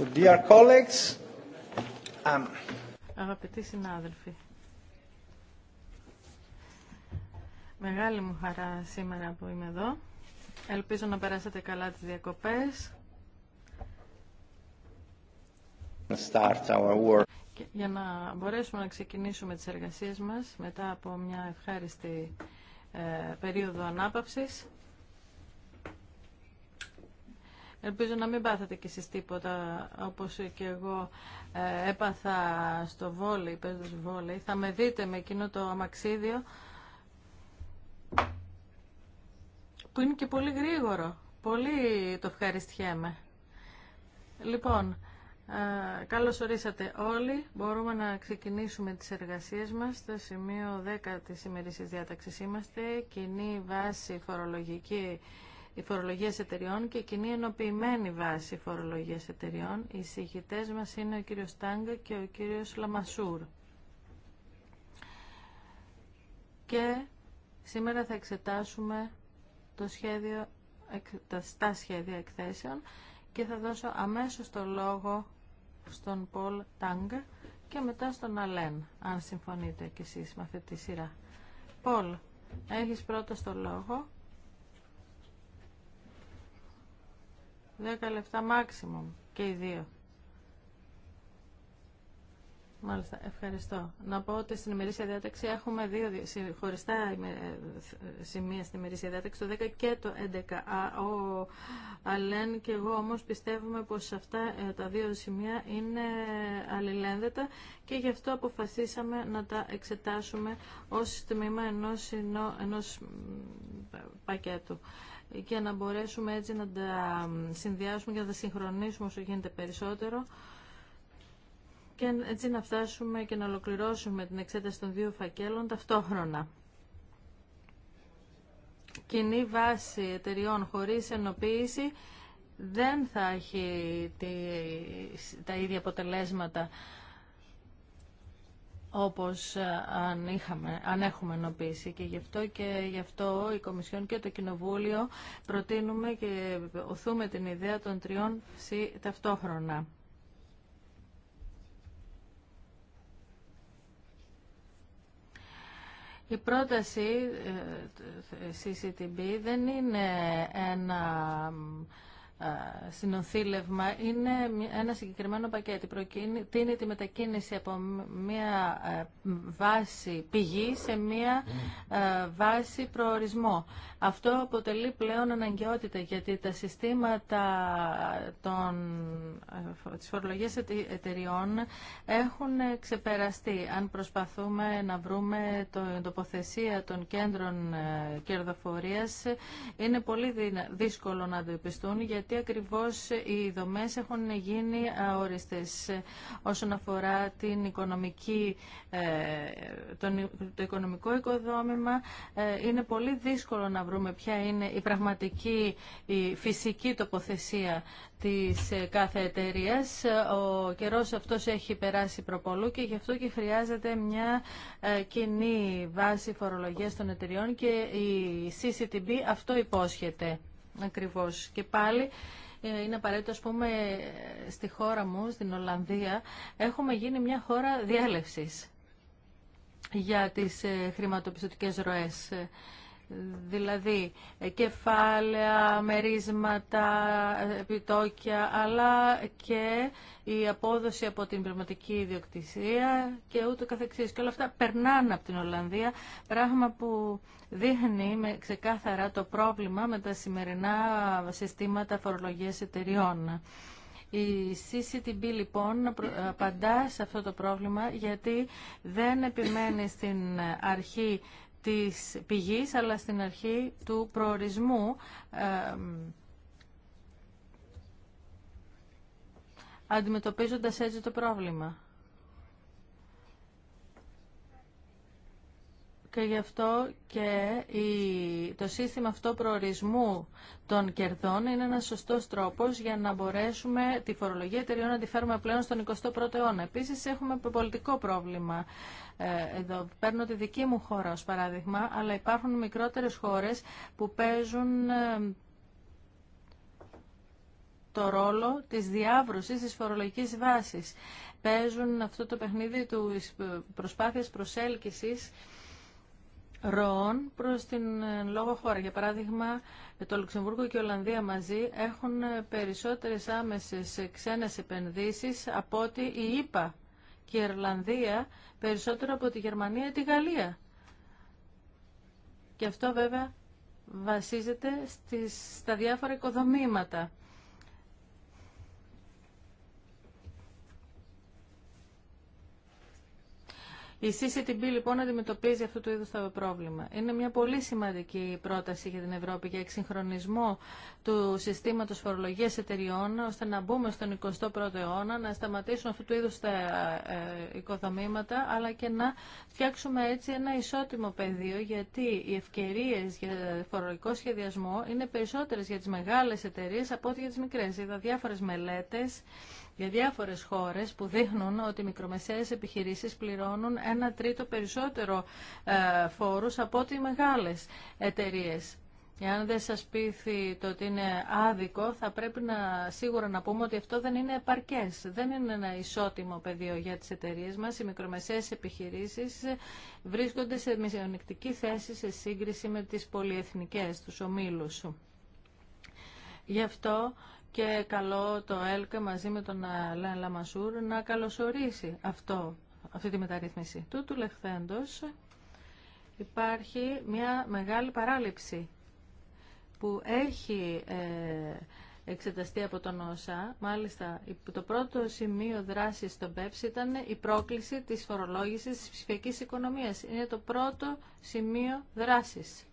Um, Αγαπητοί συνάδελφοι, μεγάλη μου χαρά σήμερα που είμαι εδώ. Ελπίζω να περάσετε καλά τις διακοπές. για να μπορέσουμε να ξεκινήσουμε τις εργασίες μας μετά από μια ευχάριστη ε, περίοδο ανάπαυσης. Ελπίζω να μην πάθατε κι εσείς τίποτα όπως και εγώ ε, έπαθα στο βόλεϊ, παίζοντας βόλεϊ. Θα με δείτε με εκείνο το αμαξίδιο που είναι και πολύ γρήγορο. Πολύ το ευχαριστιέμαι. Λοιπόν, ε, καλώς ορίσατε όλοι. Μπορούμε να ξεκινήσουμε τις εργασίες μας. Στο σημείο 10 της ημερήσης διάταξης είμαστε. Κοινή βάση φορολογική η φορολογία εταιριών και κοινή ενοποιημένη βάση φορολογία εταιριών. Οι συγχυτές μα είναι ο κύριο Τάγκα και ο κύριο Λαμασούρ. Και σήμερα θα εξετάσουμε το σχέδιο, τα σχέδια εκθέσεων και θα δώσω αμέσως το λόγο στον Πολ Τάγκ και μετά στον Αλέν, αν συμφωνείτε κι εσείς με αυτή τη σειρά. Πολ, έχεις πρώτος το λόγο 10 λεπτά maximum και οι δύο. Μάλιστα, ευχαριστώ. Να πω ότι στην ημερήσια διάταξη έχουμε δύο χωριστά ε, σημεία στην ημερήσια διάταξη, το 10 και το 11. Ο Αλέν και εγώ όμως πιστεύουμε πως αυτά ε, τα δύο σημεία είναι αλληλένδετα και γι' αυτό αποφασίσαμε να τα εξετάσουμε ως τμήμα ενός, ενός πακέτου και να μπορέσουμε έτσι να τα συνδυάσουμε και να τα συγχρονίσουμε όσο γίνεται περισσότερο και έτσι να φτάσουμε και να ολοκληρώσουμε την εξέταση των δύο φακέλων ταυτόχρονα. Κοινή βάση εταιριών χωρίς ενοποίηση δεν θα έχει τα ίδια αποτελέσματα όπως ε, αν, είχαμε, αν έχουμε ενοποιήσει και γι' αυτό και γι' αυτό η Κομισιόν και το Κοινοβούλιο προτείνουμε και οθούμε την ιδέα των τριών ψη ταυτόχρονα. Η πρόταση CCTB ε, ε, δεν είναι ένα συνοθήλευμα είναι ένα συγκεκριμένο πακέτο. είναι τη μετακίνηση από μια ε, βάση πηγή σε μια ε, βάση προορισμό. Αυτό αποτελεί πλέον αναγκαιότητα γιατί τα συστήματα των, ε, της φορολογίας εταιριών έχουν ξεπεραστεί. Αν προσπαθούμε να βρούμε την τοποθεσία των κέντρων κερδοφορίας είναι πολύ δύσκολο να το γιατί γιατί ακριβώς οι δομές έχουν γίνει αόριστες όσον αφορά την οικονομική, ε, το οικονομικό οικοδόμημα. Ε, είναι πολύ δύσκολο να βρούμε ποια είναι η πραγματική, η φυσική τοποθεσία της ε, κάθε εταιρεία. Ο καιρός αυτός έχει περάσει προπολού και γι' αυτό και χρειάζεται μια κοινή βάση φορολογίας των εταιριών και η CCTB αυτό υπόσχεται ακριβώς. Και πάλι ε, είναι απαραίτητο, ας πούμε, στη χώρα μου, στην Ολλανδία, έχουμε γίνει μια χώρα διέλευση για τις ε, χρηματοπιστωτικές ροές δηλαδή ε, κεφάλαια, μερίσματα, ε, επιτόκια, αλλά και η απόδοση από την πνευματική ιδιοκτησία και ούτω καθεξής. Και όλα αυτά περνάνε από την Ολλανδία, πράγμα που δείχνει με ξεκάθαρα το πρόβλημα με τα σημερινά συστήματα φορολογίας εταιριών. Η CCTB λοιπόν απαντά σε αυτό το πρόβλημα γιατί δεν επιμένει στην αρχή της πηγής αλλά στην αρχή του προορισμού αντιμετωπίζοντας έτσι το πρόβλημα. και γι' αυτό και το σύστημα αυτό προορισμού των κερδών είναι ένας σωστός τρόπος για να μπορέσουμε τη φορολογία εταιριών να τη φέρουμε πλέον στον 21ο αιώνα. Επίσης έχουμε πολιτικό πρόβλημα. Ε, εδώ παίρνω τη δική μου χώρα ως παράδειγμα, αλλά υπάρχουν μικρότερες χώρες που παίζουν ε, το ρόλο της διάβρωσης της φορολογικής βάσης. Παίζουν αυτό το παιχνίδι του ε, προσπάθειας προσέλκυσης ροών προς την ε, λόγω χώρα. Για παράδειγμα, το Λουξεμβούργο και η Ολλανδία μαζί έχουν ε, περισσότερες άμεσες ε, ξένες επενδύσεις από ότι η ΙΠΑ και η Ιρλανδία περισσότερο από τη Γερμανία ή τη Γαλλία. Και αυτό βέβαια βασίζεται στις, στα διάφορα οικοδομήματα. Η CCTB λοιπόν αντιμετωπίζει αυτό το είδους το πρόβλημα. Είναι μια πολύ σημαντική πρόταση για την Ευρώπη για εξυγχρονισμό του συστήματος φορολογίας εταιριών ώστε να μπούμε στον 21ο αιώνα, να σταματήσουν αυτού του είδους τα ε, οικοδομήματα αλλά και να φτιάξουμε έτσι ένα ισότιμο πεδίο γιατί οι ευκαιρίες για φορολογικό σχεδιασμό είναι περισσότερες για τις μεγάλες εταιρείες από ό,τι για τις μικρές. Είδα διάφορες μελέτες για διάφορες χώρες που δείχνουν ότι οι μικρομεσαίες επιχειρήσεις πληρώνουν ένα τρίτο περισσότερο ε, φόρους από ό,τι οι μεγάλες εταιρείες. Εάν δεν σας πείθει το ότι είναι άδικο, θα πρέπει να, σίγουρα να πούμε ότι αυτό δεν είναι επαρκές. Δεν είναι ένα ισότιμο πεδίο για τις εταιρείες μας. Οι μικρομεσαίες επιχειρήσεις βρίσκονται σε μειονεκτική θέση σε σύγκριση με τις πολυεθνικές, τους ομίλους. Γι' αυτό και καλό το ΕΛΚΑ μαζί με τον Αλέν Λαμασούρ να καλωσορίσει αυτό, αυτή τη μεταρρύθμιση. Τούτου λεχθέντος υπάρχει μια μεγάλη παράληψη που έχει ε, εξεταστεί από τον ΩΣΑ. Μάλιστα, το πρώτο σημείο δράσης στον ΠΕΠΣ ήταν η πρόκληση της φορολόγησης της ψηφιακής οικονομίας. Είναι το πρώτο σημείο δράσης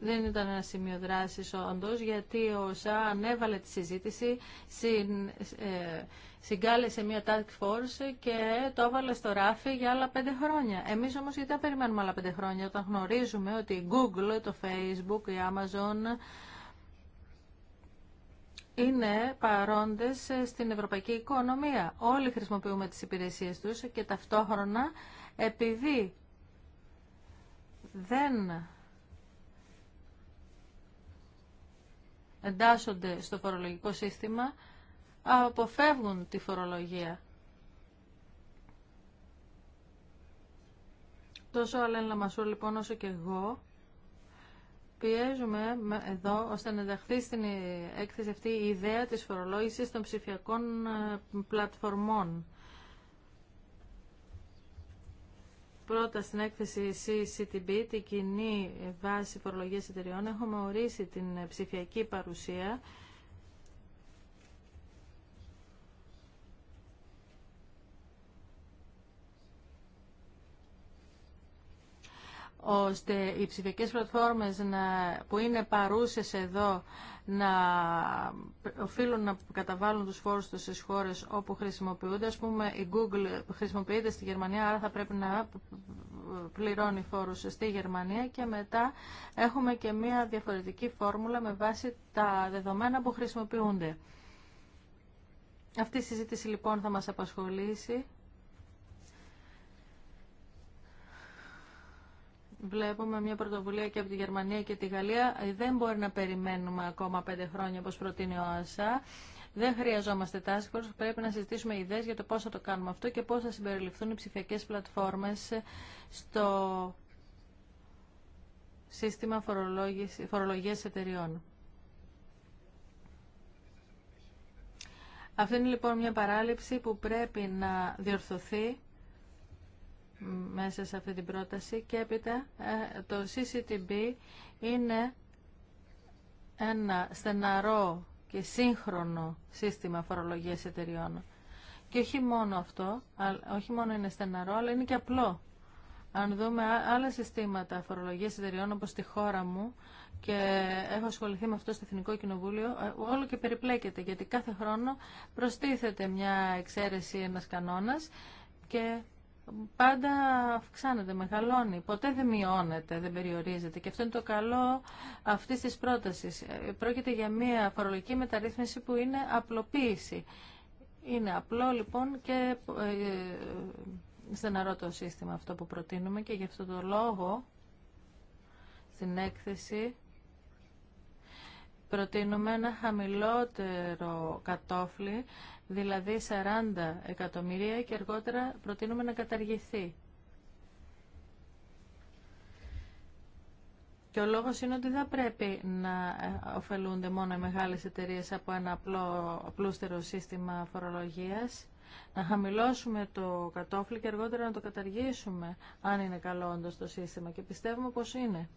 δεν ήταν ένα σημείο δράση όντω, γιατί ο ΣΑ ανέβαλε τη συζήτηση, συν, ε, συγκάλεσε μια task force και το έβαλε στο ράφι για άλλα πέντε χρόνια. Εμείς όμως γιατί περιμένουμε άλλα πέντε χρόνια, όταν γνωρίζουμε ότι η Google, το Facebook, η Amazon είναι παρόντες στην ευρωπαϊκή οικονομία. Όλοι χρησιμοποιούμε τις υπηρεσίες τους και ταυτόχρονα επειδή δεν εντάσσονται στο φορολογικό σύστημα αποφεύγουν τη φορολογία. Τόσο ο Αλέν Λαμασούρ λοιπόν όσο και εγώ πιέζουμε εδώ ώστε να ενταχθεί στην ε, έκθεση αυτή η ιδέα της φορολόγησης των ψηφιακών ε, πλατφορμών. πρώτα στην έκθεση CCTB, την κοινή βάση φορολογίας εταιριών, έχουμε ορίσει την ψηφιακή παρουσία ώστε οι ψηφιακές πλατφόρμες που είναι παρούσες εδώ να οφείλουν να καταβάλουν τους φόρους τους στις χώρες όπου χρησιμοποιούνται. Ας πούμε η Google χρησιμοποιείται στη Γερμανία, άρα θα πρέπει να πληρώνει φόρους στη Γερμανία και μετά έχουμε και μια διαφορετική φόρμουλα με βάση τα δεδομένα που χρησιμοποιούνται. Αυτή η συζήτηση λοιπόν θα μας απασχολήσει βλέπουμε μια πρωτοβουλία και από τη Γερμανία και τη Γαλλία. Δεν μπορεί να περιμένουμε ακόμα πέντε χρόνια όπως προτείνει ο ΑΣΑ. Δεν χρειαζόμαστε task force, πρέπει να συζητήσουμε ιδέες για το πώς θα το κάνουμε αυτό και πώς θα συμπεριληφθούν οι ψηφιακές πλατφόρμες στο σύστημα φορολογίας εταιριών. Αυτή είναι λοιπόν μια παράληψη που πρέπει να διορθωθεί μέσα σε αυτή την πρόταση και έπειτα ε, το CCTB είναι ένα στεναρό και σύγχρονο σύστημα φορολογίας εταιριών. Και όχι μόνο αυτό, όχι μόνο είναι στεναρό, αλλά είναι και απλό. Αν δούμε άλλα συστήματα φορολογίας εταιριών όπως στη χώρα μου και έχω ασχοληθεί με αυτό στο Εθνικό Κοινοβούλιο, ε, όλο και περιπλέκεται γιατί κάθε χρόνο προστίθεται μια εξαίρεση ένας κανόνας και πάντα αυξάνεται, μεγαλώνει, ποτέ δεν μειώνεται, δεν περιορίζεται. Και αυτό είναι το καλό αυτή τη πρόταση. Πρόκειται για μια φορολογική μεταρρύθμιση που είναι απλοποίηση. Είναι απλό λοιπόν και ε, ε, στεναρό το σύστημα αυτό που προτείνουμε και γι' αυτό το λόγο στην έκθεση προτείνουμε ένα χαμηλότερο κατόφλι, δηλαδή 40 εκατομμυρία και αργότερα προτείνουμε να καταργηθεί. Και ο λόγος είναι ότι δεν πρέπει να ε, ωφελούνται μόνο οι μεγάλες εταιρείες από ένα απλό, απλούστερο σύστημα φορολογίας. Να χαμηλώσουμε το κατόφλι και αργότερα να το καταργήσουμε, αν είναι καλό όντως το σύστημα. Και πιστεύουμε πως είναι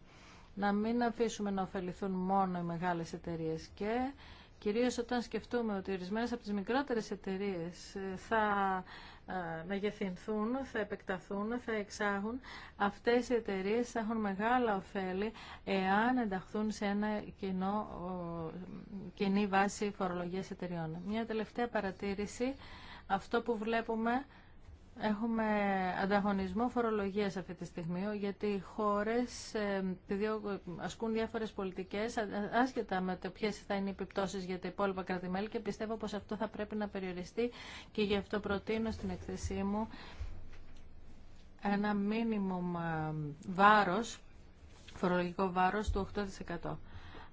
να μην αφήσουμε να ωφεληθούν μόνο οι μεγάλες εταιρείες και κυρίως όταν σκεφτούμε ότι ορισμένες από τις μικρότερες εταιρείες ε, θα ε, μεγεθυνθούν, θα επεκταθούν, θα εξάγουν. Αυτές οι εταιρείες θα έχουν μεγάλα ωφέλη εάν ενταχθούν σε ένα κοινό, κοινή βάση φορολογίας εταιρεών. Μια τελευταία παρατήρηση, αυτό που βλέπουμε Έχουμε ανταγωνισμό φορολογίας αυτή τη στιγμή, γιατί οι χώρες ε, ασκούν διάφορες πολιτικές, άσχετα με το ποιες θα είναι οι επιπτώσει για τα υπόλοιπα κράτη-μέλη και πιστεύω πως αυτό θα πρέπει να περιοριστεί και γι' αυτό προτείνω στην εκθεσή μου ένα μίνιμουμ ε, βάρο, φορολογικό βάρος του 8%.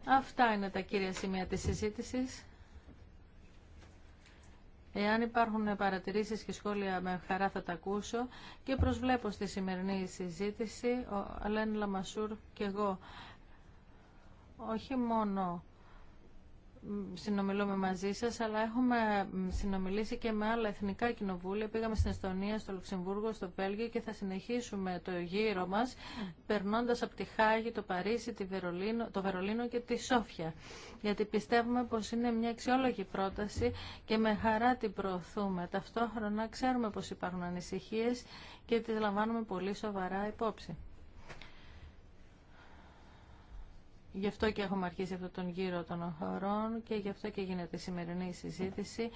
Αυτά είναι τα κύρια σημεία τη συζήτηση. Εάν υπάρχουν παρατηρήσεις και σχόλια με χαρά θα τα ακούσω και προσβλέπω στη σημερινή συζήτηση ο Αλέν Λαμασούρ και εγώ όχι μόνο συνομιλούμε μαζί σας, αλλά έχουμε συνομιλήσει και με άλλα εθνικά κοινοβούλια. Πήγαμε στην Εστονία, στο Λουξεμβούργο, στο Βέλγιο και θα συνεχίσουμε το γύρο μας, περνώντας από τη Χάγη, το Παρίσι, τη Βερολίνο, το Βερολίνο και τη Σόφια. Γιατί πιστεύουμε πως είναι μια αξιόλογη πρόταση και με χαρά την προωθούμε. Ταυτόχρονα ξέρουμε πως υπάρχουν ανησυχίες και τις λαμβάνουμε πολύ σοβαρά υπόψη. Γι' αυτό και έχουμε αρχίσει αυτόν τον γύρο των χωρών και γι' αυτό και γίνεται η σημερινή συζήτηση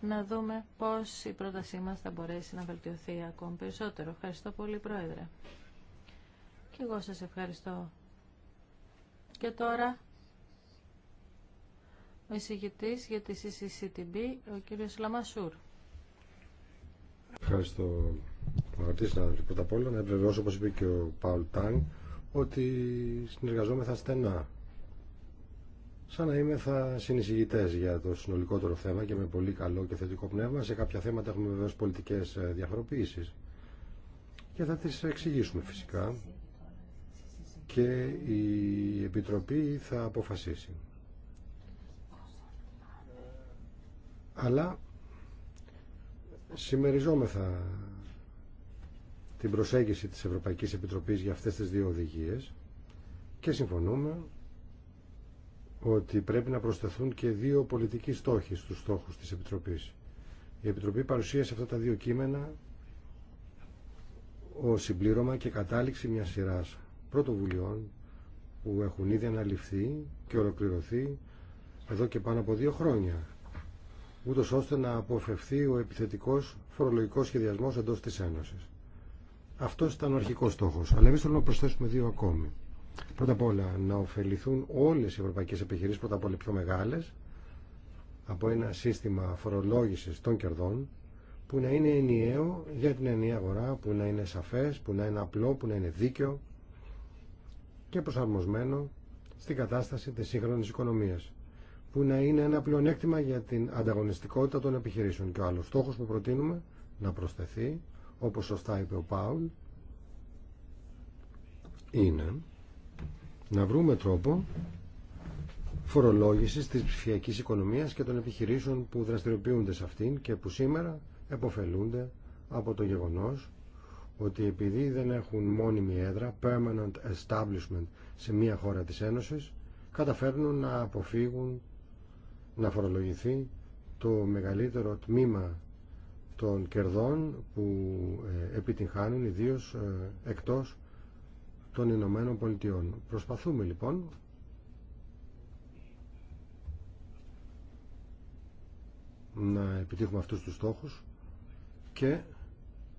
να δούμε πώς η πρότασή μας θα μπορέσει να βελτιωθεί ακόμη περισσότερο. Ευχαριστώ πολύ, Πρόεδρε. Και εγώ σας ευχαριστώ. Και τώρα ο εισηγητής για τη CCCTB, ο κύριος Λαμασούρ. Ευχαριστώ, αγαπητοί Πρώτα απ' όλα να επιβεβαιώσω, όπως είπε και ο Παουλ Τάνγκ, ότι συνεργαζόμεθα στενά. Σαν να είμαι θα συνεισηγητέ για το συνολικότερο θέμα και με πολύ καλό και θετικό πνεύμα. Σε κάποια θέματα έχουμε βεβαίω πολιτικέ ε, διαφοροποιήσει και θα τι εξηγήσουμε φυσικά και η Επιτροπή θα αποφασίσει. Αλλά συμμεριζόμεθα την προσέγγιση της Ευρωπαϊκής Επιτροπής για αυτές τις δύο οδηγίες και συμφωνούμε ότι πρέπει να προσθεθούν και δύο πολιτικοί στόχοι στους στόχους της Επιτροπής. Η Επιτροπή παρουσίασε αυτά τα δύο κείμενα ως συμπλήρωμα και κατάληξη μιας σειράς πρωτοβουλειών που έχουν ήδη αναλυφθεί και ολοκληρωθεί εδώ και πάνω από δύο χρόνια ούτως ώστε να αποφευθεί ο επιθετικός φορολογικός σχεδιασμός εντός της Ένωσης. Αυτό ήταν ο αρχικό στόχο. Αλλά εμεί θέλουμε να προσθέσουμε δύο ακόμη. Πρώτα απ' όλα να ωφεληθούν όλε οι ευρωπαϊκέ επιχειρήσει, πρώτα απ' όλα πιο μεγάλε, από ένα σύστημα φορολόγηση των κερδών που να είναι ενιαίο για την ενιαία αγορά, που να είναι σαφέ, που να είναι απλό, που να είναι δίκαιο και προσαρμοσμένο στην κατάσταση τη σύγχρονη οικονομία, που να είναι ένα πλεονέκτημα για την ανταγωνιστικότητα των επιχειρήσεων. Και ο άλλο στόχο που προτείνουμε να προσθεθεί όπως σωστά είπε ο Πάουλ είναι να βρούμε τρόπο φορολόγησης της ψηφιακή οικονομίας και των επιχειρήσεων που δραστηριοποιούνται σε αυτήν και που σήμερα εποφελούνται από το γεγονός ότι επειδή δεν έχουν μόνιμη έδρα, permanent establishment σε μια χώρα της Ένωσης, καταφέρνουν να αποφύγουν να φορολογηθεί το μεγαλύτερο τμήμα των κερδών που ε, επιτυγχάνουν ιδίως ε, εκτός των Ηνωμένων Πολιτειών. Προσπαθούμε λοιπόν να επιτύχουμε αυτούς τους στόχους και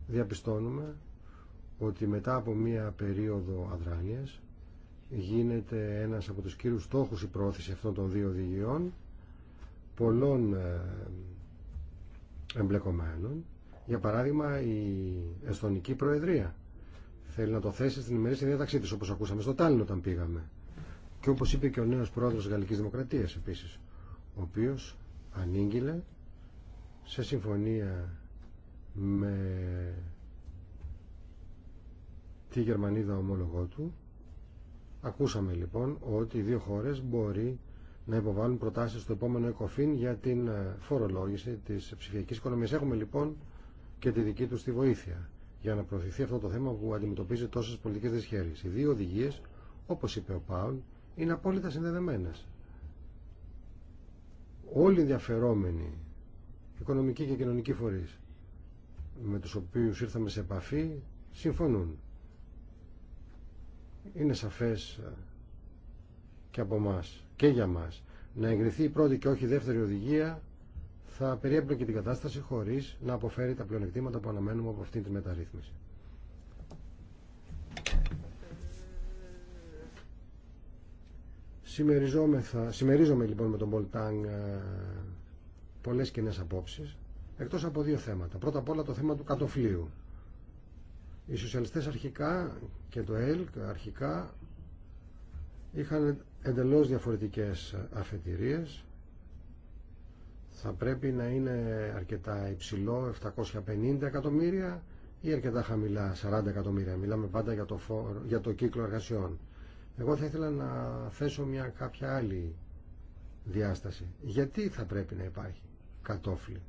διαπιστώνουμε ότι μετά από μία περίοδο αδράνειας γίνεται ένας από τους κύριους στόχους η πρόθεση αυτών των δύο οδηγιών πολλών ε, εμπλεκομένων. Για παράδειγμα, η Εσθονική Προεδρία θέλει να το θέσει στην ημερήσια διάταξή τη, όπω ακούσαμε στο Τάλιν όταν πήγαμε. Και όπω είπε και ο νέο πρόεδρο τη Γαλλική Δημοκρατία επίση, ο οποίο ανήγγειλε σε συμφωνία με τη Γερμανίδα ομόλογό του. Ακούσαμε λοιπόν ότι οι δύο χώρες μπορεί να υποβάλουν προτάσεις στο επόμενο ΕΚΟΦΗΝ για την ε, φορολόγηση της ψηφιακής οικονομίας. Έχουμε λοιπόν και τη δική τους τη βοήθεια για να προωθηθεί αυτό το θέμα που αντιμετωπίζει τόσες πολιτικές δυσχέρειες. Οι δύο οδηγίες, όπως είπε ο Πάουλ, είναι απόλυτα συνδεδεμένες. Όλοι οι ενδιαφερόμενοι, οικονομικοί και κοινωνικοί φορείς, με τους οποίους ήρθαμε σε επαφή, συμφωνούν. Είναι σαφές ε, και από εμάς και για μας να εγκριθεί η πρώτη και όχι η δεύτερη οδηγία θα και την κατάσταση χωρίς να αποφέρει τα πλεονεκτήματα που αναμένουμε από αυτήν τη μεταρρύθμιση. Σημερίζομαι λοιπόν με τον Πολτάν ε, πολλές κοινέ απόψεις εκτός από δύο θέματα. Πρώτα απ' όλα το θέμα του κατοφλίου. Οι σοσιαλιστές αρχικά και το ΕΛΚ αρχικά είχαν εντελώς διαφορετικές αφετηρίες θα πρέπει να είναι αρκετά υψηλό 750 εκατομμύρια ή αρκετά χαμηλά 40 εκατομμύρια μιλάμε πάντα για το, για το κύκλο εργασιών εγώ θα ήθελα να θέσω μια κάποια άλλη διάσταση γιατί θα πρέπει να υπάρχει κατόφλι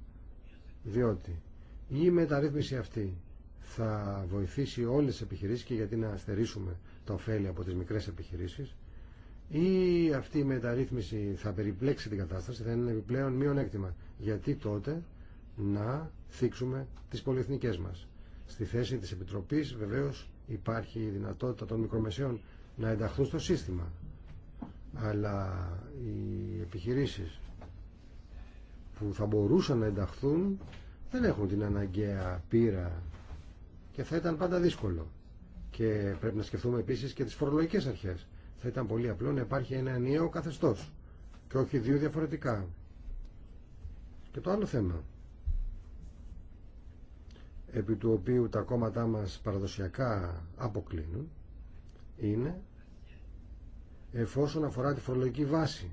διότι η μεταρρύθμιση αυτή θα βοηθήσει όλες τις επιχειρήσεις και γιατί να αστερίσουμε τα ωφέλη από τις μικρές επιχειρήσεις ή αυτή η μεταρρύθμιση θα περιπλέξει την κατάσταση, θα είναι επιπλέον μειονέκτημα. Γιατί τότε να θίξουμε τις πολυεθνικέ μας. Στη θέση της Επιτροπής βεβαίως υπάρχει η δυνατότητα των μικρομεσαίων να ενταχθούν στο σύστημα. Αλλά οι επιχειρήσεις που θα μπορούσαν να ενταχθούν δεν έχουν την αναγκαία πείρα και θα ήταν πάντα δύσκολο. Και πρέπει να σκεφτούμε επίση και τι φορολογικέ αρχέ. Θα ήταν πολύ απλό να υπάρχει ένα ενιαίο καθεστώς και όχι δύο διαφορετικά. Και το άλλο θέμα, επί του οποίου τα κόμματά μας παραδοσιακά αποκλίνουν, είναι εφόσον αφορά τη φορολογική βάση.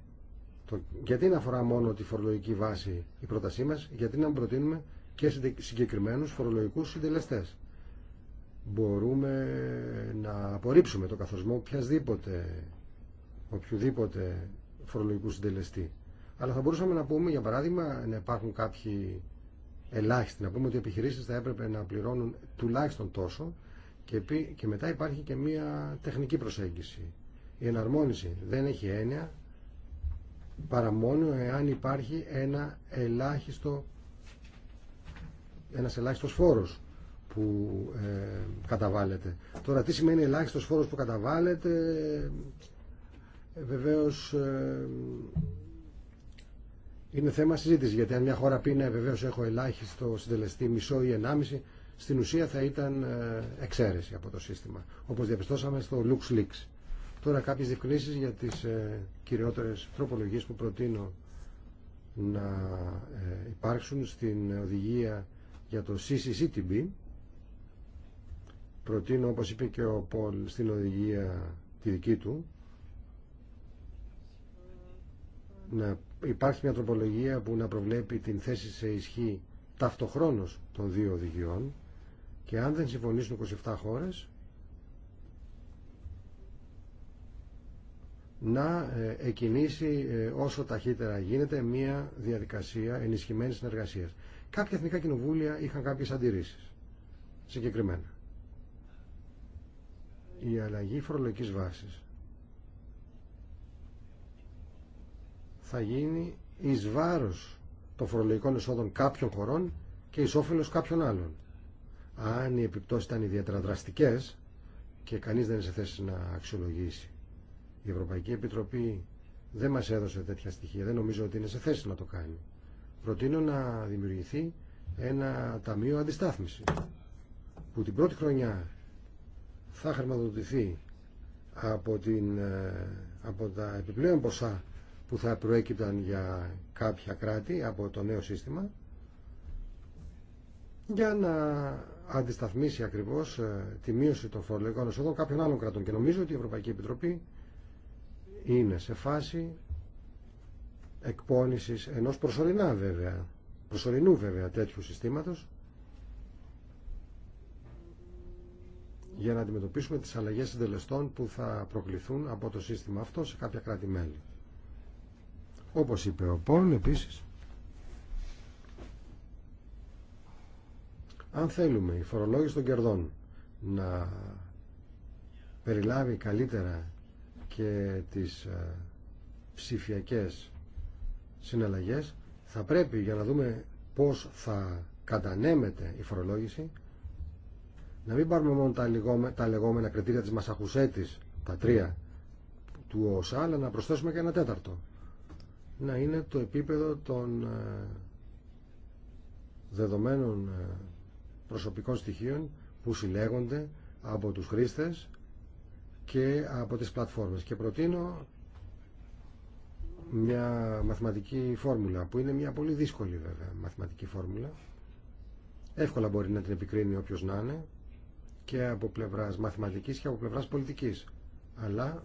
Το, γιατί να αφορά μόνο τη φορολογική βάση η πρότασή μας, γιατί να προτείνουμε και συγκεκριμένους φορολογικούς συντελεστές μπορούμε να απορρίψουμε το καθορισμό οποιασδήποτε, οποιοδήποτε φορολογικού συντελεστή. Αλλά θα μπορούσαμε να πούμε, για παράδειγμα, να υπάρχουν κάποιοι ελάχιστοι, να πούμε ότι οι επιχειρήσεις θα έπρεπε να πληρώνουν τουλάχιστον τόσο και, μετά υπάρχει και μία τεχνική προσέγγιση. Η εναρμόνιση δεν έχει έννοια παρά μόνο εάν υπάρχει ένα ελάχιστο, ένας ελάχιστος φόρος που ε, καταβάλλεται. Τώρα τι σημαίνει ελάχιστος φόρος που καταβάλλεται ε, βεβαίως ε, είναι θέμα συζήτηση γιατί αν μια χώρα πει ναι βεβαίως έχω ελάχιστο συντελεστή μισό ή ενάμιση στην ουσία θα ήταν ε, εξαίρεση από το σύστημα όπως διαπιστώσαμε στο LuxLeaks. Τώρα κάποιες διευκρινήσεις για τις κυριότερες τροπολογίες που προτείνω να υπάρξουν στην οδηγία για το CCCTB Προτείνω, όπως είπε και ο Πολ στην οδηγία τη δική του, να υπάρχει μια τροπολογία που να προβλέπει την θέση σε ισχύ ταυτοχρόνως των δύο οδηγιών και αν δεν συμφωνήσουν 27 χώρες να εκινήσει ε, όσο ταχύτερα γίνεται μια διαδικασία ενισχυμένης συνεργασίας. Κάποια εθνικά κοινοβούλια είχαν κάποιες αντιρρήσεις συγκεκριμένα η αλλαγή φορολογικής βάσης θα γίνει εις βάρος των φορολογικών εσόδων κάποιων χωρών και εις όφελος κάποιων άλλων. Αν οι επιπτώσεις ήταν ιδιαίτερα δραστικές και κανείς δεν είναι σε θέση να αξιολογήσει. Η Ευρωπαϊκή Επιτροπή δεν μας έδωσε τέτοια στοιχεία, δεν νομίζω ότι είναι σε θέση να το κάνει. Προτείνω να δημιουργηθεί ένα ταμείο αντιστάθμιση που την πρώτη χρονιά θα χρηματοδοτηθεί από, την, ε, από τα επιπλέον ποσά που θα προέκυπταν για κάποια κράτη από το νέο σύστημα για να αντισταθμίσει ακριβώς ε, τη μείωση των φορολογικών εσόδων κάποιων άλλων κρατών. Και νομίζω ότι η Ευρωπαϊκή Επιτροπή είναι σε φάση εκπόνησης ενός προσωρινά βέβαια, προσωρινού βέβαια τέτοιου συστήματος για να αντιμετωπίσουμε τις αλλαγές συντελεστών που θα προκληθούν από το σύστημα αυτό σε κάποια κράτη-μέλη. Όπως είπε ο Πολ επίσης, αν θέλουμε η φορολόγηση των κερδών να περιλάβει καλύτερα και τις ε, ψηφιακές συναλλαγές, θα πρέπει για να δούμε πώς θα κατανέμεται η φορολόγηση να μην πάρουμε μόνο τα, λεγόμενα, τα κριτήρια της Μασαχουσέτης, τα τρία του ΟΣΑ, αλλά να προσθέσουμε και ένα τέταρτο. Να είναι το επίπεδο των ε, δεδομένων ε, προσωπικών στοιχείων που συλλέγονται από τους χρήστες και από τις πλατφόρμες. Και προτείνω μια μαθηματική φόρμουλα, που είναι μια πολύ δύσκολη βέβαια μαθηματική φόρμουλα. Εύκολα μπορεί να την επικρίνει όποιος να είναι, και από πλευράς μαθηματικής και από πλευράς πολιτικής. Αλλά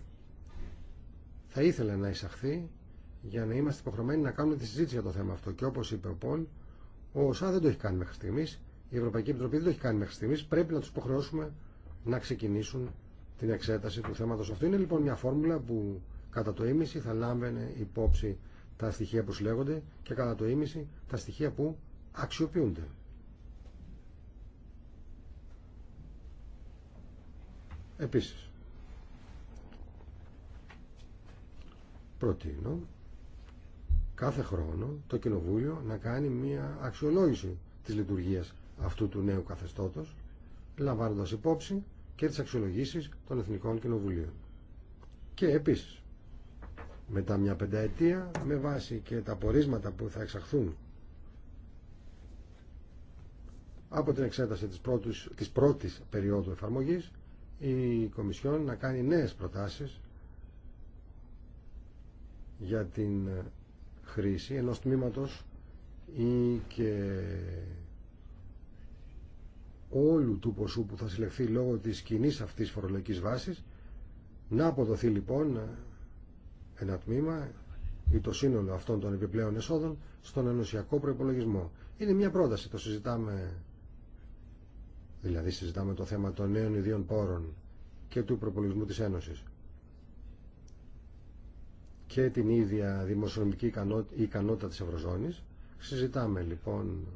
θα ήθελα να εισαχθεί για να είμαστε υποχρεωμένοι να κάνουμε τη συζήτηση για το θέμα αυτό. Και όπως είπε ο Πολ, ο ΩΣΑ δεν το έχει κάνει μέχρι στιγμής, η Ευρωπαϊκή Επιτροπή δεν το έχει κάνει μέχρι στιγμής, πρέπει να τους υποχρεώσουμε να ξεκινήσουν την εξέταση του θέματος αυτού. Είναι λοιπόν μια φόρμουλα που κατά το ίμιση θα λάμβανε υπόψη τα στοιχεία που συλλέγονται και κατά το ίμιση τα στοιχεία που αξιοποιούνται. Επίσης, προτείνω κάθε χρόνο το Κοινοβούλιο να κάνει μία αξιολόγηση της λειτουργίας αυτού του νέου καθεστώτος, λαμβάνοντας υπόψη και τις αξιολογήσεις των Εθνικών Κοινοβουλίων. Και επίσης, μετά μια πενταετία, με βάση και τα πορίσματα που θα εξαχθούν από την εξέταση της πρώτης, της πρώτης περίοδου εφαρμογής, η Κομισιόν να κάνει νέες προτάσεις για την χρήση ενός τμήματος ή και όλου του ποσού που θα συλλεχθεί λόγω της κοινή αυτής φορολογικής βάσης να αποδοθεί λοιπόν ένα τμήμα ή το σύνολο αυτών των επιπλέον εσόδων στον ενωσιακό προπολογισμό. Είναι μια πρόταση, το συζητάμε Δηλαδή συζητάμε το θέμα των νέων ιδίων πόρων και του προπολογισμού της Ένωσης και την ίδια δημοσιονομική ικανότητα της Ευρωζώνης. Συζητάμε λοιπόν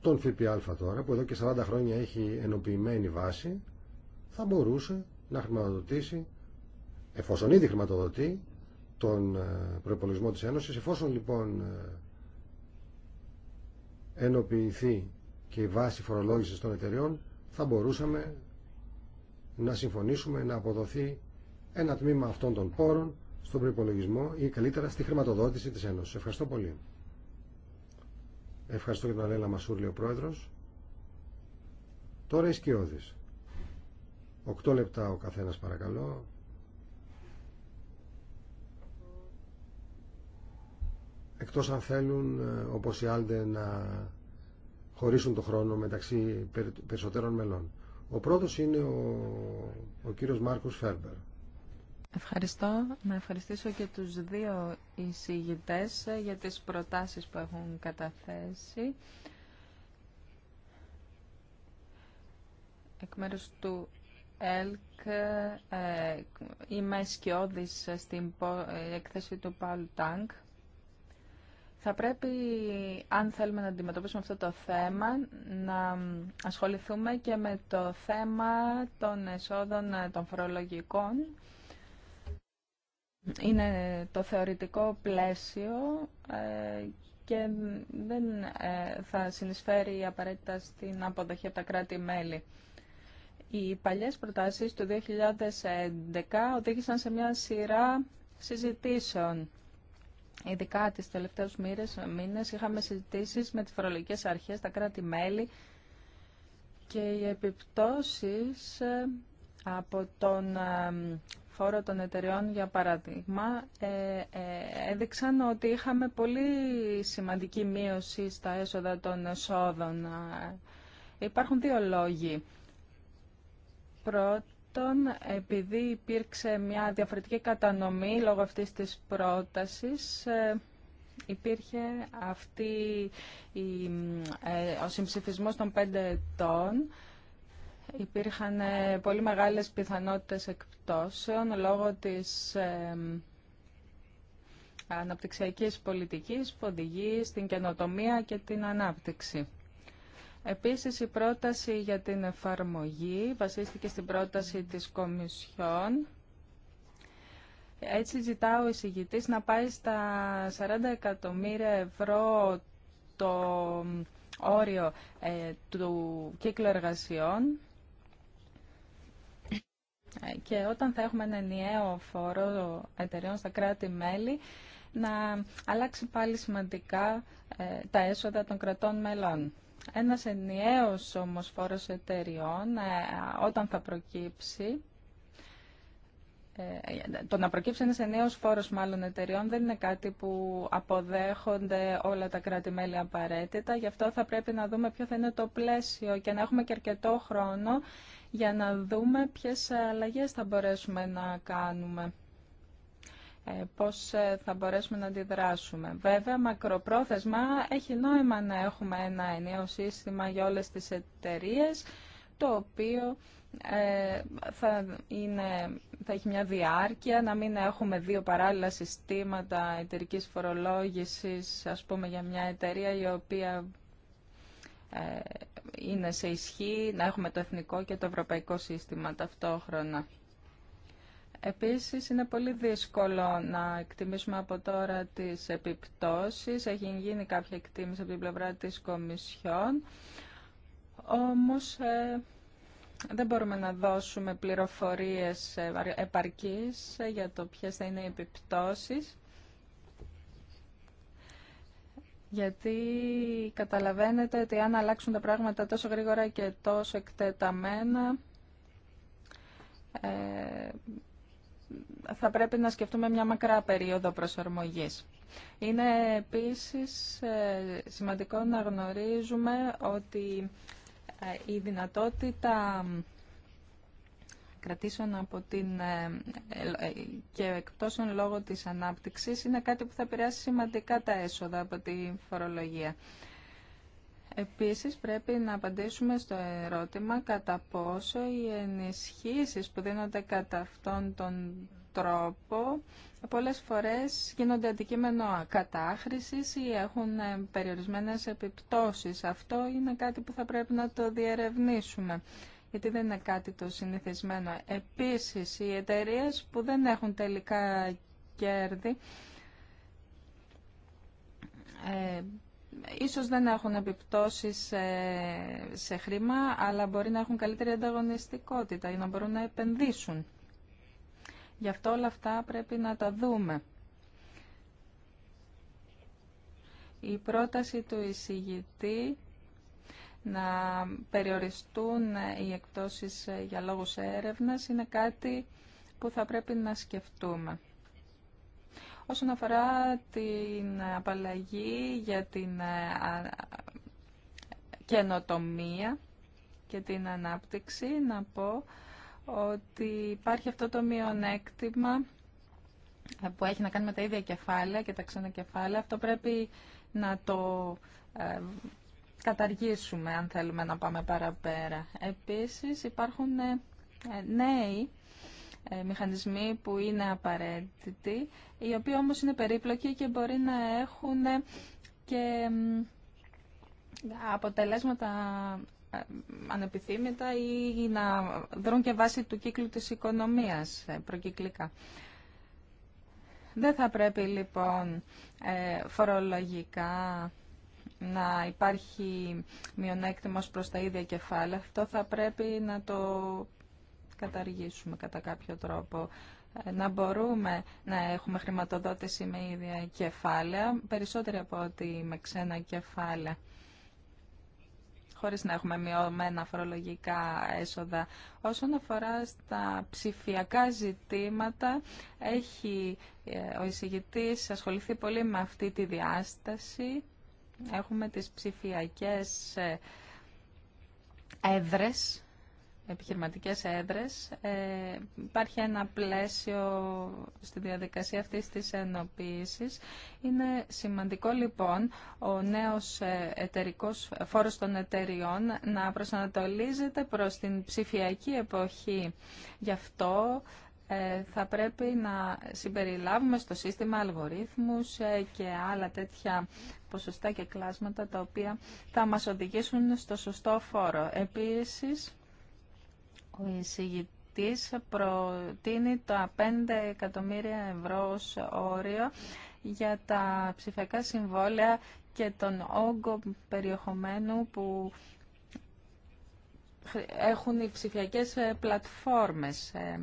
τον ΦΠΑ τώρα που εδώ και 40 χρόνια έχει ενοποιημένη βάση θα μπορούσε να χρηματοδοτήσει εφόσον ήδη χρηματοδοτεί τον ε, προπολογισμό της Ένωσης. Εφόσον λοιπόν ε, ενοποιηθεί και η βάση φορολόγησης των εταιριών, θα μπορούσαμε να συμφωνήσουμε να αποδοθεί ένα τμήμα αυτών των πόρων στον προπολογισμό ή καλύτερα στη χρηματοδότηση της Ένωσης. Ευχαριστώ πολύ. Ευχαριστώ και τον Αλέλα Μασούρλη, ο Πρόεδρος. Τώρα οι σκιώδεις. Οκτώ λεπτά ο καθένας παρακαλώ. εκτός αν θέλουν ε, όπως οι άλλοι, να χωρίσουν το χρόνο μεταξύ περισσότερων μελών. Ο πρώτος είναι ο, ο κύριος Μάρκος Φέρμπερ. Ευχαριστώ. Να ευχαριστήσω και τους δύο εισηγητές ε, για τις προτάσεις που έχουν καταθέσει. Εκ μέρους του ΕΛΚ ε, ε είμαι σκιώδης στην εκθέση του Παουλ Τάγκ. Θα πρέπει, αν θέλουμε να αντιμετωπίσουμε αυτό το θέμα, να ασχοληθούμε και με το θέμα των εσόδων ε, των φορολογικών. Είναι το θεωρητικό πλαίσιο ε, και δεν ε, θα συνεισφέρει απαραίτητα στην αποδοχή από τα κράτη-μέλη. Οι παλιές προτάσεις του 2011 οδήγησαν σε μια σειρά συζητήσεων Ειδικά τις τελευταίους μήνες, μήνες είχαμε συζητήσεις με τις φορολογικές αρχές, τα κράτη-μέλη και οι επιπτώσεις ε, από τον ε, φόρο των εταιριών, για παράδειγμα, ε, έδειξαν ότι είχαμε πολύ σημαντική μείωση στα έσοδα των εσόδων. Υπάρχουν δύο λόγοι. Πρώτον, επειδή υπήρξε μια διαφορετική κατανομή λόγω αυτής της πρότασης, ε, υπήρχε αυτή η, ε, ο συμψηφισμός των πέντε ετών. Υπήρχαν ε, πολύ μεγάλες πιθανότητες εκπτώσεων λόγω της αναπτυξιακής πολιτικής που οδηγεί στην καινοτομία και την ανάπτυξη. Επίσης, η πρόταση για την εφαρμογή βασίστηκε στην πρόταση της Κομισιόν. Έτσι ζητάω ο εισηγητής να πάει στα 40 εκατομμύρια ευρώ το όριο ε, του κύκλου εργασιών ε, και όταν θα έχουμε ένα ενιαίο φόρο εταιρεών στα κράτη-μέλη να αλλάξει πάλι σημαντικά ε, τα έσοδα των κρατών μελών. Ένας ενιαίος όμως φόρος εταιριών ε, όταν θα προκύψει ε, το να προκύψει ένας ενιαίος φόρος μάλλον εταιριών δεν είναι κάτι που αποδέχονται όλα τα κράτη-μέλη απαραίτητα. Γι' αυτό θα πρέπει να δούμε ποιο θα είναι το πλαίσιο και να έχουμε και αρκετό χρόνο για να δούμε ποιες αλλαγές θα μπορέσουμε να κάνουμε. Ε, πώς ε, θα μπορέσουμε να αντιδράσουμε. Βέβαια, μακροπρόθεσμα έχει νόημα να έχουμε ένα ενιαίο σύστημα για όλες τις εταιρείε, το οποίο ε, θα, είναι, θα έχει μια διάρκεια, να μην έχουμε δύο παράλληλα συστήματα εταιρική φορολόγησης, ας πούμε για μια εταιρεία η οποία είναι σε ισχύ, να έχουμε το εθνικό και το ευρωπαϊκό σύστημα ταυτόχρονα. Επίσης είναι πολύ δύσκολο να εκτιμήσουμε από τώρα τις επιπτώσεις. Έχει γίνει κάποια εκτίμηση από την πλευρά της Κομισιόν. Όμως ε, δεν μπορούμε να δώσουμε πληροφορίες ε, επαρκείς ε, για το ποιες θα είναι οι επιπτώσεις. Γιατί καταλαβαίνετε ότι αν αλλάξουν τα πράγματα τόσο γρήγορα και τόσο εκτεταμένα, θα πρέπει να σκεφτούμε μια μακρά περίοδο προσαρμογής. Είναι επίσης ε, σημαντικό να γνωρίζουμε ότι ε, η δυνατότητα κρατήσεων από την, ε, και εκτός λόγω της ανάπτυξης είναι κάτι που θα επηρεάσει σημαντικά τα έσοδα από τη φορολογία. Επίσης πρέπει να απαντήσουμε στο ερώτημα κατά πόσο οι ενισχύσεις που δίνονται κατά αυτόν τον τρόπο πολλές φορές γίνονται αντικείμενο κατάχρησης ή έχουν ε, περιορισμένες επιπτώσεις. Αυτό είναι κάτι που θα πρέπει να το διερευνήσουμε γιατί δεν είναι κάτι το συνηθισμένο. Επίσης, οι εταιρείε που δεν έχουν τελικά κέρδη ε, ίσως δεν έχουν επιπτώσεις σε χρήμα, αλλά μπορεί να έχουν καλύτερη ανταγωνιστικότητα ή να μπορούν να επενδύσουν. Γι' αυτό όλα αυτά πρέπει να τα δούμε. Η πρόταση του εισηγητή να περιοριστούν οι εκτόσεις για λόγους έρευνας είναι κάτι που θα πρέπει να σκεφτούμε. Όσον αφορά την απαλλαγή για την ε, καινοτομία και την ανάπτυξη, να πω ότι υπάρχει αυτό το μειονέκτημα που έχει να κάνει με τα ίδια κεφάλαια και τα ξένα κεφάλαια. Αυτό πρέπει να το ε, καταργήσουμε αν θέλουμε να πάμε παραπέρα. Επίσης υπάρχουν ε, νέοι ε, μηχανισμοί που είναι απαραίτητοι, οι οποίοι όμως είναι περίπλοκοι και μπορεί να έχουν ε, και αποτελέσματα ε, ανεπιθύμητα ή να δρουν και βάση του κύκλου της οικονομίας προκυκλικά. Δεν θα πρέπει λοιπόν φορολογικά να υπάρχει μειονέκτημα προς τα ίδια κεφάλαια. Αυτό θα πρέπει να το καταργήσουμε κατά κάποιο τρόπο ε, να μπορούμε να έχουμε χρηματοδότηση με ίδια κεφάλαια, περισσότερη από ότι με ξένα κεφάλαια, χωρίς να έχουμε μειωμένα φορολογικά έσοδα. Όσον αφορά στα ψηφιακά ζητήματα, έχει ε, ο εισηγητής ασχοληθεί πολύ με αυτή τη διάσταση. Έχουμε τις ψηφιακές ε, έδρες επιχειρηματικές έδρες. Ε, υπάρχει ένα πλαίσιο στη διαδικασία αυτής της ενοποίησης. Είναι σημαντικό λοιπόν ο νέος ε, εταιρικός φόρος των εταιριών να προσανατολίζεται προς την ψηφιακή εποχή. Γι' αυτό ε, θα πρέπει να συμπεριλάβουμε στο σύστημα αλγορίθμους ε, και άλλα τέτοια ποσοστά και κλάσματα τα οποία θα μας οδηγήσουν στο σωστό φόρο. Επίσης, ο εισηγητής προτείνει τα 5 εκατομμύρια ευρώ ως όριο για τα ψηφιακά συμβόλαια και τον όγκο περιεχομένου που έχουν οι ψηφιακές πλατφόρμες ε,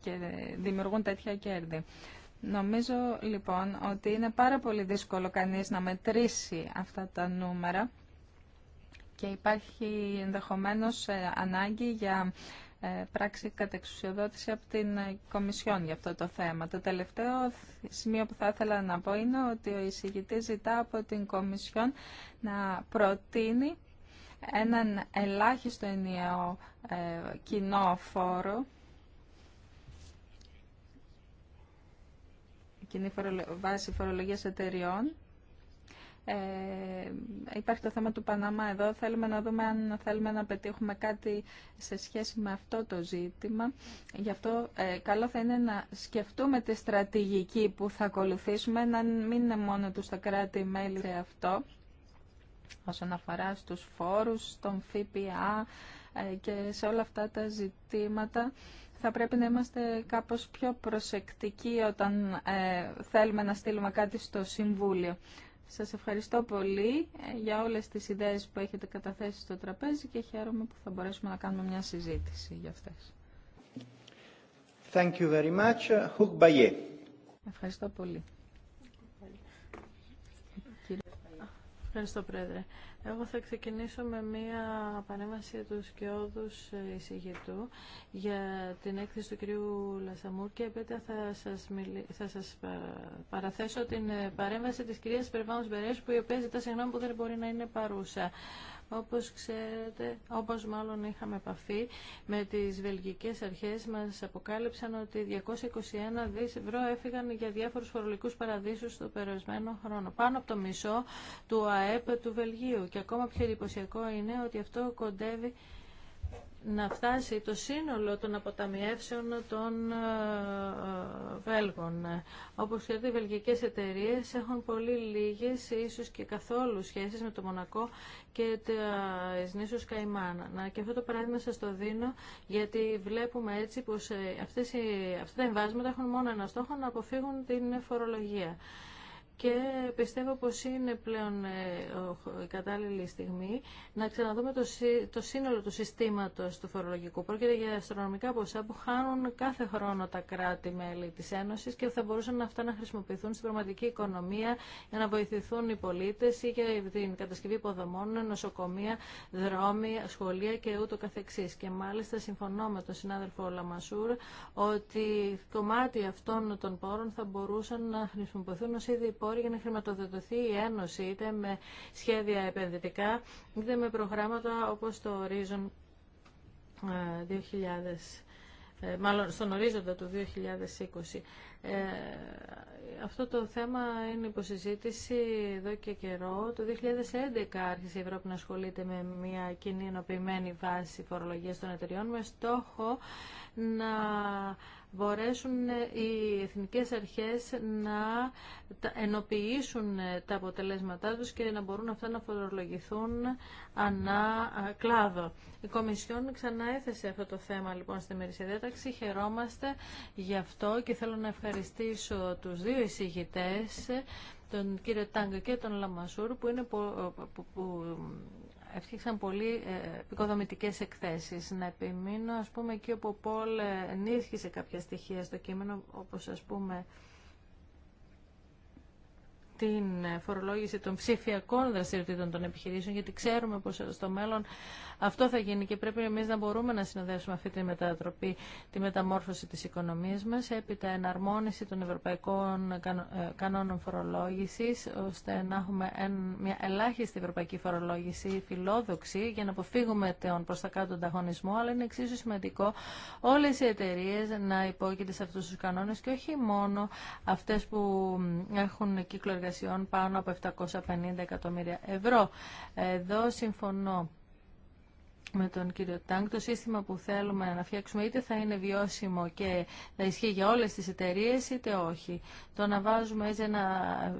και δημιουργούν τέτοια κέρδη. Νομίζω λοιπόν ότι είναι πάρα πολύ δύσκολο κανείς να μετρήσει αυτά τα νούμερα και υπάρχει ενδεχομένως ε, ανάγκη για ε, πράξη κατεξουσιοδότηση από την ε, Κομισιόν για αυτό το θέμα. Το τελευταίο σημείο που θα ήθελα να πω είναι ότι ο εισηγητής ζητά από την Κομισιόν να προτείνει έναν ελάχιστο ενιαίο κοινό φόρο κοινή βάση φορολογίας εταιριών ε, υπάρχει το θέμα του Παναμά εδώ. Θέλουμε να δούμε αν θέλουμε να πετύχουμε κάτι σε σχέση με αυτό το ζήτημα. Γι' αυτό ε, καλό θα είναι να σκεφτούμε τη στρατηγική που θα ακολουθήσουμε, να μην είναι μόνο του στα κράτη-μέλη σε αυτό όσον αφορά στους φόρους, τον ΦΠΑ ε, και σε όλα αυτά τα ζητήματα. Θα πρέπει να είμαστε κάπως πιο προσεκτικοί όταν θέλουμε να στείλουμε κάτι στο Συμβούλιο. Σας ευχαριστώ πολύ ε, για όλες τις ιδέες που έχετε καταθέσει στο τραπέζι και χαίρομαι που θα μπορέσουμε να κάνουμε μια συζήτηση για αυτές. Thank you very much. Ευχαριστώ πολύ. Ευχαριστώ, Πρόεδρε. Εγώ θα ξεκινήσω με μία παρέμβαση του σκιώδου ε, εισηγητού για την έκθεση του κυρίου Λασαμούρ και επέτα θα σας, θα σας ε, παραθέσω την ε, παρέμβαση της κυρίας Περβάνος Μπερές που η οποία ζητά συγγνώμη που δεν μπορεί να είναι παρούσα. Όπως ξέρετε, όπως μάλλον είχαμε επαφή με τις βελγικές αρχές μας αποκάλυψαν ότι 221 δις ευρώ έφυγαν για διάφορους φορολογικούς παραδείσους στο περασμένο χρόνο. Πάνω από το μισό του ΑΕΠ του Βελγίου. Και ακόμα πιο εντυπωσιακό είναι ότι αυτό κοντεύει να φτάσει το σύνολο των αποταμιεύσεων των ε, ε, Βέλγων. Όπως και οι βελγικές εταιρείες έχουν πολύ λίγες, ίσως και καθόλου σχέσεις με το Μονακό και τα νήσους Καϊμάνα. και αυτό το παράδειγμα σας το δίνω, γιατί βλέπουμε έτσι πως ε, αυτές οι, αυτά τα εμβάσματα έχουν μόνο ένα στόχο να αποφύγουν την φορολογία και πιστεύω πως είναι πλέον ε, η κατάλληλη στιγμή να ξαναδούμε το σύνολο του συστήματος του φορολογικού. Πρόκειται για αστρονομικά ποσά που χάνουν κάθε χρόνο τα κράτη-μέλη της Ένωσης και θα μπορούσαν αυτά να χρησιμοποιηθούν στην πραγματική οικονομία για να βοηθηθούν οι πολίτες ή για την κατασκευή υποδομών, νοσοκομεία, δρόμοι, σχολεία και ούτω καθεξής. Και μάλιστα συμφωνώ με τον συνάδελφο Λαμασούρ ότι κομμάτι αυτών των πόρων θα μπορούσαν να χρησιμοποιηθούν ως ήδη για να χρηματοδοτηθεί η Ένωση, είτε με σχέδια επενδυτικά, είτε με προγράμματα όπως το Horizon 2000 ε, ε, μάλλον στον ορίζοντα του 2020. Ε, αυτό το θέμα είναι υποσυζήτηση εδώ και καιρό. Το 2011 άρχισε η Ευρώπη να ασχολείται με μια κοινή ενοποιημένη βάση φορολογίας των εταιριών με στόχο να μπορέσουν οι εθνικές αρχές να ενοποιήσουν τα αποτελέσματά τους και να μπορούν αυτά να φορολογηθούν ανά κλάδο. Η Κομισιόν ξαναέθεσε αυτό το θέμα λοιπόν στη μερική Χαιρόμαστε γι' αυτό και θέλω να ευχαριστήσω τους δύο εισηγητές τον κύριο Τάγκο και τον Λαμασούρ που, είναι Έφτιαξαν πολύ ε, επικοδομητικέ εκθέσεις. Να επιμείνω, ας πούμε, εκεί όπου ο Πολ ε, ενίσχυσε κάποια στοιχεία στο κείμενο, όπως, ας πούμε, την ε, φορολόγηση των ψηφιακών δραστηριοτήτων των επιχειρήσεων, γιατί ξέρουμε πως στο μέλλον αυτό θα γίνει και πρέπει εμείς να μπορούμε να συνοδεύσουμε αυτή τη μετατροπή, τη μεταμόρφωση της οικονομίας μας, έπειτα εναρμόνιση των ευρωπαϊκών ε, κανόνων φορολόγησης, ώστε να έχουμε μια ελάχιστη ευρωπαϊκή φορολόγηση φιλόδοξη για να αποφύγουμε τον προς τα κάτω ανταγωνισμό, αλλά είναι εξίσου σημαντικό όλες οι εταιρείε να υπόκειται σε αυτούς τους κανόνες και όχι μόνο αυτές που έχουν κύκλο εργασιών πάνω από 750 εκατομμύρια ευρώ. Εδώ συμφωνώ με τον κύριο Τάγκ, το σύστημα που θέλουμε να φτιάξουμε είτε θα είναι βιώσιμο και θα ισχύει για όλες τις εταιρείε είτε όχι. Το να βάζουμε έτσι ένα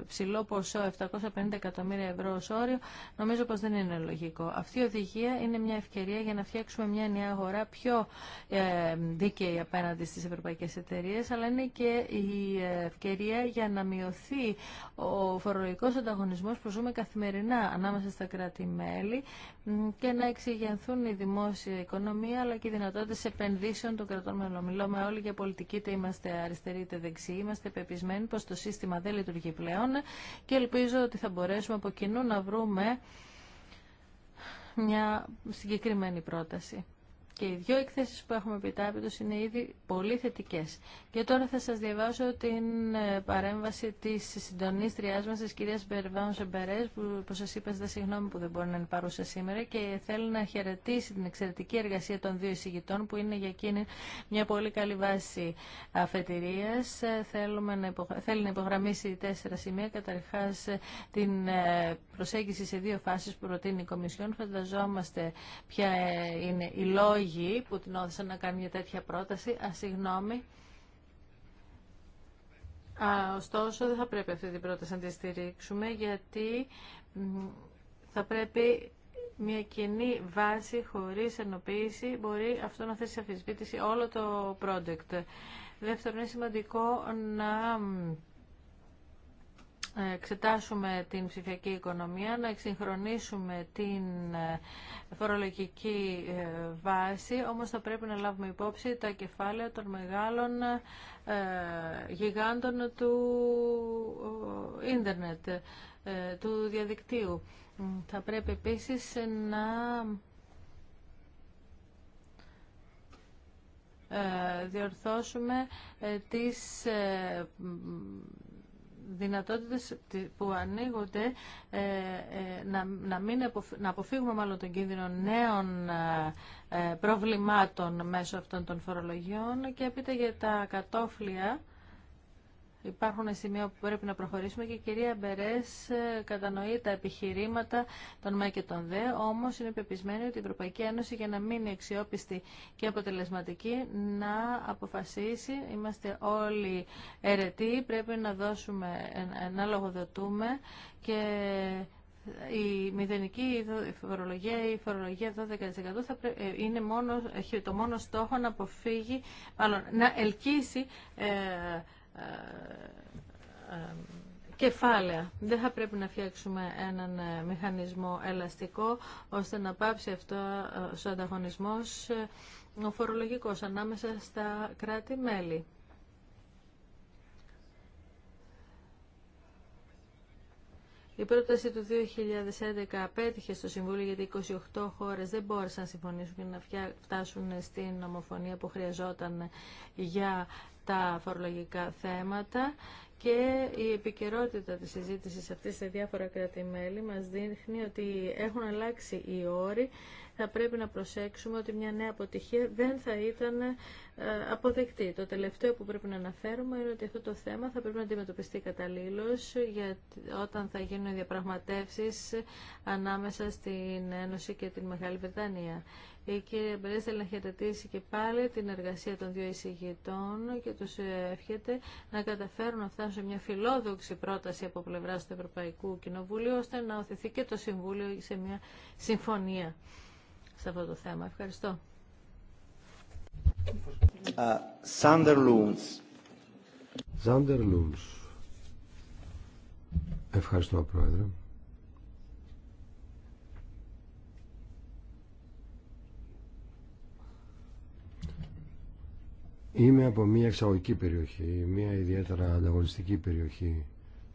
ψηλό ποσό, 750 εκατομμύρια ευρώ ως όριο, νομίζω πως δεν είναι λογικό. Αυτή η οδηγία είναι μια ευκαιρία για να φτιάξουμε μια νέα αγορά πιο ε, δίκαιη απέναντι στις ευρωπαϊκές εταιρείε, αλλά είναι και η ευκαιρία για να μειωθεί ο φορολογικός ανταγωνισμός που ζούμε καθημερινά ανάμεσα στα κράτη-μέλη και να εξηγενθούν η δημόσια οικονομία αλλά και οι δυνατότητε επενδύσεων των κρατών μελών. με όλοι για πολιτική, είτε είμαστε αριστεροί είτε δεξιοί. Είμαστε πεπισμένοι πω το σύστημα δεν λειτουργεί πλέον και ελπίζω ότι θα μπορέσουμε από κοινού να βρούμε μια συγκεκριμένη πρόταση. Και οι δύο εκθέσεις που έχουμε επιτάπητος είναι ήδη πολύ θετικές. Και τώρα θα σας διαβάσω την ε, παρέμβαση της συντονίστριάς μας, της κυρίας Μπερβάνου Σεμπερές, που, όπως σας είπα ζητά συγγνώμη που δεν μπορεί να είναι παρούσα σήμερα και θέλει να χαιρετήσει την εξαιρετική εργασία των δύο εισηγητών που είναι για εκείνη μια πολύ καλή βάση αφετηρίας. Ε, θέλουμε να Θέλει να υπογραμμίσει τέσσερα σημεία. Καταρχάς ε, την προσέγγιση σε δύο φάσεις που προτείνει η Κομισιόν. Φανταζόμαστε ποια είναι η λόγη που την όδησε να κάνει μια τέτοια πρόταση. Α, συγγνώμη. Α, ωστόσο, δεν θα πρέπει αυτή την πρόταση να τη στηρίξουμε, γιατί θα πρέπει μια κοινή βάση χωρίς ενοποίηση μπορεί αυτό να θέσει σε αφισβήτηση όλο το project. Δεύτερον, είναι σημαντικό να εξετάσουμε την ψηφιακή οικονομία, να εξυγχρονίσουμε την ε, φορολογική ε, βάση, όμως θα πρέπει να λάβουμε υπόψη τα κεφάλαια των μεγάλων ε, γιγάντων του ίντερνετ, του διαδικτύου. Θα πρέπει επίσης να διορθώσουμε τις δυνατότητες που ανοίγονται ε, ε, να, μην να αποφύγουμε μάλλον τον κίνδυνο νέων ε, προβλημάτων μέσω αυτών των φορολογιών και έπειτα για τα κατόφλια υπάρχουν σημεία που πρέπει να προχωρήσουμε και η κυρία Μπερές ε, κατανοεί τα επιχειρήματα των ΜΕ και των ΔΕ, όμως είναι πεπισμένη ότι η Ευρωπαϊκή Ένωση για να μείνει αξιόπιστη και αποτελεσματική να αποφασίσει, είμαστε όλοι αιρετοί, πρέπει να δώσουμε, να λογοδοτούμε και η μηδενική φορολογία ή η φορολογία 12% θα ε, είναι μόνο, έχει το μόνο στόχο να αποφύγει, μάλλον να ελκύσει ε, κεφάλαια. Δεν θα πρέπει να φτιάξουμε έναν ε, μηχανισμό ελαστικό ώστε να πάψει αυτό ε, ο ανταγωνισμός ε, ο φορολογικός ανάμεσα στα κράτη-μέλη. Η πρόταση του 2011 απέτυχε στο Συμβούλιο γιατί 28 χώρες δεν μπόρεσαν να συμφωνήσουν και να φτάσουν στην ομοφωνία που χρειαζόταν για τα φορολογικά θέματα και η επικαιρότητα της συζήτησης αυτής σε διάφορα κράτη-μέλη μας δείχνει ότι έχουν αλλάξει οι όροι θα πρέπει να προσέξουμε ότι μια νέα αποτυχία δεν θα ήταν ε, αποδεκτή. Το τελευταίο που πρέπει να αναφέρουμε είναι ότι αυτό το θέμα θα πρέπει να αντιμετωπιστεί καταλήλως όταν θα γίνουν οι διαπραγματεύσεις ανάμεσα στην Ένωση και την Μεγάλη Βρετανία. Η κυρία Μπερές θέλει να χαιρετήσει και πάλι την εργασία των δύο εισηγητών και τους εύχεται να καταφέρουν να φτάσουν σε μια φιλόδοξη πρόταση από πλευρά του Ευρωπαϊκού Κοινοβουλίου ώστε να οθεθεί και το Συμβούλιο σε μια συμφωνία σε αυτό το θέμα. Ευχαριστώ. Σάντερ Ζάντερ Λούμς. Ευχαριστώ, Πρόεδρε. Είμαι από μια εξαγωγική περιοχή, μια ιδιαίτερα ανταγωνιστική περιοχή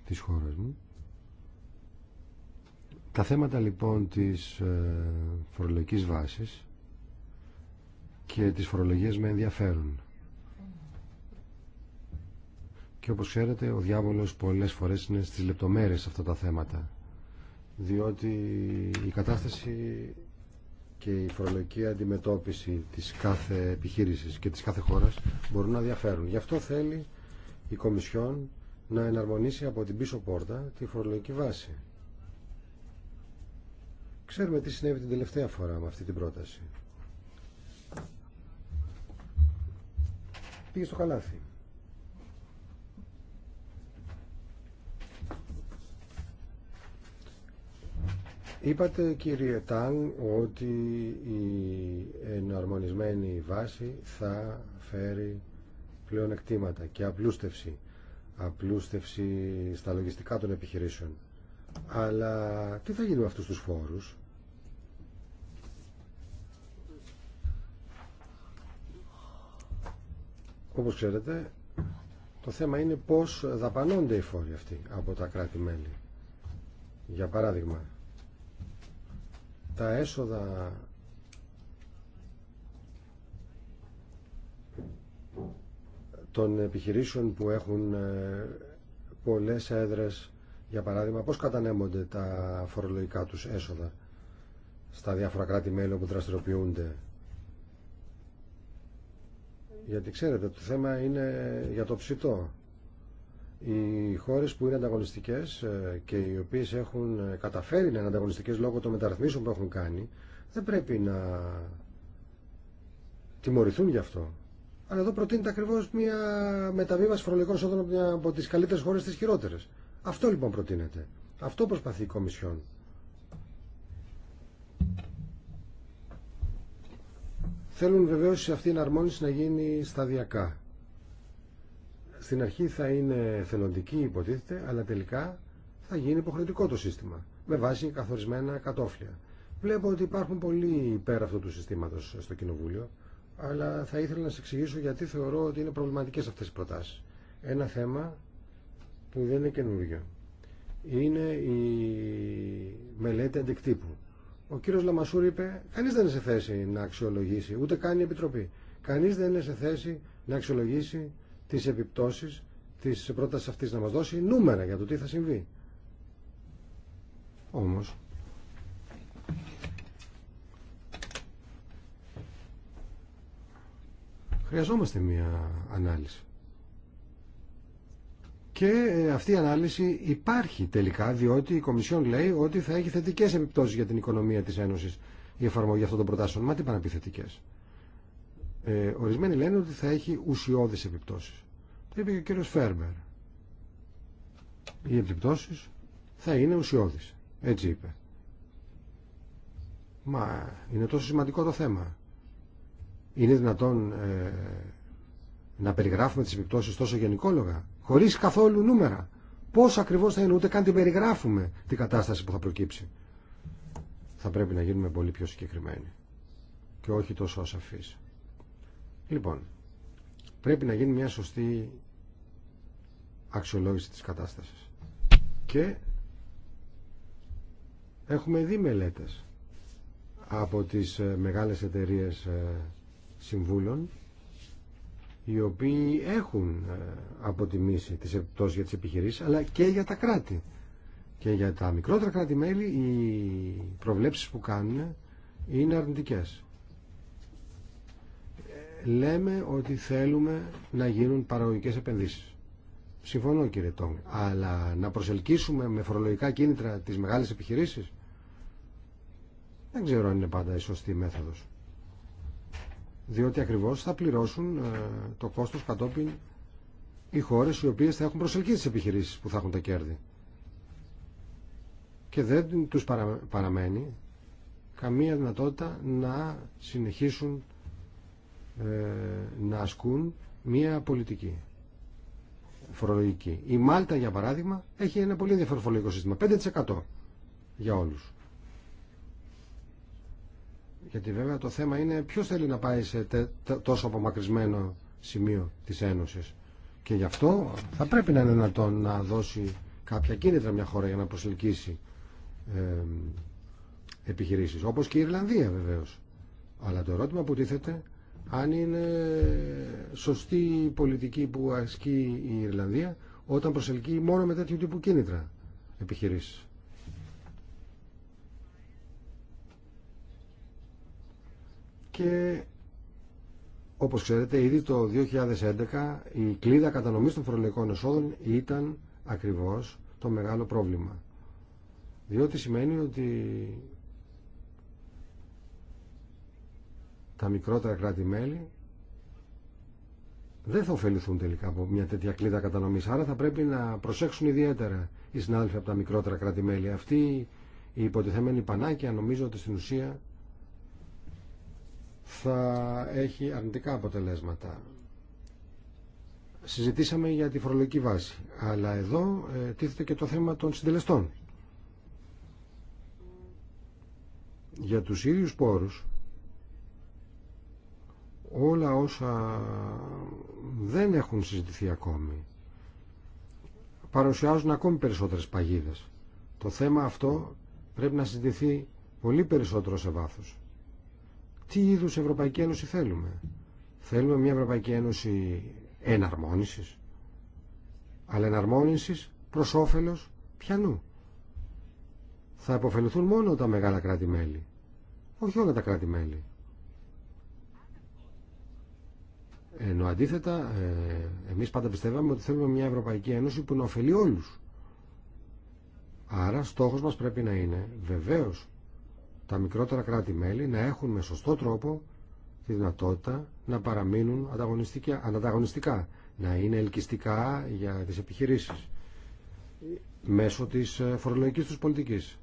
της χώρας μου. Τα θέματα λοιπόν της ε, φορολογικής βάσης και της φορολογίας με ενδιαφέρουν. Και όπως ξέρετε ο διάβολος πολλές φορές είναι στις λεπτομέρειες αυτά τα θέματα. Διότι η κατάσταση και η φορολογική αντιμετώπιση της κάθε επιχείρησης και της κάθε χώρας μπορούν να διαφέρουν. Γι' αυτό θέλει η Κομισιόν να εναρμονίσει από την πίσω πόρτα τη φορολογική βάση. Ξέρουμε τι συνέβη την τελευταία φορά με αυτή την πρόταση. Πήγε στο καλάθι. Είπατε κύριε Τάν ότι η εναρμονισμένη βάση θα φέρει πλέον εκτήματα και απλούστευση. Απλούστευση στα λογιστικά των επιχειρήσεων. Αλλά τι θα γίνει με αυτούς τους φόρους. Όπως ξέρετε, το θέμα είναι πώς δαπανώνται οι φόροι αυτοί από τα κράτη-μέλη. Για παράδειγμα, τα έσοδα των επιχειρήσεων που έχουν ε, πολλές έδρες για παράδειγμα, πώς κατανέμονται τα φορολογικά τους έσοδα στα διάφορα κράτη-μέλη όπου δραστηριοποιούνται. Γιατί ξέρετε, το θέμα είναι για το ψητό. Οι χώρες που είναι ανταγωνιστικές ε, και οι οποίες έχουν ε, καταφέρει να είναι ανταγωνιστικές λόγω των μεταρρυθμίσεων που έχουν κάνει, δεν πρέπει να τιμωρηθούν γι' αυτό. Αλλά εδώ προτείνεται ακριβώ μια μεταβίβαση φορολογικών σώδων από τι καλύτερες χώρες στι χειρότερες. Αυτό λοιπόν προτείνεται. Αυτό προσπαθεί η Κομισιόν. Θέλουν βεβαίως αυτή η εναρμόνιση να γίνει σταδιακά. Στην αρχή θα είναι θελοντική υποτίθεται, αλλά τελικά θα γίνει υποχρεωτικό το σύστημα, με βάση καθορισμένα κατόφλια. Βλέπω ότι υπάρχουν πολλοί υπέρ αυτού του συστήματος στο Κοινοβούλιο, αλλά θα ήθελα να σας εξηγήσω γιατί θεωρώ ότι είναι προβληματικές αυτές οι προτάσεις. Ένα θέμα που δεν είναι καινούριο. Είναι η μελέτη αντικτύπου. Ο κύριο Λαμασούρη είπε, κανείς δεν είναι σε θέση να αξιολογήσει, ούτε καν η Επιτροπή. Κανείς δεν είναι σε θέση να αξιολογήσει τις επιπτώσεις τη πρόταση αυτής να μας δώσει νούμερα για το τι θα συμβεί. Όμως, χρειαζόμαστε μία ανάλυση. Και ε, αυτή η ανάλυση υπάρχει τελικά, διότι η Κομισιόν λέει ότι θα έχει θετικέ επιπτώσει για την οικονομία τη Ένωση η εφαρμογή αυτών των προτάσεων. Μα τι πάνε Ε, ορισμένοι λένε ότι θα έχει ουσιώδει επιπτώσει. Το είπε και ο κύριο Φέρμπερ. Οι επιπτώσει θα είναι ουσιώδει. Έτσι είπε. Μα είναι τόσο σημαντικό το θέμα. Είναι δυνατόν ε, να περιγράφουμε τις επιπτώσεις τόσο γενικόλογα χωρίς καθόλου νούμερα. Πώ ακριβώς θα είναι, ούτε καν την περιγράφουμε την κατάσταση που θα προκύψει. Θα πρέπει να γίνουμε πολύ πιο συγκεκριμένοι και όχι τόσο ασαφεί. Λοιπόν, πρέπει να γίνει μια σωστή αξιολόγηση της κατάστασης. Και έχουμε δει μελέτες από τις ε, μεγάλες εταιρείες ε, συμβούλων οι οποίοι έχουν ε, αποτιμήσει τις επιπτώσεις για τις επιχειρήσεις αλλά και για τα κράτη. Και για τα μικρότερα κράτη-μέλη οι προβλέψεις που κάνουν είναι αρνητικές. Ε, λέμε ότι θέλουμε να γίνουν παραγωγικές επενδύσεις. Συμφωνώ κύριε Τόγκ, αλλά να προσελκύσουμε με φορολογικά κίνητρα τις μεγάλες επιχειρήσεις δεν ξέρω αν είναι πάντα η σωστή μέθοδος διότι ακριβώς θα πληρώσουν ε, το κόστος κατόπιν οι χώρες οι οποίες θα έχουν προσελκύσει τις επιχειρήσεις που θα έχουν τα κέρδη. Και δεν τους παραμένει καμία δυνατότητα να συνεχίσουν ε, να ασκούν μία πολιτική φορολογική. Η Μάλτα, για παράδειγμα, έχει ένα πολύ ενδιαφέρον σύστημα. 5% για όλους. Γιατί βέβαια το θέμα είναι ποιος θέλει να πάει σε τόσο απομακρυσμένο σημείο της Ένωσης. Και γι' αυτό θα πρέπει να είναι δυνατόν να δώσει κάποια κίνητρα μια χώρα για να προσελκύσει ε, επιχειρήσεις. Όπως και η Ιρλανδία βεβαίως. Αλλά το ερώτημα που τίθεται αν είναι σωστή η πολιτική που ασκεί η Ιρλανδία όταν προσελκύει μόνο με τέτοιου τύπου κίνητρα επιχειρήσεις. και όπως ξέρετε ήδη το 2011 η κλίδα κατανομής των φορολογικών εσόδων ήταν ακριβώς το μεγάλο πρόβλημα. Διότι σημαίνει ότι τα μικρότερα κράτη-μέλη δεν θα ωφεληθούν τελικά από μια τέτοια κλίδα κατανομής. Άρα θα πρέπει να προσέξουν ιδιαίτερα οι συνάδελφοι από τα μικρότερα κράτη-μέλη. Αυτή η υποτιθέμενη πανάκια νομίζω ότι στην ουσία θα έχει αρνητικά αποτελέσματα. Συζητήσαμε για τη φορολογική βάση, αλλά εδώ ε, τίθεται και το θέμα των συντελεστών. Για τους ίδιους πόρους, όλα όσα δεν έχουν συζητηθεί ακόμη, παρουσιάζουν ακόμη περισσότερες παγίδες. Το θέμα αυτό πρέπει να συζητηθεί πολύ περισσότερο σε βάθος τι είδους Ευρωπαϊκή Ένωση θέλουμε. Θέλουμε μια Ευρωπαϊκή Ένωση εναρμόνισης, αλλά εναρμόνισης προς όφελος πιανού. Θα αποφεληθούν μόνο τα μεγάλα κράτη-μέλη, όχι όλα τα κράτη-μέλη. Ενώ αντίθετα, ε, εμείς πάντα πιστεύαμε ότι θέλουμε μια Ευρωπαϊκή Ένωση που να ωφελεί όλους. Άρα στόχος μας πρέπει να είναι βεβαίως τα μικρότερα κράτη-μέλη να έχουν με σωστό τρόπο τη δυνατότητα να παραμείνουν ανταγωνιστικά, να είναι ελκυστικά για τις επιχειρήσεις μέσω της ε, φορολογικής τους πολιτικής.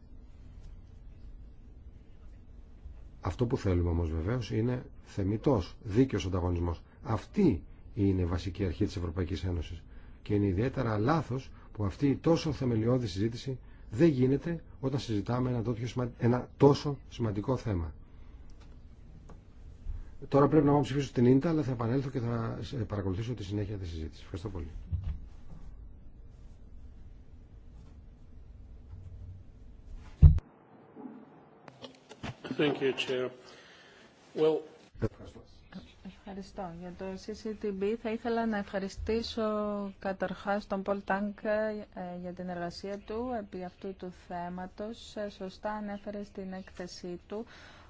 Αυτό που θέλουμε όμως βεβαίως είναι θεμητός, δίκαιος ανταγωνισμός. Αυτή είναι η βασική αρχή της Ευρωπαϊκής Ένωσης και είναι ιδιαίτερα λάθος που αυτή η τόσο θεμελιώδη συζήτηση δεν γίνεται όταν συζητάμε ένα, ένα τόσο σημαντικό θέμα. Τώρα πρέπει να πάω ψηφίσω την ίντα, αλλά θα επανέλθω και θα παρακολουθήσω τη συνέχεια της συζήτησης. Ευχαριστώ πολύ. Thank you, Well... Ευχαριστώ. Για το CCTV. θα ήθελα να ευχαριστήσω καταρχάς τον Πολ Τάνκ ε, για την εργασία του επί αυτού του θέματος. Ε, σωστά ανέφερε στην έκθεσή του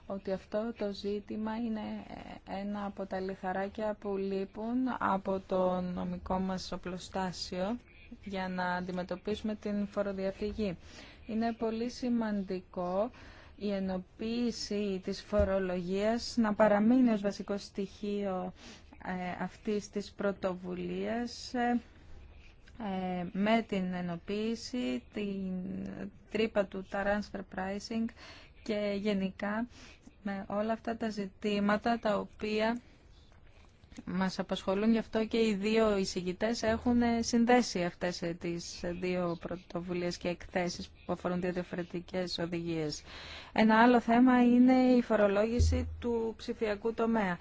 ότι αυτό το ζήτημα είναι ε, ένα από τα λιθαράκια που λείπουν από το νομικό μας οπλοστάσιο για να αντιμετωπίσουμε την φοροδιαφυγή. Είναι πολύ σημαντικό η ενοποίηση της φορολογίας να παραμείνει ως βασικό στοιχείο ε, αυτής της πρωτοβουλίας ε, ε, με την ενοποίηση, την τρύπα του transfer pricing και γενικά με όλα αυτά τα ζητήματα τα οποία μας απασχολούν, γι' αυτό και οι δύο εισηγητέ έχουν συνδέσει αυτές τις δύο πρωτοβουλίες και εκθέσεις που αφορούν δύο διαφορετικές οδηγίες. Ένα άλλο θέμα είναι η φορολόγηση του ψηφιακού τομέα.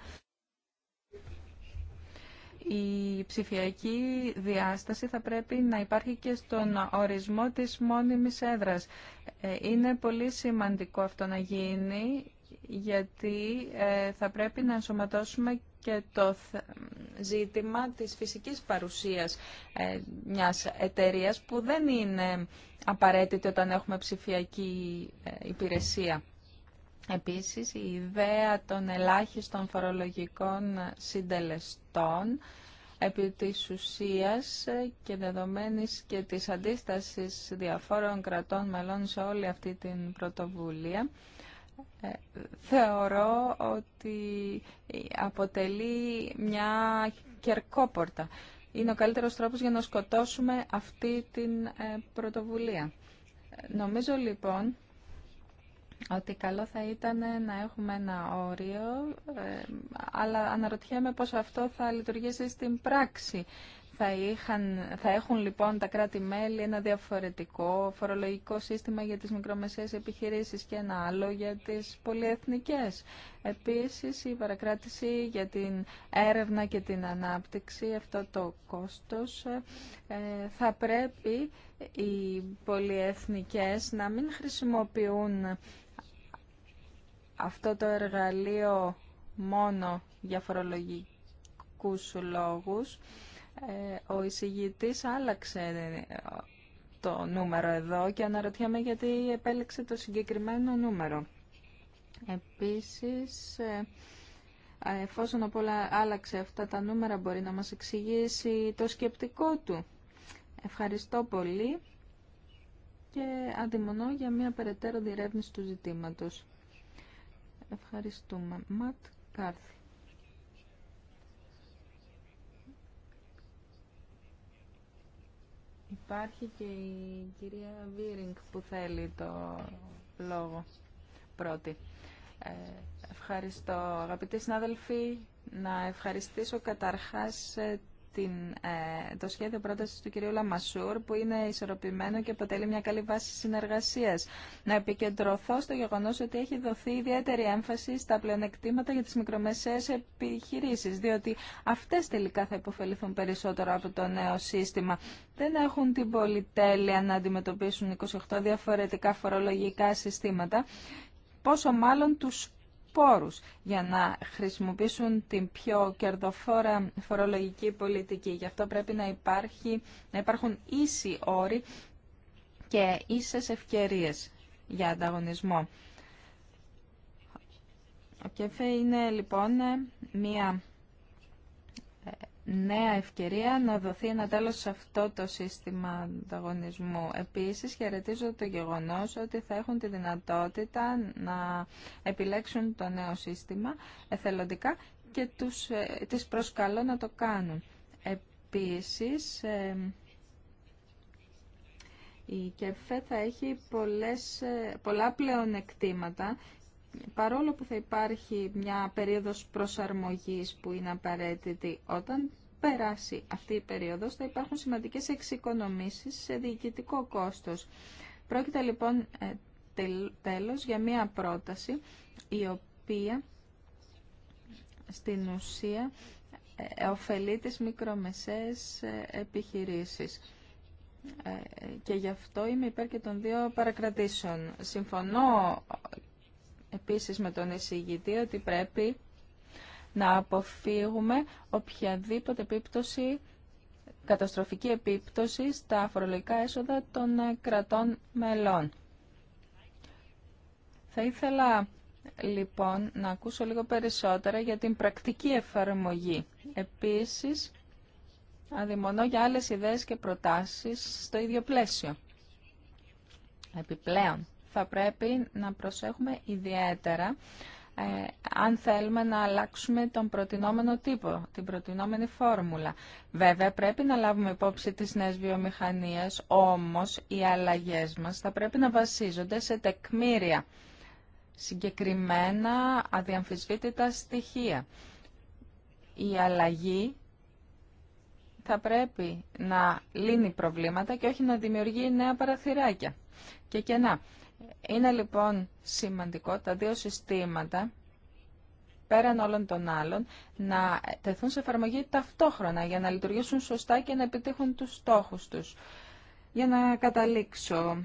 Η ψηφιακή διάσταση θα πρέπει να υπάρχει και στον ορισμό της μόνιμης έδρας. Ε, είναι πολύ σημαντικό αυτό να γίνει γιατί ε, θα πρέπει να ενσωματώσουμε και το ζήτημα της φυσικής παρουσίας ε, μιας εταιρείας που δεν είναι απαραίτητη όταν έχουμε ψηφιακή ε, υπηρεσία. Επίσης, η ιδέα των ελάχιστων φορολογικών συντελεστών επί της ουσίας και δεδομένης και της αντίστασης διαφόρων κρατών μελών σε όλη αυτή την πρωτοβουλία ε, θεωρώ ότι αποτελεί μια κερκόπορτα. Είναι ο καλύτερος τρόπος για να σκοτώσουμε αυτή την ε, πρωτοβουλία. Νομίζω λοιπόν ότι καλό θα ήταν να έχουμε ένα όριο, ε, αλλά αναρωτιέμαι πώς αυτό θα λειτουργήσει στην πράξη. Θα, θα έχουν λοιπόν τα κράτη-μέλη ένα διαφορετικό φορολογικό σύστημα για τις μικρομεσαίες επιχειρήσεις και ένα άλλο για τις πολυεθνικές. Επίσης η παρακράτηση για την έρευνα και την ανάπτυξη, αυτό το κόστος, ε, θα πρέπει οι πολυεθνικές να μην χρησιμοποιούν αυτό το εργαλείο μόνο για φορολογικούς λόγους, ε, ο εισηγητής άλλαξε το νούμερο εδώ και αναρωτιέμαι γιατί επέλεξε το συγκεκριμένο νούμερο. Επίσης, ε, εφόσον ο όλα άλλαξε αυτά τα νούμερα, μπορεί να μας εξηγήσει το σκεπτικό του. Ευχαριστώ πολύ και αντιμονώ για μια περαιτέρω διερεύνηση του ζητήματος. Ευχαριστούμε. Ματ Κάρθη. Υπάρχει και η κυρία Βίρινγκ που θέλει το λόγο πρώτη. Ε, ευχαριστώ αγαπητοί συνάδελφοι. Να ευχαριστήσω καταρχάς ε, την, ε, το σχέδιο πρόταση του κυρίου Λαμασούρ που είναι ισορροπημένο και αποτελεί μια καλή βάση συνεργασίας. Να επικεντρωθώ στο γεγονό ότι έχει δοθεί ιδιαίτερη έμφαση στα πλεονεκτήματα για τις μικρομεσαίες επιχειρήσεις, διότι αυτές τελικά θα υποφεληθούν περισσότερο από το νέο σύστημα. Δεν έχουν την πολυτέλεια να αντιμετωπίσουν 28 διαφορετικά φορολογικά συστήματα πόσο μάλλον τους για να χρησιμοποιήσουν την πιο κερδοφόρα φορολογική πολιτική. Γι' αυτό πρέπει να, υπάρχει, να υπάρχουν ίσοι όροι και ίσες ευκαιρίες για ανταγωνισμό. Ο ΚΕΦΕ είναι λοιπόν μια νέα ευκαιρία να δοθεί ένα τέλος σε αυτό το σύστημα ανταγωνισμού. Επίσης, χαιρετίζω το γεγονός ότι θα έχουν τη δυνατότητα να επιλέξουν το νέο σύστημα εθελοντικά και τους, ε, τις προσκαλώ να το κάνουν. Επίσης, ε, η ΚΕΦΕ θα έχει πολλές, ε, πολλά πλεονεκτήματα παρόλο που θα υπάρχει μια περίοδος προσαρμογής που είναι απαραίτητη όταν περάσει αυτή η περίοδος θα υπάρχουν σημαντικές εξοικονομήσεις σε διοικητικό κόστος. Πρόκειται λοιπόν ε, τέλος για μια πρόταση η οποία στην ουσία ε, ωφελεί τις μικρομεσαίες ε, επιχειρήσεις. Και γι' αυτό είμαι υπέρ και των δύο παρακρατήσεων. Συμφωνώ επίσης με τον εισηγητή ότι πρέπει να αποφύγουμε οποιαδήποτε επίπτωση, καταστροφική επίπτωση στα αφορολογικά έσοδα των ε, κρατών μελών. Θα ήθελα λοιπόν να ακούσω λίγο περισσότερα για την πρακτική εφαρμογή. Επίσης, αδειμονώ για άλλες ιδέες και προτάσεις στο ίδιο πλαίσιο. Επιπλέον, θα πρέπει να προσέχουμε ιδιαίτερα ε, αν θέλουμε να αλλάξουμε τον προτινόμενο τύπο, την προτινόμενη φόρμουλα. Βέβαια, πρέπει να λάβουμε υπόψη τις νέες βιομηχανίες, όμως οι αλλαγές μας θα πρέπει να βασίζονται σε τεκμήρια, συγκεκριμένα αδιαμφισβήτητα στοιχεία. Η αλλαγή θα πρέπει να λύνει προβλήματα και όχι να δημιουργεί νέα παραθυράκια και κενά. Είναι λοιπόν σημαντικό τα δύο συστήματα, πέραν όλων των άλλων, να τεθούν σε εφαρμογή ταυτόχρονα για να λειτουργήσουν σωστά και να επιτύχουν τους στόχους τους. Για να καταλήξω,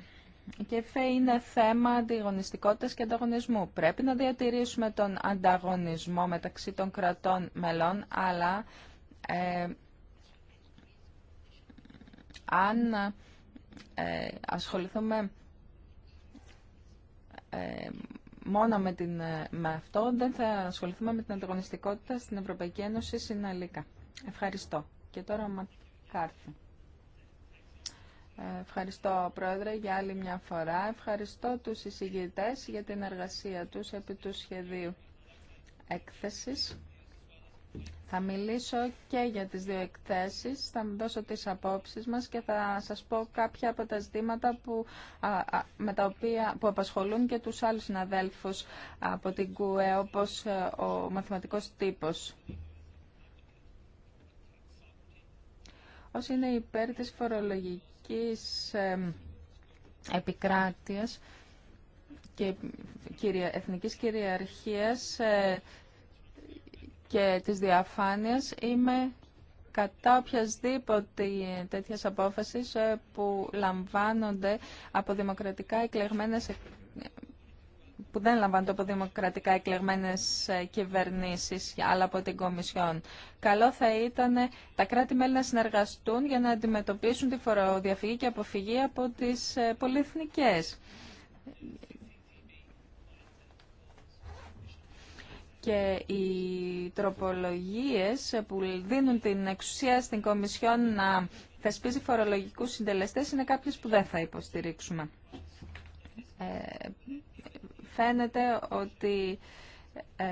και είναι θέμα αντιγωνιστικότητας και ανταγωνισμού. Πρέπει να διατηρήσουμε τον ανταγωνισμό μεταξύ των κρατών μελών, αλλά ε, αν ε, ασχοληθούμε ε, μόνο με, την, ε, με αυτό δεν θα ασχοληθούμε με την ανταγωνιστικότητα στην Ευρωπαϊκή Ένωση συναλλήκα. Ευχαριστώ. Και τώρα Μακάρθη. Ε, ευχαριστώ Πρόεδρε για άλλη μια φορά. Ευχαριστώ τους εισηγητές για την εργασία τους επί του σχεδίου έκθεσης. Θα μιλήσω και για τις δύο εκθέσεις, θα δώσω τις απόψεις μας και θα σας πω κάποια από τα ζητήματα που, με που απασχολούν και τους άλλους συναδέλφους από την ΚΟΕ, όπως ε, ο μαθηματικός τύπος. Όσοι είναι υπέρ της φορολογικής επικράτειας και εθνικής κυριαρχίας ε, και της διαφάνειας είμαι κατά οποιασδήποτε τέτοια απόφαση ε, που λαμβάνονται από δημοκρατικά εκλεγμένες ε, που δεν λαμβάνονται από δημοκρατικά εκλεγμένες ε, κυβερνήσεις αλλά από την Κομισιόν. Καλό θα ήταν τα κράτη-μέλη να συνεργαστούν για να αντιμετωπίσουν τη φοροδιαφυγή και αποφυγή από τις πολυεθνικές. και οι τροπολογίες που δίνουν την εξουσία στην Κομισιόν να θεσπίζει φορολογικούς συντελεστές είναι κάποιες που δεν θα υποστηρίξουμε. Ε, φαίνεται ότι ε,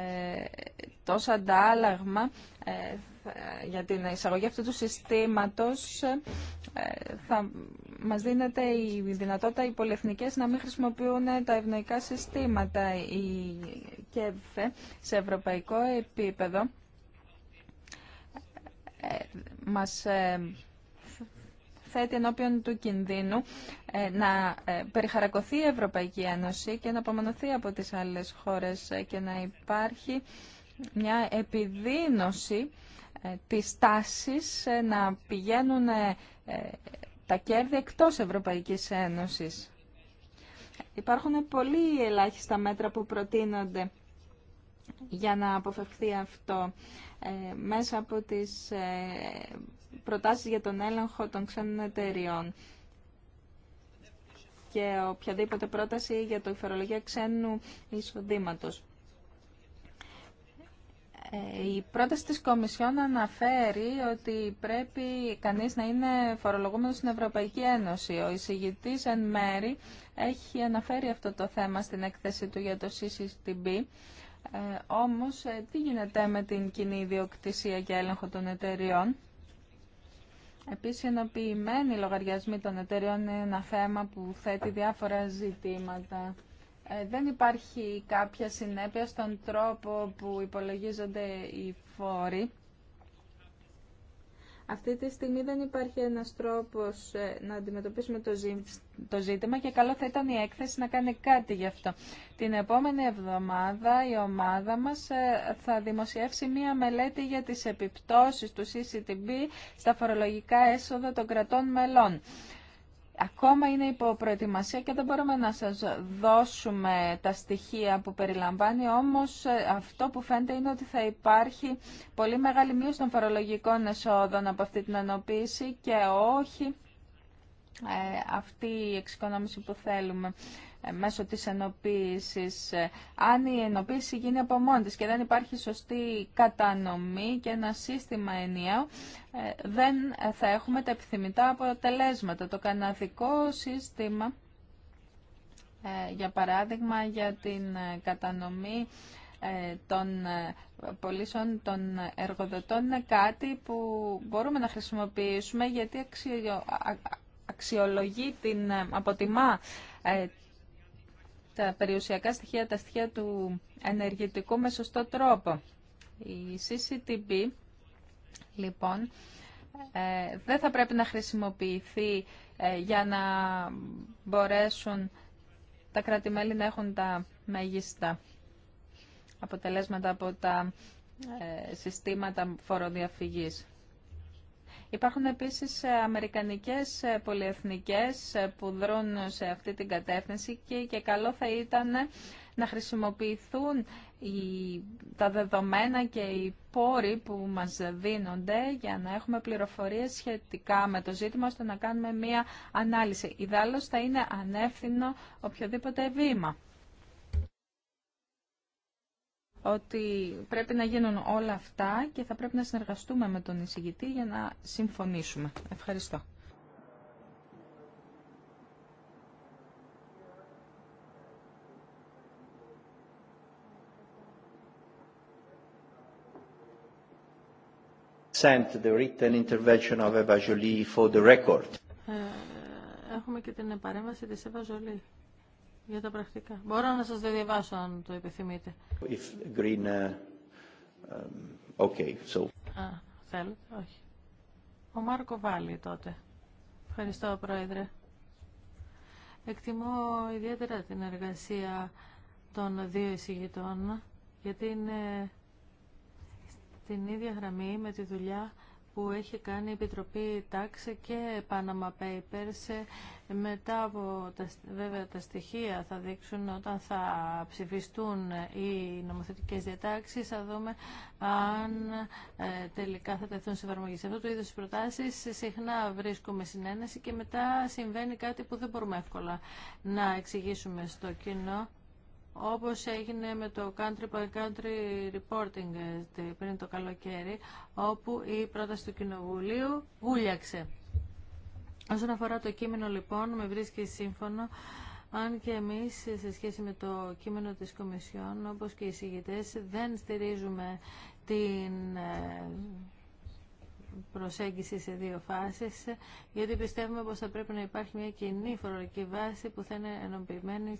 τόσο αντάλλαγμα ε, για την εισαγωγή αυτού του συστήματος ε, θα μας δίνεται η δυνατότητα οι πολυεθνικές να μην χρησιμοποιούν τα ευνοϊκά συστήματα. Η ΚΕΒΕ σε ευρωπαϊκό επίπεδο ε, μας ε, θέτει ενώπιον του κινδύνου να περιχαρακωθεί η Ευρωπαϊκή Ένωση και να απομονωθεί από τις άλλες χώρες και να υπάρχει μια επιδείνωση ε, τις τάσεις ε, να πηγαίνουν ε, τα κέρδη εκτός Ευρωπαϊκής Ένωσης. Υπάρχουν πολύ ελάχιστα μέτρα που προτείνονται για να αποφευχθεί αυτό μέσα από τις προτάσεις για τον έλεγχο των ξένων εταιριών και οποιαδήποτε πρόταση για το υφερολογία ξένου εισοδήματος. Ε, η πρόταση της Κομισιόν αναφέρει ότι πρέπει κανείς να είναι φορολογούμενος στην Ευρωπαϊκή Ένωση. Ο εισηγητής εν μέρη έχει αναφέρει αυτό το θέμα στην έκθεση του για το CCTB. Ε, όμως, ε, τι γίνεται με την κοινή ιδιοκτησία και έλεγχο των εταιριών. Επίσης, ενοποιημένοι λογαριασμοί των εταιριών είναι ένα θέμα που θέτει διάφορα ζητήματα. Ε, δεν υπάρχει κάποια συνέπεια στον τρόπο που υπολογίζονται οι φόροι. Αυτή τη στιγμή δεν υπάρχει ένας τρόπος ε, να αντιμετωπίσουμε το ζήτημα και καλό θα ήταν η έκθεση να κάνει κάτι γι' αυτό. Την επόμενη εβδομάδα η ομάδα μας ε, θα δημοσιεύσει μία μελέτη για τις επιπτώσεις του CCTB στα φορολογικά έσοδα των κρατών μελών. Ακόμα είναι υπό προετοιμασία και δεν μπορούμε να σας δώσουμε τα στοιχεία που περιλαμβάνει, όμως ε, αυτό που φαίνεται είναι ότι θα υπάρχει πολύ μεγάλη μείωση των φορολογικών εσόδων από αυτή την ενοποίηση και όχι ε, αυτή η εξοικονόμηση που θέλουμε. Ε, μέσω της ενοποίησης, ε, αν η ενοποίηση γίνει από μόνη της και δεν υπάρχει σωστή κατανομή και ένα σύστημα ενιαίο, ε, δεν θα έχουμε τα επιθυμητά αποτελέσματα. Το καναδικό σύστημα, για παράδειγμα, για την κατανομή των πολίσεων των εργοδοτών είναι κάτι που μπορούμε να χρησιμοποιήσουμε γιατί αξιολογεί την αποτιμά τα περιουσιακά στοιχεία, τα στοιχεία του ενεργητικού με σωστό τρόπο. Η CCTV, λοιπόν, ε, δεν θα πρέπει να χρησιμοποιηθεί ε, για να μπορέσουν τα κράτη-μέλη να έχουν τα μέγιστα αποτελέσματα από τα ε, συστήματα φοροδιαφυγής. Υπάρχουν επίσης αμερικανικές ε, πολυεθνικές ε, που δρούν σε αυτή την κατεύθυνση και, καλό θα ήταν να χρησιμοποιηθούν τα δεδομένα και οι πόροι που μας δίνονται για να έχουμε πληροφορίες σχετικά με το ζήτημα ώστε να κάνουμε μία ανάλυση. Ιδάλλως θα είναι ανεύθυνο οποιοδήποτε βήμα ότι πρέπει να γίνουν όλα αυτά και θα πρέπει να συνεργαστούμε με τον εισηγητή για να συμφωνήσουμε. Ευχαριστώ. Sent the written intervention of for the record. Ε, έχουμε και την παρέμβαση της Eva για τα πρακτικά. Μπορώ να σας διαβάσω αν το επιθυμείτε. If green, uh, um, okay, so. Α, θέλετε, όχι. Ο Μάρκο Βάλλη τότε. Ευχαριστώ, Πρόεδρε. Εκτιμώ ιδιαίτερα την εργασία των δύο εισηγητών, γιατί είναι στην ίδια γραμμή με τη δουλειά που έχει κάνει η Επιτροπή Τάξε και Panama Papers. Μετά από τα, βέβαια τα στοιχεία θα δείξουν όταν θα ψηφιστούν οι νομοθετικές διατάξεις, θα δούμε αν ε, τελικά θα τεθούν σε εφαρμογή. Σε αυτό το είδος προτάσεις συχνά βρίσκουμε συνένεση και μετά συμβαίνει κάτι που δεν μπορούμε εύκολα να εξηγήσουμε στο κοινό όπως έγινε με το country by country reporting ε, πριν το καλοκαίρι, όπου η πρόταση του Κοινοβουλίου βούλιαξε. Όσον αφορά το κείμενο λοιπόν, με βρίσκει σύμφωνο αν και εμείς σε σχέση με το κείμενο της Κομισιόν, όπως και οι συγητές, δεν στηρίζουμε την ε, προσέγγιση σε δύο φάσεις, γιατί πιστεύουμε πως θα πρέπει να υπάρχει μια κοινή φορολογική βάση που θα είναι ενοποιημένη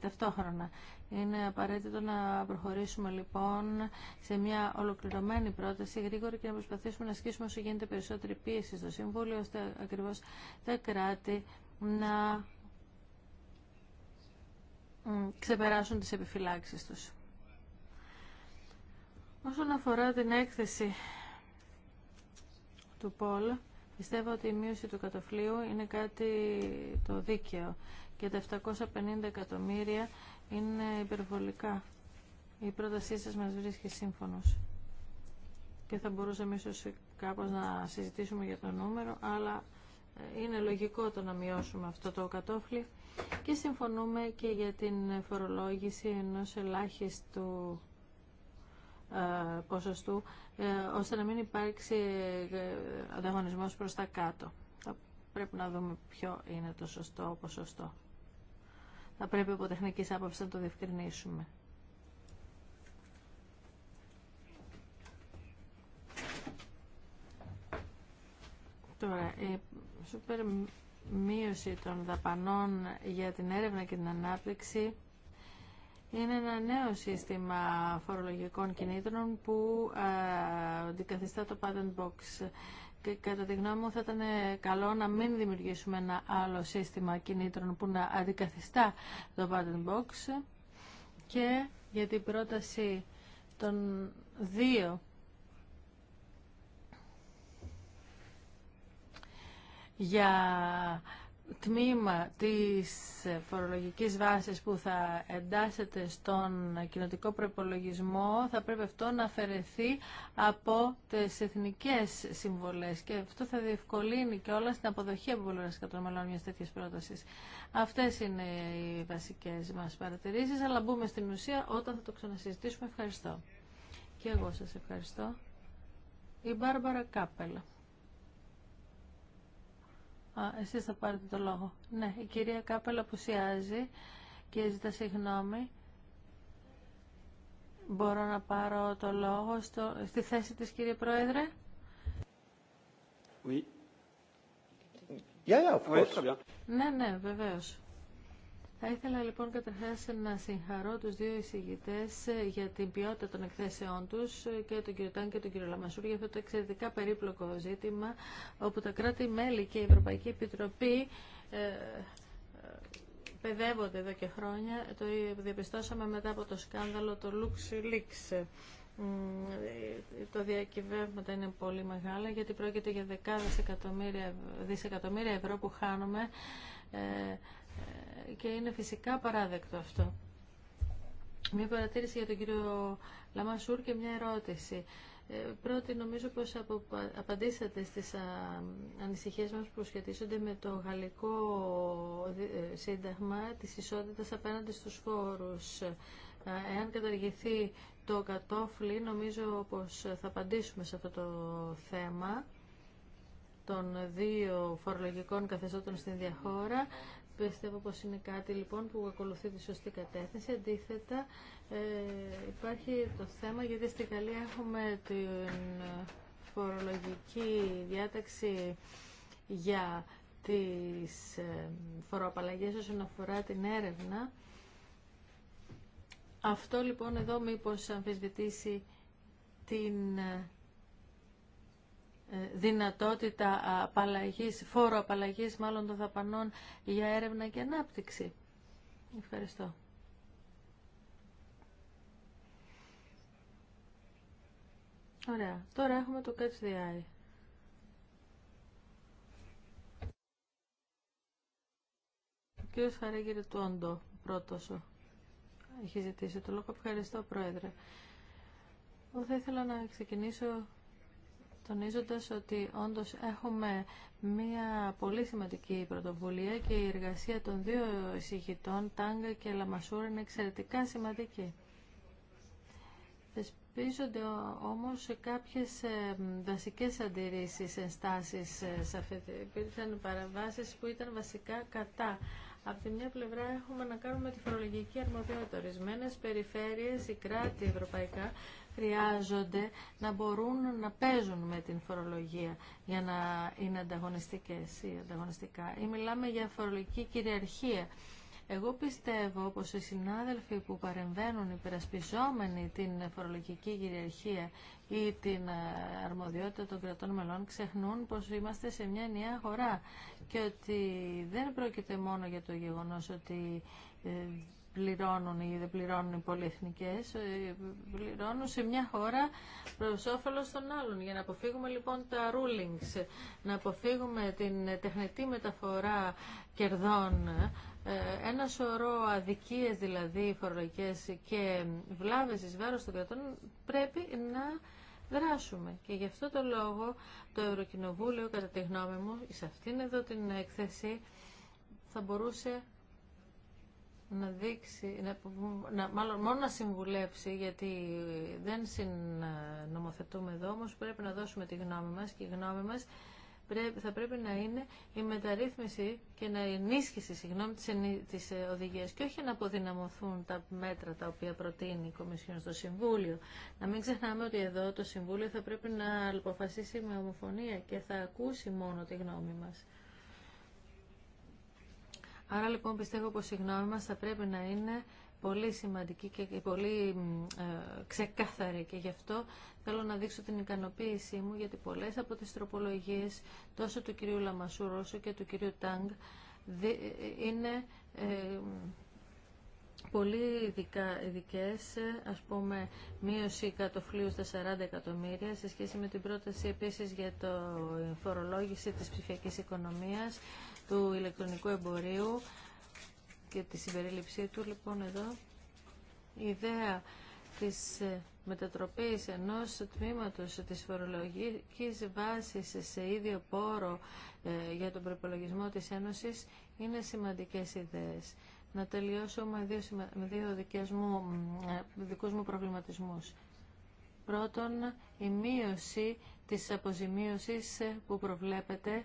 ταυτόχρονα. Είναι απαραίτητο να προχωρήσουμε λοιπόν σε μια ολοκληρωμένη πρόταση γρήγορα και να προσπαθήσουμε να ασκήσουμε όσο γίνεται περισσότερη πίεση στο Συμβούλιο, ώστε ακριβώς τα κράτη να ξεπεράσουν τις επιφυλάξεις τους. Όσον αφορά την έκθεση του Πολ, πιστεύω ότι η μείωση του κατοφλίου είναι κάτι το δίκαιο και τα 750 εκατομμύρια είναι υπερβολικά. Η πρότασή σας μας βρίσκει σύμφωνος. Και θα μπορούσαμε ίσως κάπως να συζητήσουμε για το νούμερο, αλλά ε, είναι λογικό το να μειώσουμε αυτό το κατόφλι και συμφωνούμε και για την φορολόγηση ενός ελάχιστου ε, ποσοστού, ε, ώστε να μην υπάρξει ανταγωνισμός προς τα κάτω. πρέπει να δούμε ποιο είναι το σωστό ποσοστό θα πρέπει από τεχνικής άποψης να το διευκρινίσουμε. Τώρα, η σούπερ μείωση των δαπανών για την έρευνα και την ανάπτυξη είναι ένα νέο σύστημα φορολογικών κινήτρων που ε, αντικαθιστά το patent box και κατά τη γνώμη μου θα ήταν καλό να μην δημιουργήσουμε ένα άλλο σύστημα κινήτρων που να αντικαθιστά το patent box και για την πρόταση των δύο για τμήμα της φορολογικής βάσης που θα εντάσσεται στον κοινοτικό προπολογισμό θα πρέπει αυτό να αφαιρεθεί από τις εθνικές συμβολές και αυτό θα διευκολύνει και όλα στην αποδοχή από πολλές κατρομελών μιας τέτοιας πρότασης. Αυτές είναι οι βασικές μας παρατηρήσεις, αλλά μπούμε στην ουσία όταν θα το ξανασυζητήσουμε. Ευχαριστώ. Και εγώ σας ευχαριστώ. Η Μπάρμπαρα Κάπελα. Α, εσείς θα πάρετε το λόγο. Ναι, η κυρία Κάπελ απουσιάζει και ζητά συγγνώμη. Μπορώ να πάρω το λόγο στο, στη θέση της, κύριε Πρόεδρε. Oui. Yeah, yeah, of ναι, ναι, βεβαίως. Θα ήθελα λοιπόν καταρχάς να συγχαρώ του δύο εισηγητέ ε, για την ποιότητα των εκθέσεών τους ε, και τον κύριο Τάν και τον κύριο Λαμασούρ για αυτό το εξαιρετικά περίπλοκο ζήτημα όπου τα κράτη-μέλη και η Ευρωπαϊκή Επιτροπή ε, παιδεύονται εδώ και χρόνια. Το διαπιστώσαμε μετά από το σκάνδαλο το LuxLeaks. Το διακυβεύματα είναι πολύ μεγάλα γιατί πρόκειται για δεκάδες δισεκατομμύρια ευρώ που χάνουμε ε, και είναι φυσικά παράδεκτο αυτό. Μια παρατήρηση για τον κύριο Λαμασούρ και μια ερώτηση. Ε, πρώτη, νομίζω πως απαντήσατε στις ανησυχίες μας που σχετίζονται με το γαλλικό ε, σύνταγμα της ισότητας απέναντι στους φόρους. Εάν καταργηθεί το κατόφλι, νομίζω πως θα απαντήσουμε σε αυτό το θέμα των δύο φορολογικών καθεστώτων στην διαχώρα. Πιστεύω πως είναι κάτι λοιπόν που ακολουθεί τη σωστή κατεύθυνση. Αντίθετα ε, υπάρχει το θέμα γιατί στη Γαλλία έχουμε την φορολογική διάταξη για τις ε, φοροαπαλλαγές όσον αφορά την έρευνα. Αυτό λοιπόν εδώ μήπως αμφισβητήσει την ε, δυνατότητα απαλλαγής, φόρο απαλλαγής μάλλον των δαπανών για έρευνα και ανάπτυξη. Ευχαριστώ. Ωραία. Τώρα έχουμε το Catch the Eye. Ο κύριος Χαρέγγιρη του Όντο, πρώτος έχει ζητήσει το λόγο. Ευχαριστώ, Πρόεδρε. Θα ήθελα να ξεκινήσω τονίζοντας ότι όντως έχουμε μια πολύ σημαντική πρωτοβουλία και η εργασία των δύο εισηγητών, Τάγκα και Λαμασούρα, είναι εξαιρετικά σημαντική. Θεσπίζονται όμως κάποιες ε, βασικές αντιρρήσεις, ενστάσεις ε, σε αυτή. παραβάσεις που ήταν βασικά κατά. Από τη μια πλευρά έχουμε να κάνουμε τη φορολογική αρμοδιότητα. Ορισμένε περιφέρειες, η κράτη ευρωπαϊκά, χρειάζονται να μπορούν να παίζουν με την φορολογία για να είναι ανταγωνιστικές ή ανταγωνιστικά. Ή μιλάμε για φορολογική κυριαρχία. Εγώ πιστεύω πως οι συνάδελφοι που παρεμβαίνουν υπερασπιζόμενοι την φορολογική κυριαρχία ή την ε, αρμοδιότητα των κρατών μελών ξεχνούν πως είμαστε σε μια νέα αγορά και ότι δεν πρόκειται μόνο για το γεγονός ότι ε, πληρώνουν ή δεν πληρώνουν οι πολυεθνικές, ε, πληρώνουν σε μια χώρα προς όφελος των άλλων. Για να αποφύγουμε λοιπόν τα rulings, να αποφύγουμε την τεχνητή μεταφορά κερδών, ε, ένα σωρό αδικίες δηλαδή φορολογικές και βλάβες εις βάρος των κρατών πρέπει να δράσουμε. Και γι' αυτό το λόγο το Ευρωκοινοβούλιο κατά τη γνώμη μου σε αυτήν εδώ την έκθεση θα μπορούσε να δείξει, να, να, μάλλον μόνο να συμβουλέψει γιατί δεν συνομοθετούμε εδώ, όμως πρέπει να δώσουμε τη γνώμη μας και η γνώμη μας πρέπει, θα πρέπει να είναι η μεταρρύθμιση και να ενίσχυση συγγνώμη, της, της οδηγίας και όχι να αποδυναμωθούν τα μέτρα τα οποία προτείνει η Κομισιόν στο Συμβούλιο. Να μην ξεχνάμε ότι εδώ το Συμβούλιο θα πρέπει να αποφασίσει με ομοφωνία και θα ακούσει μόνο τη γνώμη μας. Άρα λοιπόν πιστεύω πως η γνώμη μας θα πρέπει να είναι πολύ σημαντική και πολύ ε, ξεκάθαρη και γι' αυτό θέλω να δείξω την ικανοποίησή μου γιατί πολλές από τις τροπολογίες τόσο του κυρίου Λαμασού όσο και του κυρίου Τάγκ ε, ε, είναι πολύ ειδικά, ειδικές, ας πούμε μείωση κατοφλίου στα 40 εκατομμύρια σε σχέση με την πρόταση επίσης για το φορολόγηση της ψηφιακής οικονομίας του ηλεκτρονικού εμπορίου και τη συμπερίληψή του. Λοιπόν, εδώ η ιδέα της ε, μετατροπής ενός τμήματος της φορολογικής βάσης σε ίδιο πόρο ε, για τον προπολογισμό της Ένωσης είναι σημαντικές ιδέες. Να τελειώσω με δύο, με μου, ε, δικούς μου προβληματισμούς. Πρώτον, η μείωση της αποζημίωσης που προβλέπεται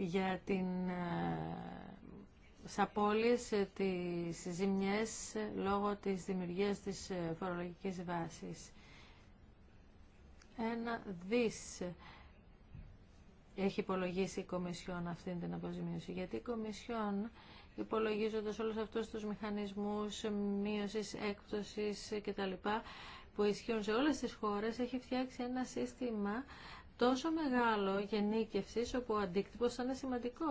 για την ε, σαπόλης ε, τις ζημιές ε, λόγω της δημιουργίας της φορολογικής βάσης. Ένα δις έχει υπολογίσει η Κομισιόν αυτή την αποζημίωση, γιατί η Κομισιόν υπολογίζοντας όλους αυτούς τους μηχανισμούς μείωσης, έκπτωσης κτλ που ισχύουν σε όλες τις χώρες έχει φτιάξει ένα σύστημα τόσο μεγάλο γενίκευση όπου ο αντίκτυπο θα είναι σημαντικό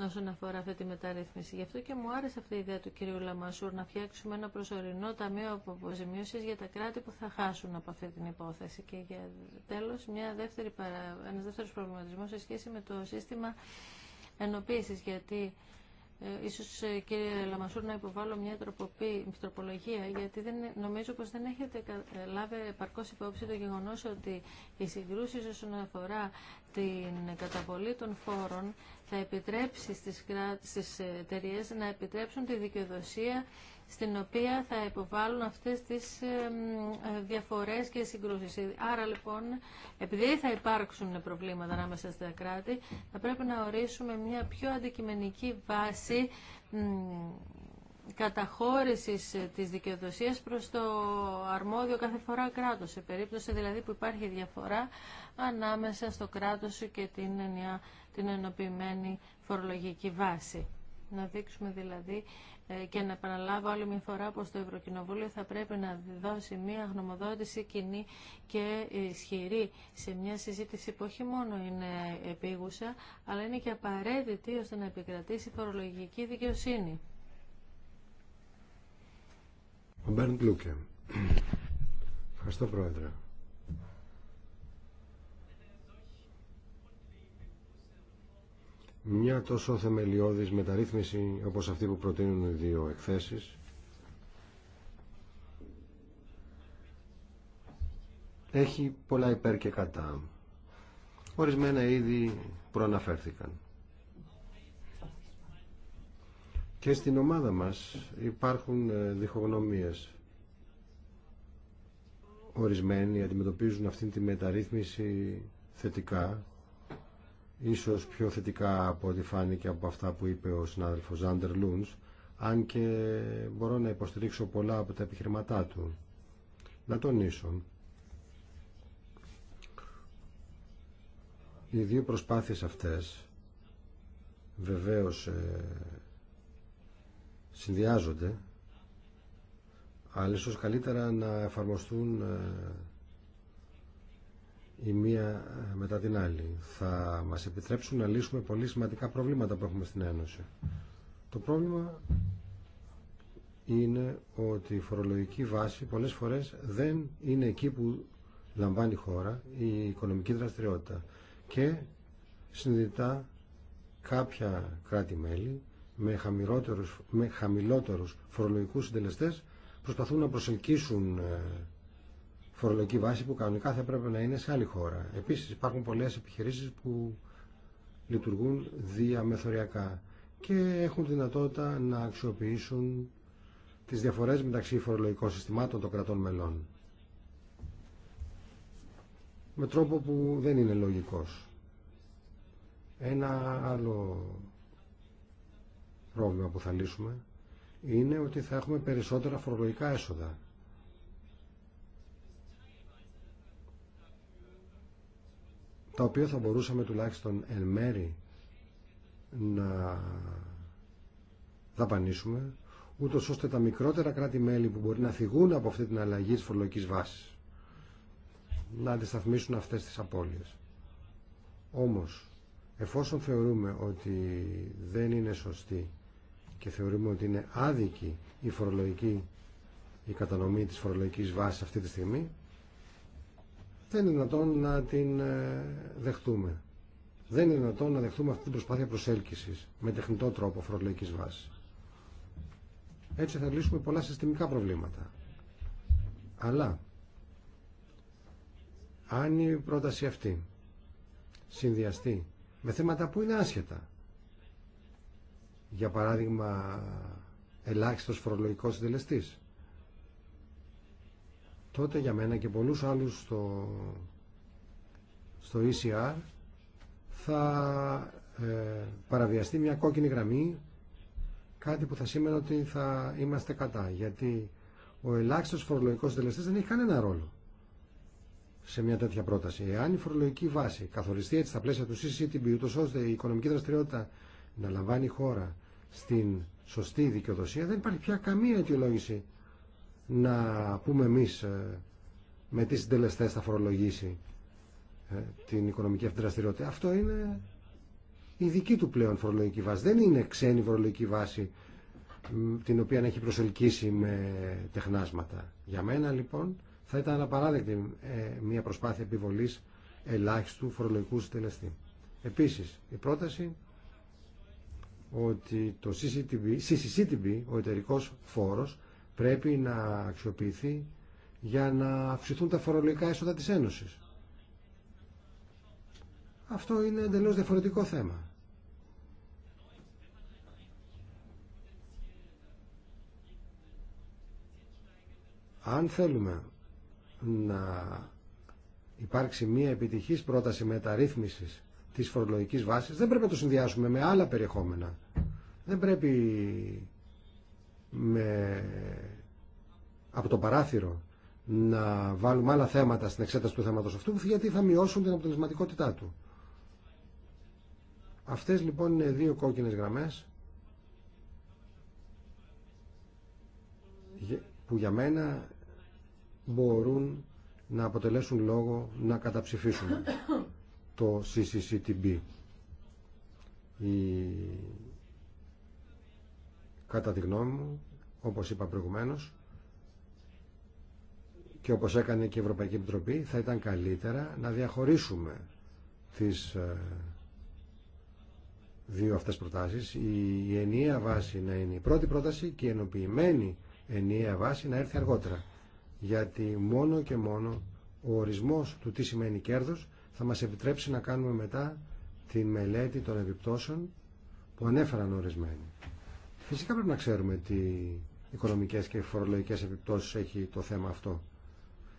όσον αφορά αυτή τη μεταρρύθμιση. Γι' αυτό και μου άρεσε αυτή η ιδέα του κυρίου Λαμασούρ να φτιάξουμε ένα προσωρινό ταμείο αποζημίωση για τα κράτη που θα χάσουν από αυτή την υπόθεση. Και για τέλο, ένα δεύτερο προβληματισμό σε σχέση με το σύστημα ενοποίηση. Γιατί ε, ίσως ε, κύριε Λαμασούρ να υποβάλω μια τροπολογία γιατί δεν, νομίζω πως δεν έχετε ε, λάβει επαρκώς υπόψη το γεγονός ότι οι συγκρούσεις όσον αφορά την καταβολή των φόρων θα επιτρέψει στις, στις εταιρείε να επιτρέψουν τη δικαιοδοσία στην οποία θα υποβάλουν αυτές τις διαφορές και συγκρούσεις. Άρα λοιπόν, επειδή θα υπάρξουν προβλήματα ανάμεσα στα κράτη, θα πρέπει να ορίσουμε μια πιο αντικειμενική βάση καταχώρησης της δικαιοδοσίας προς το αρμόδιο κάθε φορά κράτος, σε περίπτωση δηλαδή που υπάρχει διαφορά ανάμεσα στο κράτος και την, την ενοποιημένη φορολογική βάση. Να δείξουμε δηλαδή ε, και να επαναλάβω άλλη μια φορά πως το Ευρωκοινοβούλιο θα πρέπει να δώσει μια γνωμοδότηση κοινή και ισχυρή σε μια συζήτηση που όχι μόνο είναι επίγουσα, αλλά είναι και απαραίτητη ώστε να επικρατήσει φορολογική δικαιοσύνη. Ο Μπέρντ Ευχαριστώ, μια τόσο θεμελιώδης μεταρρύθμιση όπως αυτή που προτείνουν οι δύο εκθέσεις έχει πολλά υπέρ και κατά. Ορισμένα ήδη προαναφέρθηκαν. Και στην ομάδα μας υπάρχουν ε, διχογνωμίες. Ορισμένοι αντιμετωπίζουν αυτή τη μεταρρύθμιση θετικά, ίσως πιο θετικά από ό,τι φάνηκε από αυτά που είπε ο συνάδελφος Ζάντερ αν και μπορώ να υποστηρίξω πολλά από τα επιχειρηματά του. Να τονίσω. Οι δύο προσπάθειες αυτές βεβαίως ε, συνδυάζονται, αλλά ίσως καλύτερα να εφαρμοστούν ε, η μία ε, μετά την άλλη. Θα μας επιτρέψουν να λύσουμε πολύ σημαντικά προβλήματα που έχουμε στην Ένωση. Το πρόβλημα είναι ότι η φορολογική βάση πολλές φορές δεν είναι εκεί που λαμβάνει η χώρα η οικονομική δραστηριότητα και συνειδητά κάποια κράτη-μέλη με, χαμηλότερους, με χαμηλότερους φορολογικούς συντελεστές προσπαθούν να προσελκύσουν ε, φορολογική βάση που κανονικά θα έπρεπε να είναι σε άλλη χώρα. Επίσης υπάρχουν πολλές επιχειρήσεις που λειτουργούν διαμεθοριακά και έχουν δυνατότητα να αξιοποιήσουν τις διαφορές μεταξύ φορολογικών συστημάτων των κρατών μελών με τρόπο που δεν είναι λογικός. Ένα άλλο πρόβλημα που θα λύσουμε είναι ότι θα έχουμε περισσότερα φορολογικά έσοδα τα οποία θα μπορούσαμε τουλάχιστον εν μέρη να δαπανίσουμε, ούτω ώστε τα μικρότερα κράτη-μέλη που μπορεί να θυγούν από αυτή την αλλαγή τη φορολογική βάση να αντισταθμίσουν αυτέ τι απώλειε. Όμω, εφόσον θεωρούμε ότι δεν είναι σωστή και θεωρούμε ότι είναι άδικη η φορολογική η κατανομή της φορολογικής βάσης αυτή τη στιγμή δεν είναι δυνατόν να την ε, δεχτούμε. Δεν είναι δυνατόν να δεχτούμε αυτή την προσπάθεια προσέλκυσης με τεχνητό τρόπο φορολογικής βάσης. Έτσι θα λύσουμε πολλά συστημικά προβλήματα. Αλλά αν η πρόταση αυτή συνδυαστεί με θέματα που είναι άσχετα, για παράδειγμα ελάχιστος φορολογικός συντελεστής, τότε για μένα και πολλούς άλλους στο, ECR θα ε, παραβιαστεί μια κόκκινη γραμμή κάτι που θα σήμαινε ότι θα είμαστε κατά γιατί ο ελάχιστος φορολογικός δελεστής δεν έχει κανένα ρόλο σε μια τέτοια πρόταση. Εάν η φορολογική βάση καθοριστεί έτσι στα πλαίσια του CCTB, ούτως ώστε η οικονομική δραστηριότητα να λαμβάνει χώρα στην σωστή δικαιοδοσία, δεν υπάρχει πια καμία αιτιολόγηση να πούμε εμείς ε, με τι συντελεστέ θα φορολογήσει ε, την οικονομική αυτή δραστηριότητα. Αυτό είναι η δική του πλέον φορολογική βάση. Δεν είναι ξένη φορολογική βάση την οποία έχει προσελκύσει με τεχνάσματα. Για μένα λοιπόν θα ήταν απαράδεκτη ε, μια προσπάθεια επιβολής ελάχιστου φορολογικού συντελεστή. Επίσης η πρόταση ότι το CCTV, CCCTV, ο εταιρικός φόρος, πρέπει να αξιοποιηθεί για να αυξηθούν τα φορολογικά έσοδα της Ένωσης. Αυτό είναι εντελώς διαφορετικό θέμα. Αν θέλουμε να υπάρξει μια επιτυχής πρόταση μεταρρύθμισης της φορολογικής βάσης, δεν πρέπει να το συνδυάσουμε με άλλα περιεχόμενα. Δεν πρέπει με, από το παράθυρο να βάλουμε άλλα θέματα στην εξέταση του θέματος αυτού γιατί θα μειώσουν την αποτελεσματικότητά του. Αυτές λοιπόν είναι δύο κόκκινες γραμμές που για μένα μπορούν να αποτελέσουν λόγο να καταψηφίσουν το CCCTB. Κατά τη γνώμη μου, όπως είπα προηγουμένως, και όπως έκανε και η Ευρωπαϊκή Επιτροπή, θα ήταν καλύτερα να διαχωρίσουμε τις ε, δύο αυτές προτάσεις. Η ενιαία βάση να είναι η πρώτη πρόταση και η ενοποιημένη ενιαία βάση να έρθει αργότερα. Γιατί μόνο και μόνο ο ορισμός του τι σημαίνει κέρδος θα μας επιτρέψει να κάνουμε μετά την μελέτη των επιπτώσεων που ανέφεραν ορισμένοι. Φυσικά πρέπει να ξέρουμε τι οικονομικές και φορολογικές επιπτώσεις έχει το θέμα αυτό.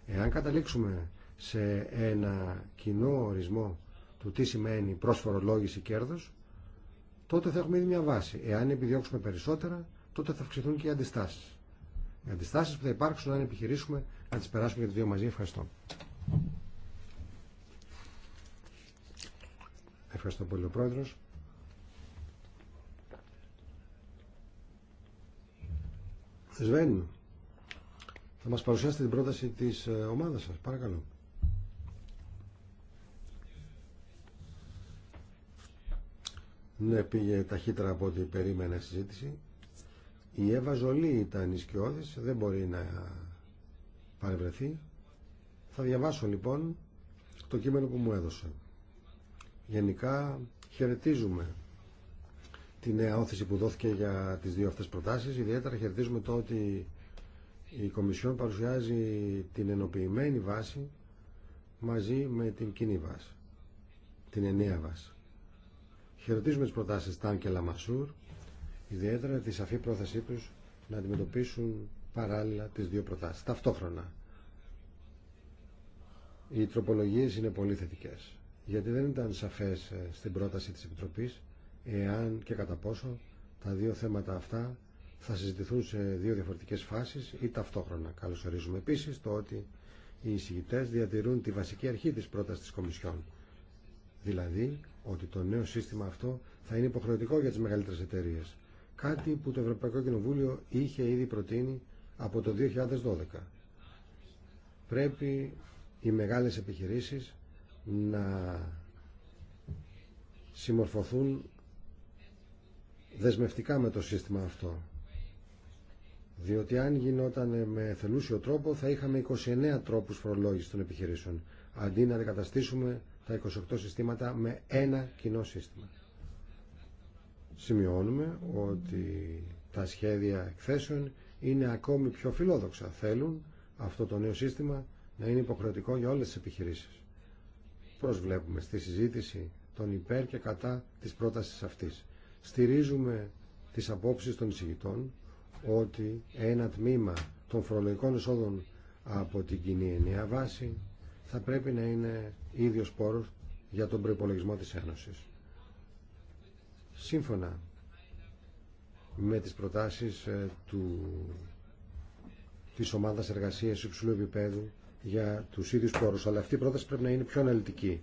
Εάν καταλήξουμε σε ένα κοινό ορισμό του τι σημαίνει φορολόγηση κέρδος, τότε θα έχουμε ήδη μια βάση. Εάν επιδιώξουμε περισσότερα, τότε θα αυξηθούν και οι αντιστάσεις. Οι αντιστάσεις που θα υπάρξουν αν επιχειρήσουμε να τις περάσουμε για το δύο μαζί. Ευχαριστώ. Ευχαριστώ πολύ ο Πρόεδρος. Σβέν, θα μας παρουσιάσετε την πρόταση της ε, ομάδας σας. Παρακαλώ. Ναι, πήγε ταχύτερα από ό,τι περίμενα συζήτηση. Η Εύα Ζολή ήταν η δεν μπορεί να παρευρεθεί. Θα διαβάσω λοιπόν το κείμενο που μου έδωσε. Γενικά χαιρετίζουμε τη νέα όθηση που δόθηκε για τις δύο αυτές προτάσεις. Ιδιαίτερα χαιρετίζουμε το ότι η Κομισιόν παρουσιάζει την ενοποιημένη βάση μαζί με την κοινή βάση, την ενιαία βάση. Χαιρετίζουμε τις προτάσεις Ταν και Λαμασούρ, ιδιαίτερα τη σαφή πρόθεσή τους να αντιμετωπίσουν παράλληλα τις δύο προτάσεις, ταυτόχρονα. Οι τροπολογίες είναι πολύ θετικές, γιατί δεν ήταν σαφές ε, στην πρόταση της Επιτροπής εάν και κατά πόσο τα δύο θέματα αυτά θα συζητηθούν σε δύο διαφορετικές φάσεις ή ταυτόχρονα. Καλωσορίζουμε επίσης το ότι οι εισηγητές διατηρούν τη βασική αρχή της πρότασης της Κομισιόν. Δηλαδή ότι το νέο σύστημα αυτό θα είναι υποχρεωτικό για τις μεγαλύτερες εταιρείε. Κάτι που το Ευρωπαϊκό Κοινοβούλιο είχε ήδη προτείνει από το 2012. Πρέπει οι μεγάλες επιχειρήσεις να συμμορφωθούν δεσμευτικά με το σύστημα αυτό. Διότι αν γινόταν με θελούσιο τρόπο θα είχαμε 29 τρόπους φορολόγηση των επιχειρήσεων. Αντί να αντικαταστήσουμε τα 28 συστήματα με ένα κοινό σύστημα. Σημειώνουμε ότι τα σχέδια εκθέσεων είναι ακόμη πιο φιλόδοξα. Θέλουν αυτό το νέο σύστημα να είναι υποχρεωτικό για όλες τις επιχειρήσεις. Προσβλέπουμε στη συζήτηση των υπέρ και κατά της πρότασης αυτής. Στηρίζουμε τις απόψεις των εισηγητών ότι ένα τμήμα των φορολογικών εσόδων από την κοινή ενιαία βάση θα πρέπει να είναι ίδιος πόρος για τον προϋπολογισμό της Ένωσης. Σύμφωνα με τις προτάσεις ε, του, της ομάδας εργασίας υψηλού επίπεδου για τους ίδιους πόρους, αλλά αυτή η πρόταση πρέπει να είναι πιο αναλυτική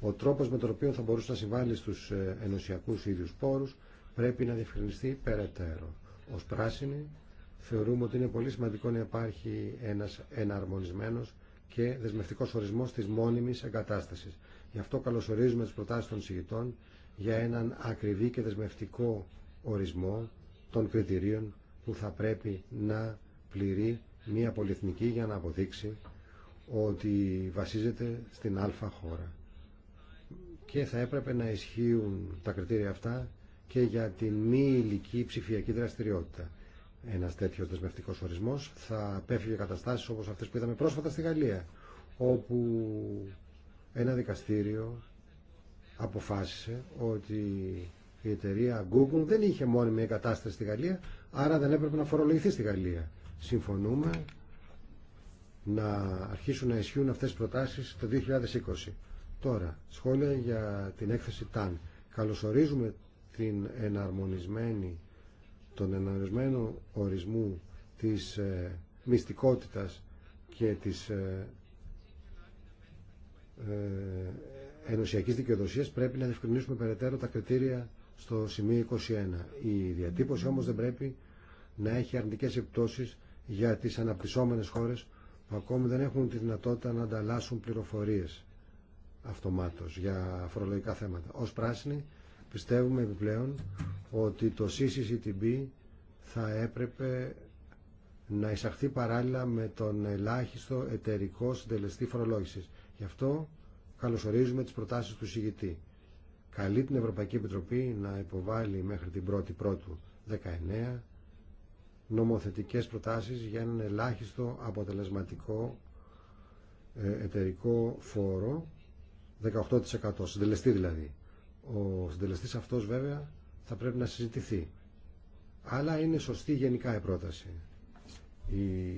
ο τρόπο με τον οποίο θα μπορούσε να συμβάλλει στου ε, ενωσιακού ίδιου πόρου πρέπει να διευκρινιστεί περαιτέρω. Ω πράσινοι θεωρούμε ότι είναι πολύ σημαντικό να υπάρχει ένα εναρμονισμένο και δεσμευτικό ορισμός της μόνιμη εγκατάσταση. Γι' αυτό καλωσορίζουμε τι προτάσει των συγητών για έναν ακριβή και δεσμευτικό ορισμό των κριτηρίων που θα πρέπει να πληρεί μια πολυεθνική για να αποδείξει ότι βασίζεται στην αλφα χώρα και θα έπρεπε να ισχύουν τα κριτήρια αυτά και για τη μη ηλική ψηφιακή δραστηριότητα. Ένα τέτοιο δεσμευτικό ορισμό θα απέφυγε καταστάσει όπω αυτέ που είδαμε πρόσφατα στη Γαλλία, όπου ένα δικαστήριο αποφάσισε ότι η εταιρεία Google δεν είχε μόνιμη εγκατάσταση στη Γαλλία, άρα δεν έπρεπε να φορολογηθεί στη Γαλλία. Συμφωνούμε να αρχίσουν να ισχύουν αυτές τις προτάσεις το 2020. Τώρα, σχόλια για την έκθεση ΤΑΝ. Καλωσορίζουμε την εναρμονισμένη, τον εναρμονισμένο ορισμό της ε, μυστικότητας και της ε, ε, ενωσιακής δικαιοδοσίας πρέπει να διευκρινίσουμε περαιτέρω τα κριτήρια στο σημείο 21. Η διατύπωση όμως δεν πρέπει να έχει αρνητικές επιπτώσεις για τις αναπτυσσόμενες χώρες που ακόμη δεν έχουν τη δυνατότητα να ανταλλάσσουν πληροφορίες για φορολογικά θέματα. Ως πράσινοι πιστεύουμε επιπλέον ότι το CCCTB θα έπρεπε να εισαχθεί παράλληλα με τον ελάχιστο εταιρικό συντελεστή φορολόγηση. Γι' αυτό καλωσορίζουμε τι προτάσεις του συγητή. Καλεί την Ευρωπαϊκή Επιτροπή να υποβάλει μέχρι την 1η Πρώτου 19 νομοθετικές προτάσεις για έναν ελάχιστο αποτελεσματικό ε, εταιρικό φόρο 18% συντελεστή δηλαδή. Ο συντελεστής αυτός βέβαια θα πρέπει να συζητηθεί. Αλλά είναι σωστή γενικά η πρόταση. Η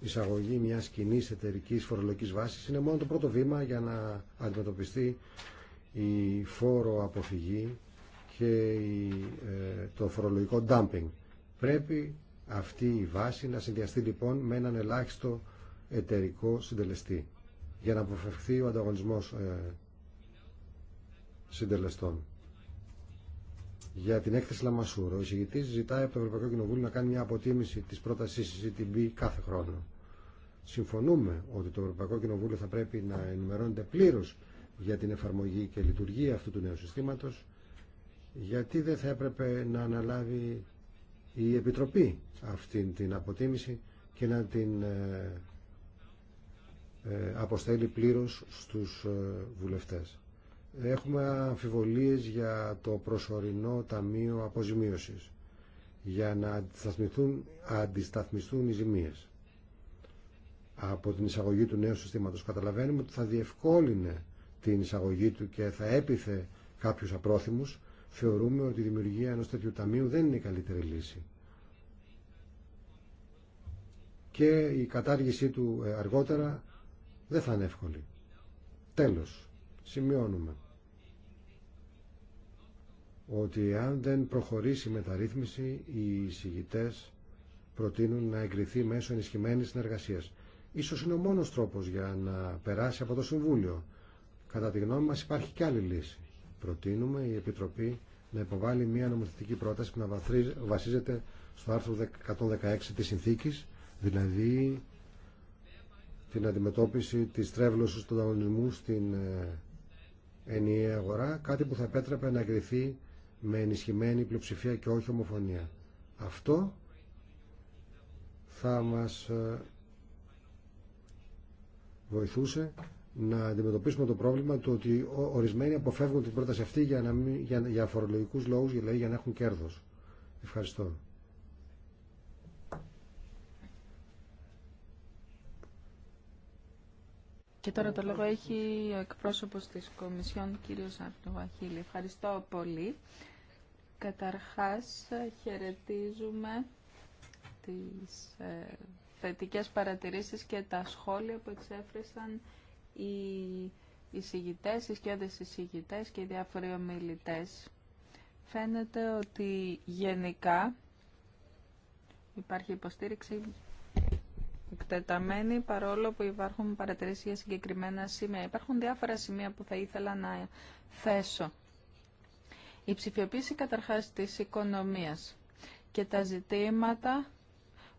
εισαγωγή μιας κοινή εταιρική φορολογικής βάσης είναι μόνο το πρώτο βήμα για να αντιμετωπιστεί η φόρο αποφυγή και ε, το φορολογικό dumping. Πρέπει αυτή η βάση να συνδυαστεί λοιπόν με έναν ελάχιστο εταιρικό συντελεστή για να αποφευχθεί ο ανταγωνισμός ε, συντελεστών. Για την έκθεση Λαμασούρο, ο εισηγητής ζητάει από το Ευρωπαϊκό Κοινοβούλιο να κάνει μια αποτίμηση της πρότασής CTB κάθε χρόνο. Συμφωνούμε ότι το Ευρωπαϊκό Κοινοβούλιο θα πρέπει να ενημερώνεται πλήρω για την εφαρμογή και λειτουργία αυτού του νέου συστήματο, γιατί δεν θα έπρεπε να αναλάβει η Επιτροπή αυτή την αποτίμηση και να την ε, ε, αποστέλει πλήρως στους ε, βουλευτές. Έχουμε αμφιβολίες για το προσωρινό Ταμείο Αποζημίωσης για να αντισταθμιστούν, αντισταθμιστούν οι ζημίες. Από την εισαγωγή του νέου συστήματος καταλαβαίνουμε ότι θα διευκόλυνε την εισαγωγή του και θα έπιθε κάποιους απρόθυμους. Θεωρούμε ότι η δημιουργία ενός τέτοιου ταμείου δεν είναι η καλύτερη λύση. Και η κατάργησή του ε, αργότερα δεν θα είναι εύκολη. Τέλος, σημειώνουμε ότι αν δεν προχωρήσει η μεταρρύθμιση, οι εισηγητές προτείνουν να εγκριθεί μέσω ενισχυμένης συνεργασίας. Ίσως είναι ο μόνος τρόπος για να περάσει από το Συμβούλιο. Κατά τη γνώμη μας υπάρχει και άλλη λύση. Προτείνουμε η Επιτροπή να υποβάλει μια νομοθετική πρόταση που να βασίζεται στο άρθρο 116 της συνθήκης, δηλαδή την αντιμετώπιση της τρέβλωσης του δανεισμού στην ε, ενιαία αγορά, κάτι που θα επέτρεπε να εγκριθεί με ενισχυμένη πλειοψηφία και όχι ομοφωνία. Αυτό θα μας ε, βοηθούσε να αντιμετωπίσουμε το πρόβλημα του ότι ορισμένοι αποφεύγουν την πρόταση αυτή για, να μην, για, για λόγους, δηλαδή για να έχουν κέρδος. Ευχαριστώ. Και τώρα το λόγο έχει ο εκπρόσωπος της Κομισιόν, κύριος Αρτοβαχίλη. Ευχαριστώ πολύ. Καταρχάς, χαιρετίζουμε τις ε, θετικές παρατηρήσεις και τα σχόλια που εξέφρασαν οι εισηγητές, οι σκιώδες εισηγητές και οι διάφοροι ομιλητές. Φαίνεται ότι γενικά υπάρχει υποστήριξη εκτεταμένη παρόλο που υπάρχουν παρατηρήσεις για συγκεκριμένα σημεία. Υπάρχουν διάφορα σημεία που θα ήθελα να θέσω. Η ψηφιοποίηση καταρχάς της οικονομίας και τα ζητήματα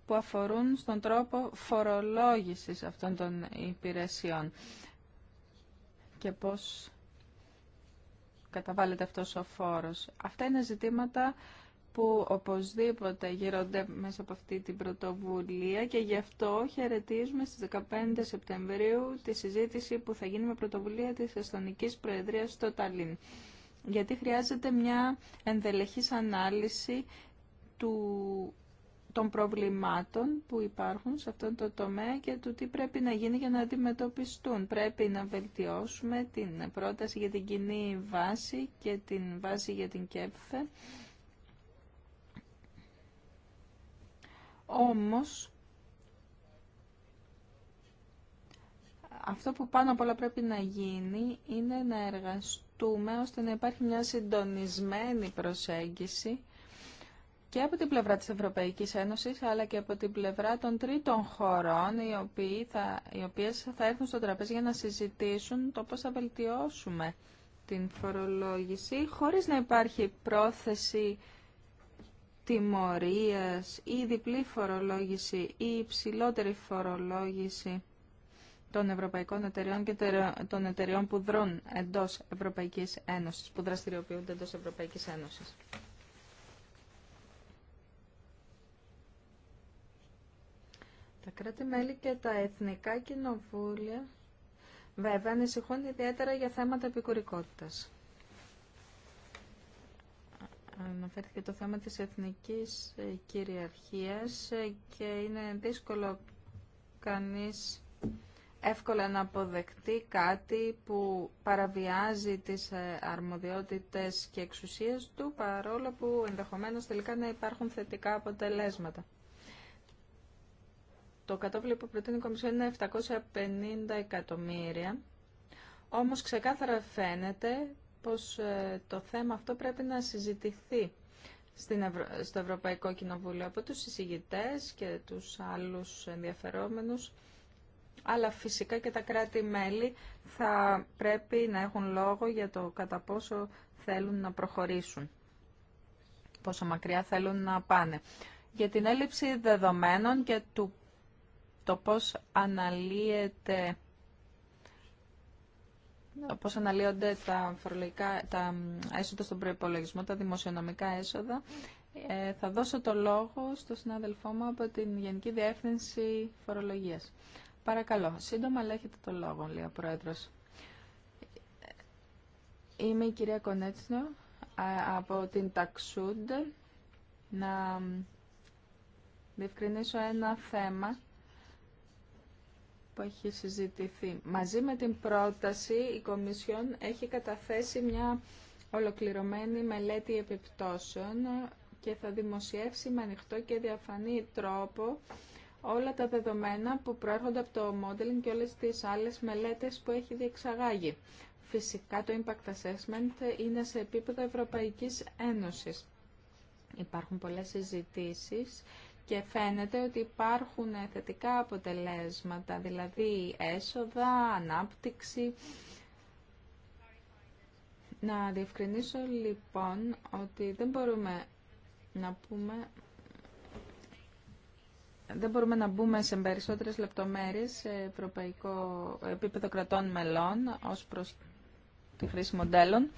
που αφορούν στον τρόπο φορολόγησης αυτών των υπηρεσιών και πώς καταβάλλεται αυτός ο φόρος. Αυτά είναι ζητήματα που οπωσδήποτε γερονται μέσα από αυτή την πρωτοβουλία και γι' αυτό χαιρετίζουμε στις 15 Σεπτεμβρίου τη συζήτηση που θα γίνει με πρωτοβουλία της Εστονικής Προεδρίας στο Ταλίν. Γιατί χρειάζεται μια ενδελεχής ανάλυση του, των προβλημάτων που υπάρχουν σε αυτόν το τομέα και του τι πρέπει να γίνει για να αντιμετωπιστούν. Πρέπει να βελτιώσουμε την πρόταση για την κοινή βάση και την βάση για την ΚΕΠΦΕ Όμως, αυτό που πάνω απ' όλα πρέπει να γίνει είναι να εργαστούμε ώστε να υπάρχει μια συντονισμένη προσέγγιση και από την πλευρά της Ευρωπαϊκής Ένωσης αλλά και από την πλευρά των τρίτων χωρών οι, οποίοι θα, οι οποίες θα έρθουν στο τραπέζι για να συζητήσουν το πώς θα βελτιώσουμε την φορολόγηση χωρίς να υπάρχει πρόθεση τιμωρίας ή διπλή φορολόγηση ή υψηλότερη φορολόγηση των ευρωπαϊκών εταιριών και των εταιριών που δρούν εντός Ευρωπαϊκής Ένωσης, που δραστηριοποιούνται εντός Ευρωπαϊκής Ένωσης. Τα κράτη-μέλη και τα εθνικά κοινοβούλια βέβαια ανησυχούν ιδιαίτερα για θέματα επικουρικότητας αναφέρθηκε το θέμα της εθνικής ε, κυριαρχίας ε, και είναι δύσκολο κανείς εύκολα να αποδεκτεί κάτι που παραβιάζει τις ε, αρμοδιότητες και εξουσίες του παρόλο που ενδεχομένως τελικά να υπάρχουν θετικά αποτελέσματα. Το κατόπιλο που προτείνει η Κομισιόν είναι 750 εκατομμύρια όμως ξεκάθαρα φαίνεται πως ε, το θέμα αυτό πρέπει να συζητηθεί στο Ευρωπαϊκό Κοινοβούλιο από τους συζητητές και τους άλλους ενδιαφερόμενους αλλά φυσικά και τα κράτη-μέλη θα πρέπει να έχουν λόγο για το κατά πόσο θέλουν να προχωρήσουν, πόσο μακριά θέλουν να πάνε. Για την έλλειψη δεδομένων και το πώς αναλύεται ναι. όπως αναλύονται τα, φορολογικά, τα έσοδα στον προϋπολογισμό, τα δημοσιονομικά έσοδα. Ε, θα δώσω το λόγο στον συνάδελφό μου από την Γενική Διεύθυνση Φορολογίας. Παρακαλώ, σύντομα αλλά το λόγο, λέει ο Πρόεδρος. Είμαι η κυρία Κονέτσνο από την Ταξούντ. Να διευκρινίσω ένα θέμα που έχει συζητηθεί. Μαζί με την πρόταση, η Κομισιόν έχει καταθέσει μια ολοκληρωμένη μελέτη επιπτώσεων και θα δημοσιεύσει με ανοιχτό και διαφανή τρόπο όλα τα δεδομένα που προέρχονται από το modeling και όλες τις άλλες μελέτες που έχει διεξαγάγει. Φυσικά το impact assessment είναι σε επίπεδο Ευρωπαϊκής Ένωσης. Υπάρχουν πολλές συζητήσεις και φαίνεται ότι υπάρχουν θετικά αποτελέσματα, δηλαδή έσοδα, ανάπτυξη. Να διευκρινίσω λοιπόν ότι δεν μπορούμε να πούμε δεν μπορούμε να μπούμε σε περισσότερες λεπτομέρειες σε επίπεδο κρατών μελών ως προς τη χρήση μοντέλων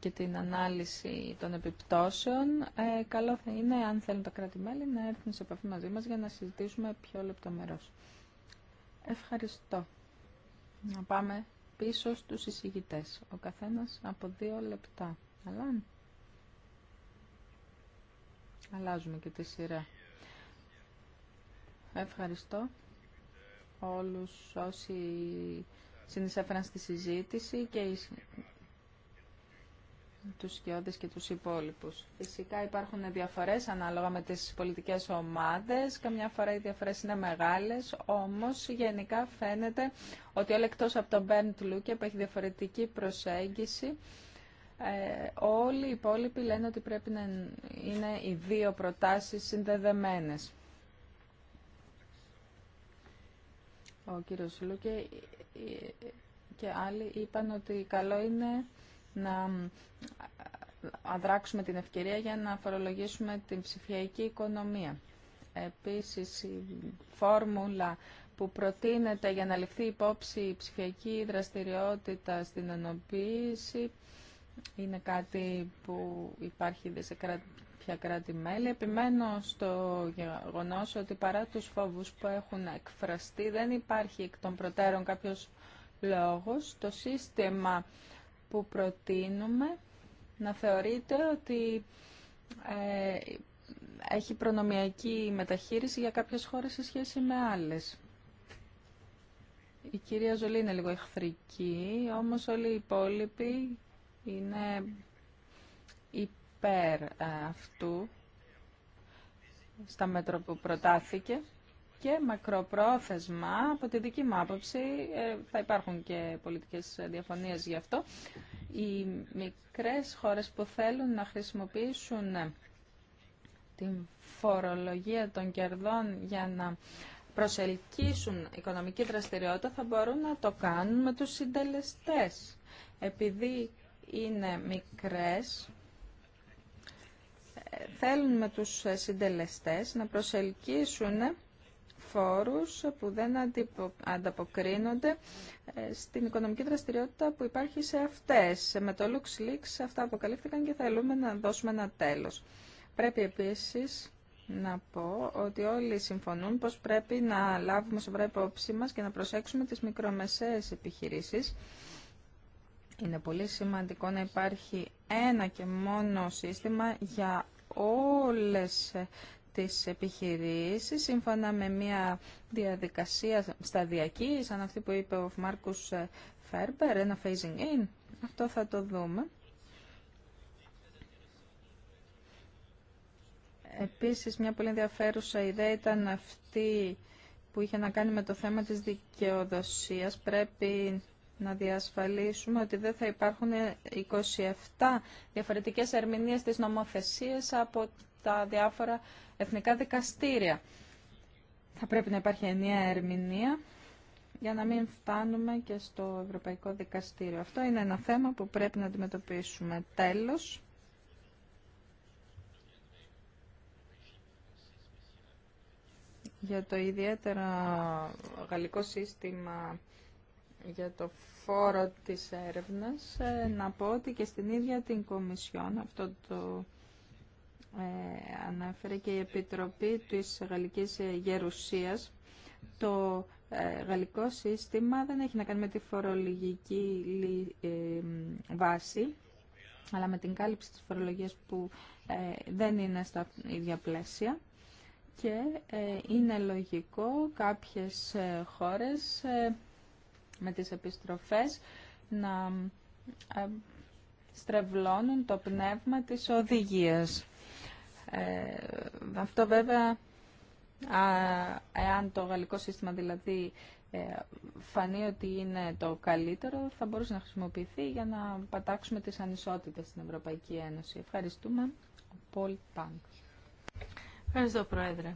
και την ανάλυση των επιπτώσεων, ε, καλό θα είναι, αν θέλουν τα κρατη να έρθουν σε επαφή μαζί μας για να συζητήσουμε πιο λεπτομερώς. Ευχαριστώ. Να πάμε πίσω στους εισηγητές. Ο καθένας από δύο λεπτά. Αλλά αλλάζουμε και τη σειρά. Ευχαριστώ όλους όσοι συνεισέφεραν στη συζήτηση και τους σκιώδες και τους υπόλοιπους. Φυσικά υπάρχουν διαφορές ανάλογα με τις πολιτικές ομάδες, καμιά φορά οι διαφορές είναι μεγάλες, όμως γενικά φαίνεται ότι όλοι εκτός από τον Μπέρντ Λούκε που έχει διαφορετική προσέγγιση, ε, όλοι οι υπόλοιποι λένε ότι πρέπει να είναι οι δύο προτάσεις συνδεδεμένες. Ο κύριος Λούκε ε, ε, και άλλοι είπαν ότι καλό είναι να αδράξουμε την ευκαιρία για να φορολογήσουμε την ψηφιακή οικονομία. Επίσης, η φόρμουλα που προτείνεται για να ληφθεί υπόψη η ψηφιακή δραστηριότητα στην ενοποίηση είναι κάτι που υπάρχει ήδη σε κάποια κράτη-μέλη. Επιμένω στο γεγονό ότι παρά τους φόβους που έχουν εκφραστεί δεν υπάρχει εκ των προτέρων κάποιος λόγος. Το σύστημα που προτείνουμε να θεωρείται ότι ε, έχει προνομιακή μεταχείριση για κάποιες χώρες σε σχέση με άλλες. Η κυρία Ζολή είναι λίγο εχθρική, όμως όλοι οι υπόλοιποι είναι υπέρ αυτού στα μέτρα που προτάθηκε και μακροπρόθεσμα, από τη δική μου άποψη, ε, θα υπάρχουν και πολιτικές διαφωνίες γι' αυτό, οι μικρές χώρες που θέλουν να χρησιμοποιήσουν την φορολογία των κερδών για να προσελκύσουν οικονομική δραστηριότητα θα μπορούν να το κάνουν με τους συντελεστές. Επειδή είναι μικρές, ε, θέλουν με τους συντελεστές να προσελκύσουν φόρους που δεν ανταποκρίνονται ε, στην οικονομική δραστηριότητα που υπάρχει σε αυτές. Με το LuxLeaks αυτά αποκαλύφθηκαν και θέλουμε να δώσουμε ένα τέλος. Πρέπει επίσης να πω ότι όλοι συμφωνούν πως πρέπει να λάβουμε σοβαρά υπόψη μας και να προσέξουμε τις μικρομεσαίες επιχειρήσεις. Είναι πολύ σημαντικό να υπάρχει ένα και μόνο σύστημα για όλες τις επιχειρήσεις σύμφωνα με μια διαδικασία σταδιακή, σαν αυτή που είπε ο Μάρκους ε, Φέρμπερ, ένα phasing in. Αυτό θα το δούμε. Επίσης, μια πολύ ενδιαφέρουσα ιδέα ήταν αυτή που είχε να κάνει με το θέμα της δικαιοδοσίας. Πρέπει να διασφαλίσουμε ότι δεν θα υπάρχουν 27 διαφορετικές ερμηνείες της νομοθεσίας από τα διάφορα εθνικά δικαστήρια. Θα πρέπει να υπάρχει ενιαία ερμηνεία για να μην φτάνουμε και στο Ευρωπαϊκό Δικαστήριο. Αυτό είναι ένα θέμα που πρέπει να αντιμετωπίσουμε. Τέλος. για το ιδιαίτερα γαλλικό σύστημα για το φόρο της έρευνας ε, να πω ότι και στην ίδια την Κομισιόν αυτό το ε, ανάφερε και η Επιτροπή της Γαλλικής Γερουσίας, το ε, γαλλικό σύστημα δεν έχει να κάνει με τη φορολογική ε, βάση, αλλά με την κάλυψη της φορολογίας που δεν είναι στα ίδια πλαίσια και είναι λογικό κάποιες χώρες με τις επιστροφές να στρεβλώνουν το πνεύμα της οδηγίας. Ε, αυτό βέβαια, εάν το γαλλικό σύστημα δηλαδή ε, φανεί ότι είναι το καλύτερο, θα μπορούσε να χρησιμοποιηθεί για να πατάξουμε τις ανισότητες στην Ευρωπαϊκή Ένωση. Ευχαριστούμε. Ο Πολ Πάνκ. Ευχαριστώ, Πρόεδρε.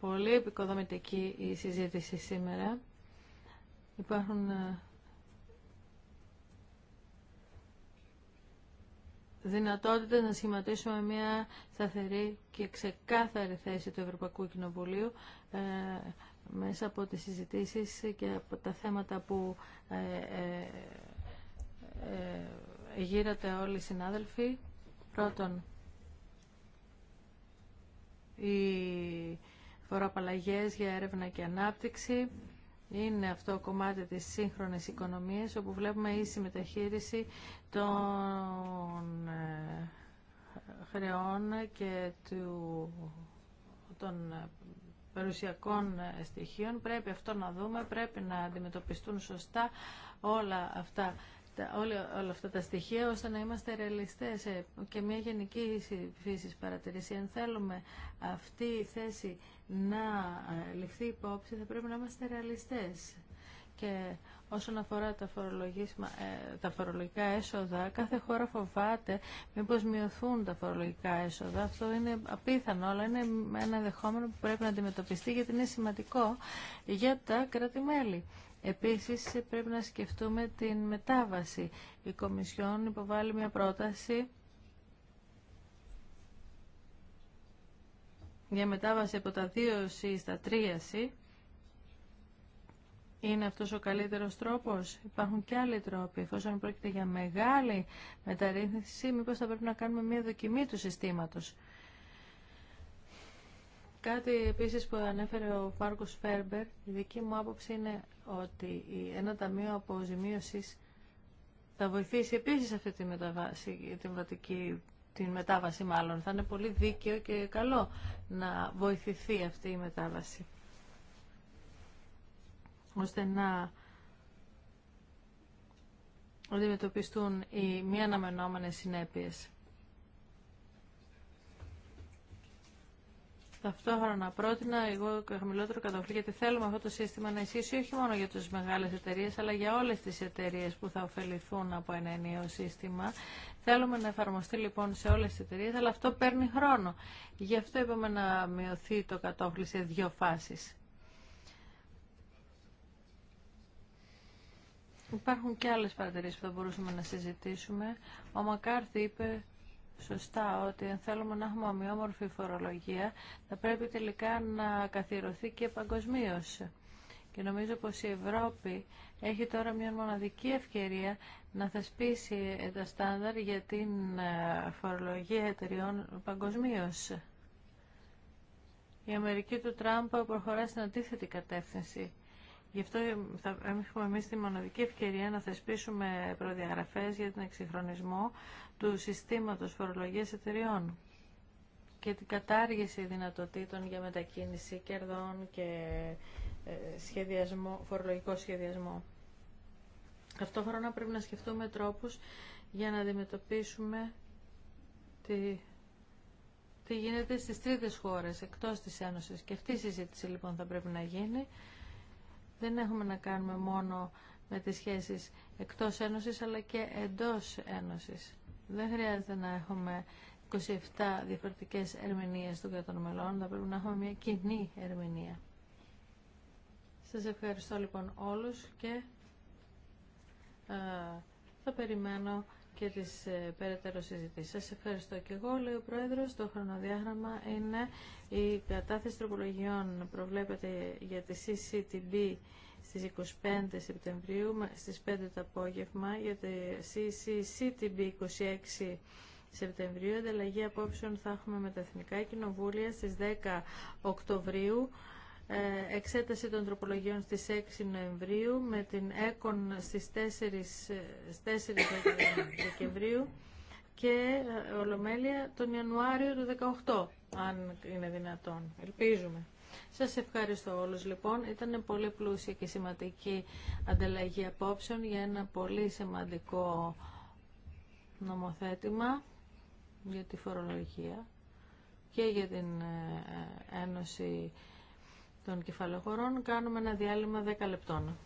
Πολύ επικοδομητική η συζήτηση σήμερα. Υπάρχουν ε, δυνατότητα να σχηματίσουμε μια σταθερή και ξεκάθαρη θέση του Ευρωπαϊκού Κοινοβουλίου ε, μέσα από τις συζητήσεις και από τα θέματα που ε, ε, ε γύρατε όλοι οι συνάδελφοι. Πρώτον, οι φοροαπαλλαγές για έρευνα και ανάπτυξη είναι αυτό κομμάτι της σύγχρονης οικονομίας όπου βλέπουμε ίση μεταχείριση των ε, χρεών και του, των ε, περιουσιακών ε, στοιχείων. Πρέπει αυτό να δούμε, πρέπει να αντιμετωπιστούν σωστά όλα αυτά τα, όλα, όλα αυτά τα στοιχεία ώστε να είμαστε ρεαλιστές και μια γενική φύσης παρατηρήση. Αν θέλουμε αυτή η θέση να ε, ληφθεί υπόψη θα πρέπει να είμαστε ρεαλιστές. Και όσον αφορά τα, ε, τα φορολογικά έσοδα, κάθε χώρα φοβάται μήπως μειωθούν τα φορολογικά έσοδα. Αυτό είναι απίθανο, αλλά είναι ένα δεχόμενο που πρέπει να αντιμετωπιστεί γιατί είναι σημαντικό για τα κράτη-μέλη. Επίσης πρέπει να σκεφτούμε την μετάβαση. Η Κομισιόν υποβάλλει μια πρόταση για μετάβαση από τα 2C στα 3C. Είναι αυτός ο καλύτερος τρόπος. Υπάρχουν και άλλοι τρόποι. Εφόσον πρόκειται για μεγάλη μεταρρύθμιση, μήπως θα πρέπει να κάνουμε μια δοκιμή του συστήματος. Κάτι επίσης που ανέφερε ο Μάρκος Φέρμπερ, η δική μου άποψη είναι ότι ένα ταμείο αποζημίωσης θα βοηθήσει επίσης αυτή τη μεταβάση, την την μετάβαση μάλλον. Θα είναι πολύ δίκαιο και καλό να βοηθηθεί αυτή η μετάβαση. Ώστε να αντιμετωπιστούν οι μη αναμενόμενες συνέπειες. Ταυτόχρονα πρότεινα εγώ χαμηλότερο καταφύγει γιατί θέλουμε αυτό το σύστημα να ισχύσει όχι μόνο για τις μεγάλες εταιρείες αλλά για όλες τις εταιρείες που θα ωφεληθούν από ένα ενιαίο σύστημα. Θέλουμε να εφαρμοστεί λοιπόν σε όλες τις εταιρείες αλλά αυτό παίρνει χρόνο. Γι' αυτό είπαμε να μειωθεί το κατόφλι σε δύο φάσεις. Υπάρχουν και άλλες παρατηρήσεις που θα μπορούσαμε να συζητήσουμε. Ο Μακάρθι είπε σωστά ότι αν θέλουμε να έχουμε ομοιόμορφη φορολογία θα πρέπει τελικά να καθιερωθεί και παγκοσμίω. Και νομίζω πως η Ευρώπη έχει τώρα μια μοναδική ευκαιρία να θεσπίσει τα στάνταρ για την ε, φορολογία εταιριών παγκοσμίω. Η Αμερική του Τραμπ προχωρά στην αντίθετη κατεύθυνση. Γι' αυτό θα έχουμε εμεί τη μοναδική ευκαιρία να θεσπίσουμε προδιαγραφέ για τον εξυγχρονισμό του συστήματο φορολογία εταιριών και την κατάργηση δυνατοτήτων για μετακίνηση κερδών και ε, σχεδιασμό, φορολογικό σχεδιασμό. Ταυτόχρονα πρέπει να σκεφτούμε τρόπους για να αντιμετωπίσουμε τη, τι γίνεται στις τρίτες χώρες εκτός της Ένωσης. Και αυτή η συζήτηση λοιπόν θα πρέπει να γίνει δεν έχουμε να κάνουμε μόνο με τις σχέσεις εκτός Ένωσης αλλά και εντός Ένωσης. Δεν χρειάζεται να έχουμε 27 διαφορετικές ερμηνείες των κρατών μελών, θα πρέπει να έχουμε μια κοινή ερμηνεία. Σας ευχαριστώ λοιπόν όλους και ε, θα περιμένω και τις ε, περαιτέρω συζητήσεις. Σας ευχαριστώ και εγώ, λέει ο Πρόεδρος. Το χρονοδιάγραμμα είναι η κατάθεση τροπολογιών προβλέπεται για τη CCTB στις 25 Σεπτεμβρίου στις 5 το απόγευμα για τη CCCTB 26 Σεπτεμβρίου. Ανταλλαγή απόψεων θα έχουμε με τα Εθνικά Κοινοβούλια στις 10 Οκτωβρίου. Ε, εξέταση των τροπολογιών στις 6 Νοεμβρίου με την ΕΚΟΝ στις 4, 4 Δεκεμβρίου και ε, Ολομέλεια τον Ιανουάριο του 18, αν είναι δυνατόν. Ελπίζουμε. Σας ευχαριστώ όλους λοιπόν. Ήταν πολύ πλούσια και σημαντική ανταλλαγή απόψεων για ένα πολύ σημαντικό νομοθέτημα για τη φορολογία και για την ε, Ένωση των κεφαλαιοχωρών. Κάνουμε ένα διάλειμμα 10 λεπτών.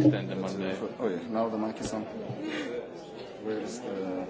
extend them on the... Oh yeah, now the mic is on. Where is the...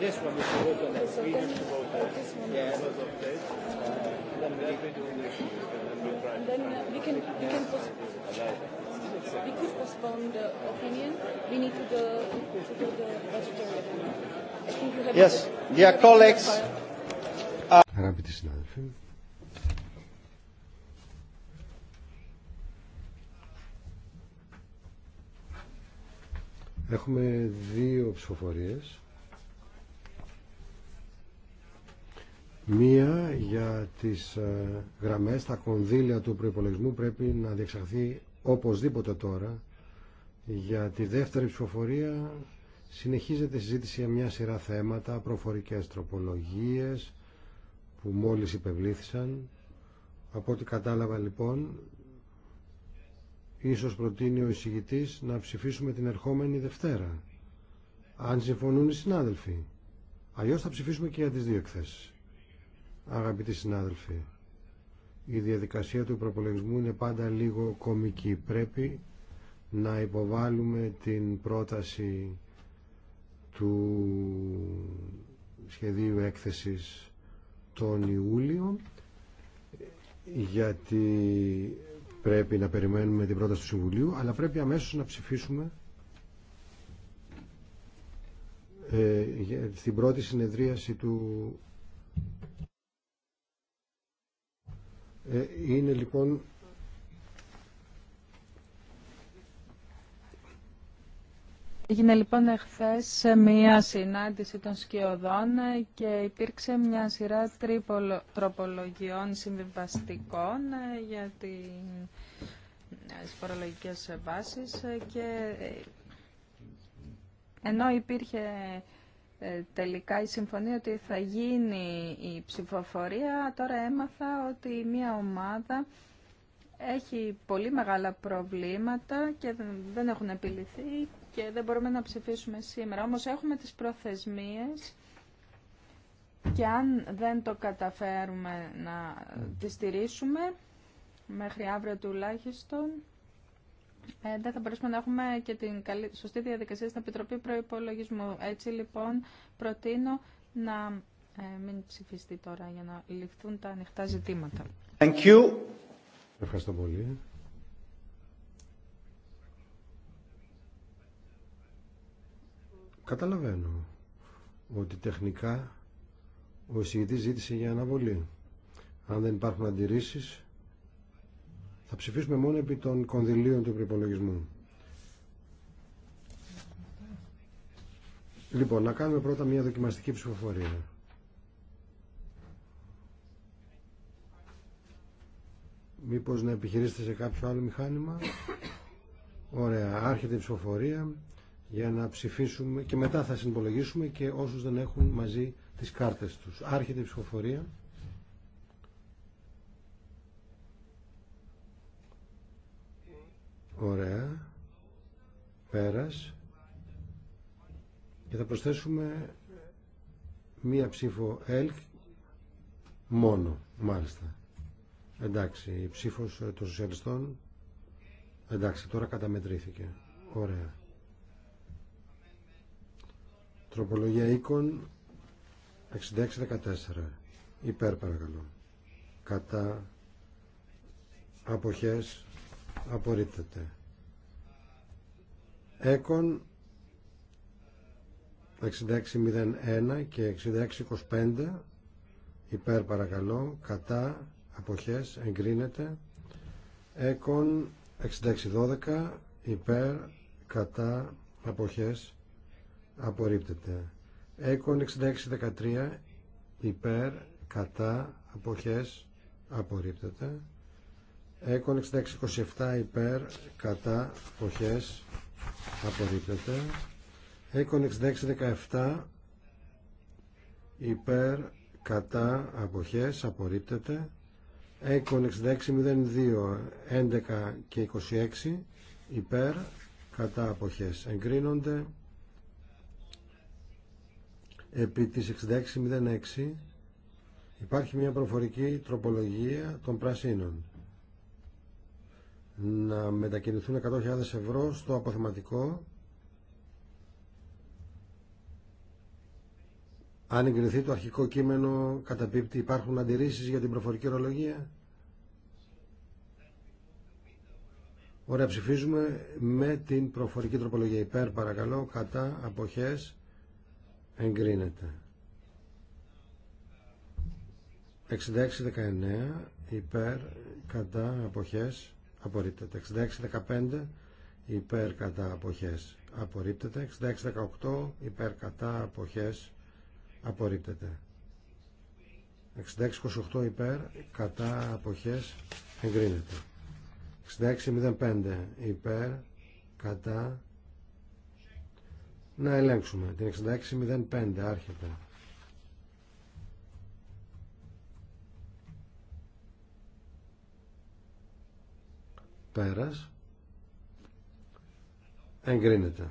This one is the one that. We just to vote this one. Yeah. Then we do this. And then we can we can postpone. We could postpone the opinion. We need to go to go the budgetary opinion. Yes, dear colleagues. Αγαπητοί συνάδελφοι, Έχουμε δύο ψηφοφορίες Μία για τις ε, γραμμές, τα κονδύλια του προϋπολογισμού πρέπει να διεξαχθεί οπωσδήποτε τώρα. Για τη δεύτερη ψηφοφορία συνεχίζεται η συζήτηση για μια σειρά θέματα, προφορικές τροπολογίες που μόλις υπευλήθησαν. Από ό,τι κατάλαβα λοιπόν, ίσως προτείνει ο εισηγητής να ψηφίσουμε την ερχόμενη Δευτέρα. Αν συμφωνούν οι συνάδελφοι. Αλλιώς θα ψηφίσουμε και για τις δύο εκθέσεις. Αγαπητοί συνάδελφοι, η διαδικασία του προπολογισμού είναι πάντα λίγο κομική. Πρέπει να υποβάλουμε την πρόταση του σχεδίου έκθεσης τον Ιούλιο γιατί πρέπει να περιμένουμε την πρόταση του Συμβουλίου αλλά πρέπει αμέσως να ψηφίσουμε ε, στην πρώτη συνεδρίαση του Ε, είναι λοιπόν Έγινε λοιπόν εχθές μία συνάντηση των σκιωδών και υπήρξε μια σειρά τροπολογιών συμβιβαστικών ε, για ε, τις φορολογικές βάσεις και ενώ υπήρχε ε, τελικά η συμφωνία ότι θα γίνει η ψηφοφορία. Τώρα έμαθα ότι μια ομάδα έχει πολύ μεγάλα προβλήματα και δεν έχουν επιληθεί και δεν μπορούμε να ψηφίσουμε σήμερα. Όμως έχουμε τις προθεσμίες και αν δεν το καταφέρουμε να τις στηρίσουμε μέχρι αύριο τουλάχιστον ε, δεν θα μπορέσουμε να έχουμε και την σωστή διαδικασία στην Επιτροπή Προϋπολογισμού. Έτσι λοιπόν προτείνω να ε, μην ψηφιστεί τώρα για να ληφθούν τα ανοιχτά ζητήματα. Thank you. Ευχαριστώ πολύ. Καταλαβαίνω ότι τεχνικά ο εισηγητής ζήτησε για αναβολή. Αν δεν υπάρχουν αντιρρήσεις, θα ψηφίσουμε μόνο επί των κονδυλίων του προπολογισμού. Λοιπόν, να κάνουμε πρώτα μια δοκιμαστική ψηφοφορία. Μήπως να επιχειρήσετε σε κάποιο άλλο μηχάνημα. Ωραία, άρχεται η ψηφοφορία για να ψηφίσουμε και μετά θα συμπολογίσουμε και όσους δεν έχουν μαζί τις κάρτες τους. Άρχεται η ψηφοφορία. Ωραία. Πέρας. Και θα προσθέσουμε μία ψήφο ΕΛΚ μόνο, μάλιστα. Εντάξει, η ψήφος ε, των σοσιαλιστών, εντάξει, τώρα καταμετρήθηκε. Ωραία. Τροπολογία οίκων 66-14. Υπέρ παρακαλώ. Κατά αποχές απορρίπτεται έκον 6601 και 6625 υπέρ παρακαλώ κατά αποχές εγκρίνεται έκον 6612 υπέρ κατά αποχές απορρίπτεται έκον 6613 υπέρ κατά αποχές απορρίπτεται Έκον 6627 υπέρ κατά αποχές απορρίπτεται. Έκον 6617 υπέρ κατά αποχές απορρίπτεται. Έκον 6602 11 και 26 υπέρ κατά αποχές εγκρίνονται. Επί της 6606 υπάρχει μια προφορική τροπολογία των πρασίνων να μετακινηθούν 100.000 ευρώ στο αποθεματικό αν εγκριθεί το αρχικό κείμενο πίπτη υπάρχουν αντιρρήσεις για την προφορική ορολογία Ωραία, ψηφίζουμε με την προφορική τροπολογία υπέρ, παρακαλώ, κατά, αποχές, εγκρίνεται. 66-19, υπέρ, κατά, αποχές, απορρίπτεται. 66-15 υπέρ κατά αποχές απορρίπτεται. 66-18 υπέρ κατά αποχές απορρίπτεται. 66-28 υπέρ κατά αποχές εγκρίνεται. 66-05 υπέρ κατά να ελέγξουμε την 66-05 άρχεται. πέρας εγκρίνεται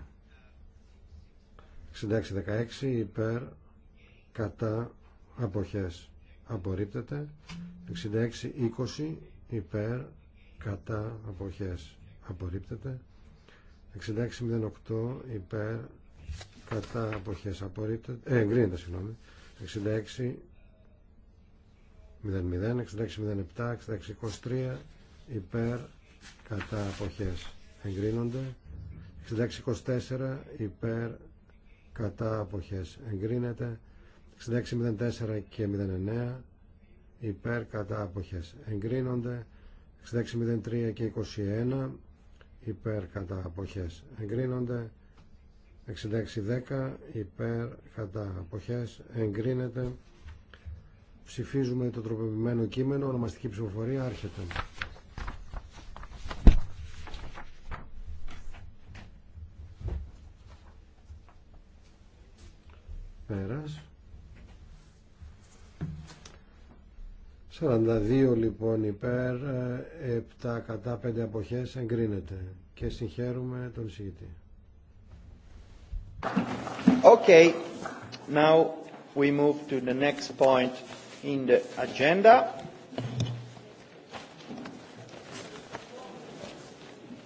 66-16 υπέρ κατά αποχές απορρίπτεται 66-20 υπέρ κατά αποχές απορρίπτεται 66-08 υπέρ κατά αποχές απορρίπτεται ε, εγκρίνεται συγγνώμη 66 0, 66-07, 66-23 υπέρ κατά αποχές εγκρίνονται 6624 υπέρ κατά αποχές εγκρίνεται 6604 και 09 υπέρ κατά αποχές εγκρίνονται 6603 και 21 υπέρ κατά αποχές εγκρίνονται 6610 υπέρ κατά αποχές εγκρίνεται ψηφίζουμε το τροποποιημένο κείμενο ονομαστική ψηφοφορία άρχεται 42 λοιπόν υπέρ, 7 ε, κατά 5 αποχές εγκρίνεται και συγχαίρουμε τον εισηγητή. Okay, now we move to the next point in the agenda.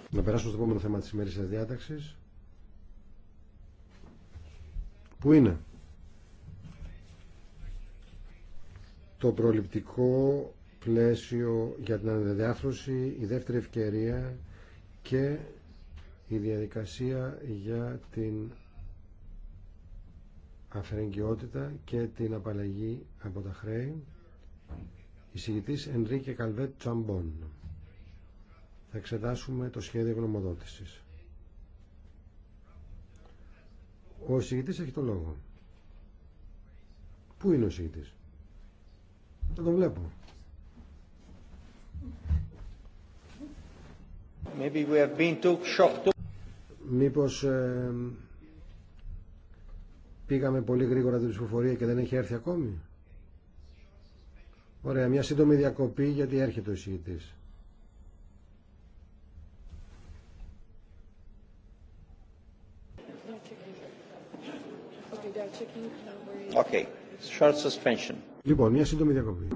Να περάσουμε στο επόμενο θέμα της ημέρης της διάταξης. Πού είναι? το προληπτικό πλαίσιο για την ανεδιάφρωση η δεύτερη ευκαιρία και η διαδικασία για την αφαιρεγγιότητα και την απαλλαγή από τα χρέη. Εισηγητής Ενρίκε Καλβέτ Τσαμπόν. Θα εξετάσουμε το σχέδιο γνωμοδότησης. Ο εισηγητής έχει το λόγο. Πού είναι ο εισηγητής? Θα το βλέπω. Maybe we have been too shocked. Μήπως ε, πήγαμε πολύ γρήγορα την ψηφοφορία και δεν έχει έρθει ακόμη. Ωραία, μια σύντομη διακοπή γιατί έρχεται ο εισηγητής. Okay, short suspension. Λοιπόν, μια σύντομη διακοπή.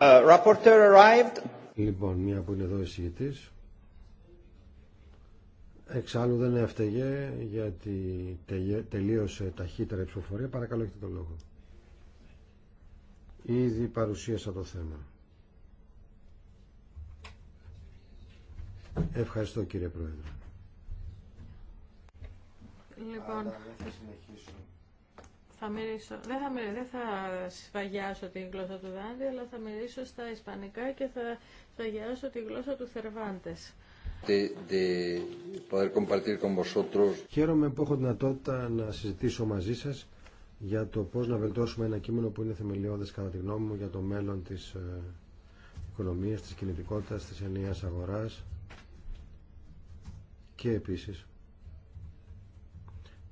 Uh, λοιπόν, μία που είναι εδώ εισηγητής. Εξάλλου δεν έφταιγε γιατί τελείωσε ταχύτερα η ψηφοφορία. Παρακαλώ έχετε το λόγο. Ήδη παρουσίασα το θέμα. Ευχαριστώ κύριε Πρόεδρε. Λοιπόν, δεν θα, μυρίσω, δεν σφαγιάσω τη γλώσσα του Δάντη, αλλά θα μυρίσω στα ισπανικά και θα σφαγιάσω τη γλώσσα του Θερβάντες. Χαίρομαι που έχω δυνατότητα να συζητήσω μαζί σας για το πώς να βελτιώσουμε ένα κείμενο που είναι θεμελιώδες κατά τη γνώμη μου για το μέλλον της ε, οικονομίας, της κινητικότητας, της ενιαίας αγοράς και επίσης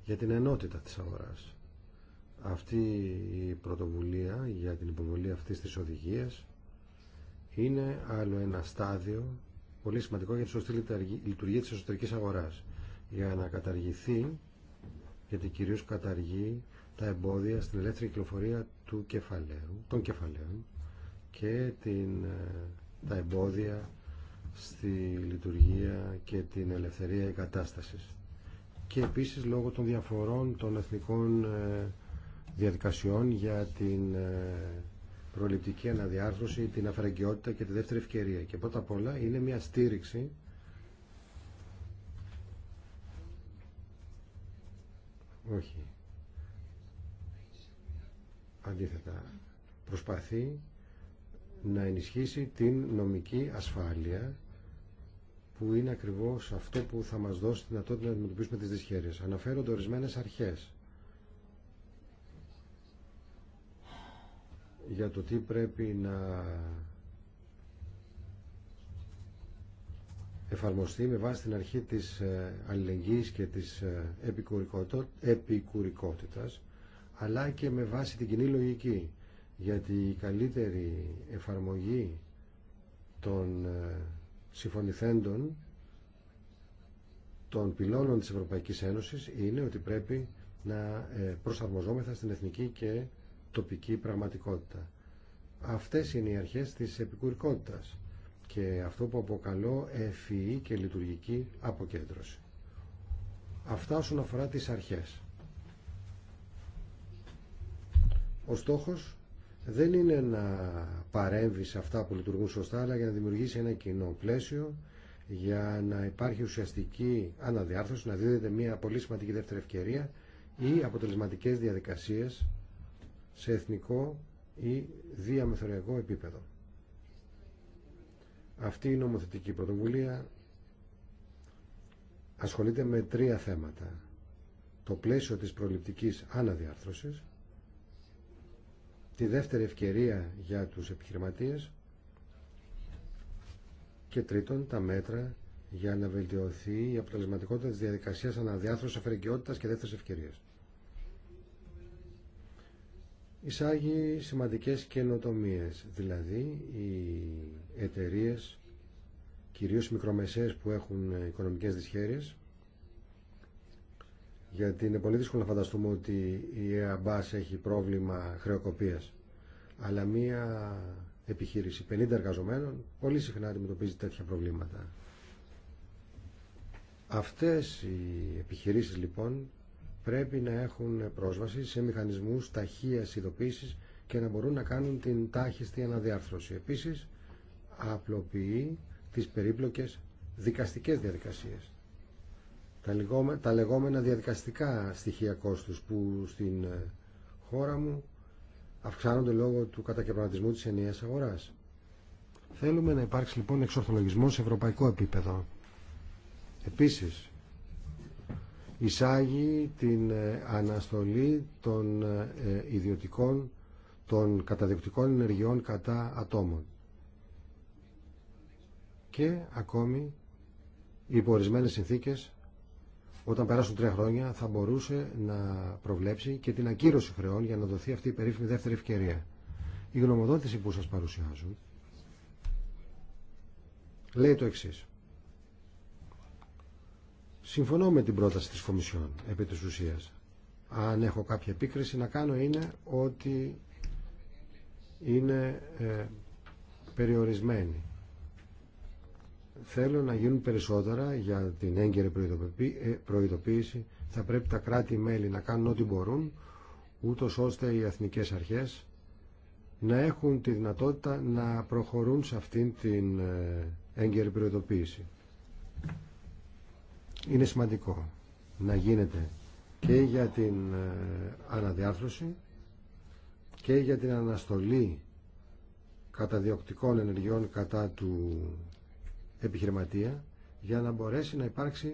για την ενότητα της αγοράς αυτή η πρωτοβουλία για την υποβολή αυτής της οδηγίας είναι άλλο ένα στάδιο πολύ σημαντικό για τη σωστή λειτουργία της εσωτερικής αγοράς για να καταργηθεί γιατί κυρίως καταργεί τα εμπόδια στην ελεύθερη κυκλοφορία του κεφαλαίου, των κεφαλαίων και την, ε, τα εμπόδια στη λειτουργία και την ελευθερία εγκατάστασης και επίσης λόγω των διαφορών των εθνικών ε, διαδικασιών για την ε, προληπτική αναδιάρθρωση, την αφραγκαιότητα και τη δεύτερη ευκαιρία. Και πρώτα απ' όλα είναι μια στήριξη όχι αντίθετα προσπαθεί να ενισχύσει την νομική ασφάλεια που είναι ακριβώς αυτό που θα μας δώσει τη δυνατότητα να αντιμετωπίσουμε τις δυσχέρειες. Αναφέρονται ορισμένες αρχές για το τι πρέπει να εφαρμοστεί με βάση την αρχή της ε, αλληλεγγύης και της ε, επικουρικότητας αλλά και με βάση την κοινή λογική γιατί η καλύτερη εφαρμογή των ε, συμφωνηθέντων των πυλώνων της Ευρωπαϊκής Ένωσης είναι ότι πρέπει να προσαρμοζόμεθα στην εθνική και τοπική πραγματικότητα. Αυτές είναι οι αρχές της επικουρικότητας και αυτό που αποκαλώ ευφυή και λειτουργική αποκέντρωση. Αυτά όσον αφορά τις αρχές. Ο στόχος δεν είναι να παρέμβει σε αυτά που λειτουργούν σωστά, αλλά για να δημιουργήσει ένα κοινό πλαίσιο, για να υπάρχει ουσιαστική αναδιάρθρωση, να δίδεται μια πολύ σημαντική δεύτερη ευκαιρία ή αποτελεσματικές διαδικασίες σε εθνικό ή διαμεθοριακό επίπεδο. Αυτή η νομοθετική πρωτοβουλία ασχολείται με τρία θέματα. Το πλαίσιο της προληπτικής αναδιάρθρωσης, τη δεύτερη ευκαιρία για τους επιχειρηματίες και τρίτον τα μέτρα για να βελτιωθεί η αποτελεσματικότητα της διαδικασίας αναδιάρθρωσης αφαιρεγκαιότητας και δεύτερης ευκαιρίας εισάγει σημαντικές καινοτομίε, Δηλαδή οι εταιρείε, κυρίως οι μικρομεσαίες που έχουν οικονομικές δυσχέρειες, γιατί είναι πολύ δύσκολο να φανταστούμε ότι η ΕΑΜΠΑΣ έχει πρόβλημα χρεοκοπίας. Αλλά μία επιχείρηση 50 εργαζομένων πολύ συχνά αντιμετωπίζει τέτοια προβλήματα. Αυτές οι επιχειρήσεις λοιπόν πρέπει να έχουν πρόσβαση σε μηχανισμούς ταχείας ειδοποίησης και να μπορούν να κάνουν την τάχιστη αναδιάρθρωση. Επίσης, απλοποιεί τις περίπλοκες δικαστικές διαδικασίες. Τα λεγόμενα διαδικαστικά στοιχεία κόστους που στην ε, χώρα μου αυξάνονται λόγω του κατακαιρματισμού της ενιαίας αγοράς. Θέλουμε να υπάρξει λοιπόν εξορθολογισμό σε ευρωπαϊκό επίπεδο. Επίσης, εισάγει την ε, αναστολή των ε, ε, ιδιωτικών, των καταδεκτικών ενεργειών κατά ατόμων. Και ακόμη, υπό ορισμένες συνθήκες, όταν περάσουν τρία χρόνια, θα μπορούσε να προβλέψει και την ακύρωση χρεών για να δοθεί αυτή η περίφημη δεύτερη ευκαιρία. Η γνωμοδότηση που σας παρουσιάζουν λέει το εξής. Συμφωνώ με την πρόταση της Κομισιόν επί της ουσίας. Αν έχω κάποια επίκριση να κάνω είναι ότι είναι ε, περιορισμένη. Θέλω να γίνουν περισσότερα για την έγκαιρη ε, προειδοποίηση. Θα πρέπει τα κράτη-μέλη να κάνουν ό,τι μπορούν, ούτως ώστε οι εθνικές αρχές να έχουν τη δυνατότητα να προχωρούν σε αυτήν την ε, έγκαιρη προειδοποίηση. Είναι σημαντικό να γίνεται και για την ε, αναδιάρθρωση και για την αναστολή καταδιοκτικών ενεργειών κατά του επιχειρηματία για να μπορέσει να υπάρξει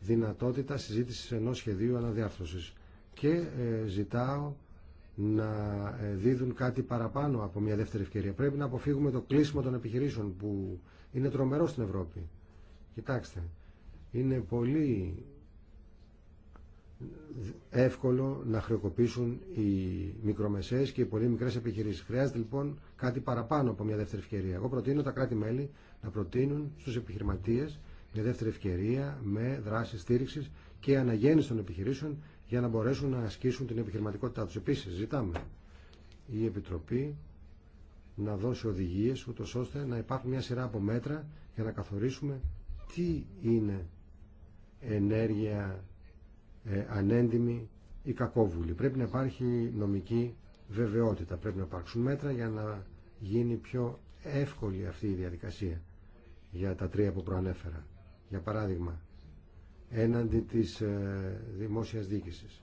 δυνατότητα συζήτησης ενός σχεδίου αναδιάρθρωσης και ε, ζητάω να ε, δίδουν κάτι παραπάνω από μια δεύτερη ευκαιρία. Πρέπει να αποφύγουμε το κλείσιμο των επιχειρήσεων που είναι τρομερό στην Ευρώπη. Κοιτάξτε, είναι πολύ εύκολο να χρεοκοπήσουν οι μικρομεσαίες και οι πολύ μικρές επιχειρήσεις. Χρειάζεται λοιπόν κάτι παραπάνω από μια δεύτερη ευκαιρία. Εγώ προτείνω τα κράτη-μέλη να προτείνουν στους επιχειρηματίες μια δεύτερη ευκαιρία με δράση στήριξης και αναγέννηση των επιχειρήσεων για να μπορέσουν να ασκήσουν την επιχειρηματικότητά τους. Επίσης ζητάμε η Επιτροπή να δώσει οδηγίες ούτως ώστε να υπάρχουν μια σειρά από μέτρα για να καθορίσουμε τι είναι ενέργεια ε, ανέντιμη ή κακόβουλη. Πρέπει να υπάρχει νομική βεβαιότητα. Πρέπει να υπάρξουν μέτρα για να γίνει πιο εύκολη αυτή η διαδικασία για τα τρία που προανέφερα. Για παράδειγμα, έναντι της ε, δημόσιας δίκησης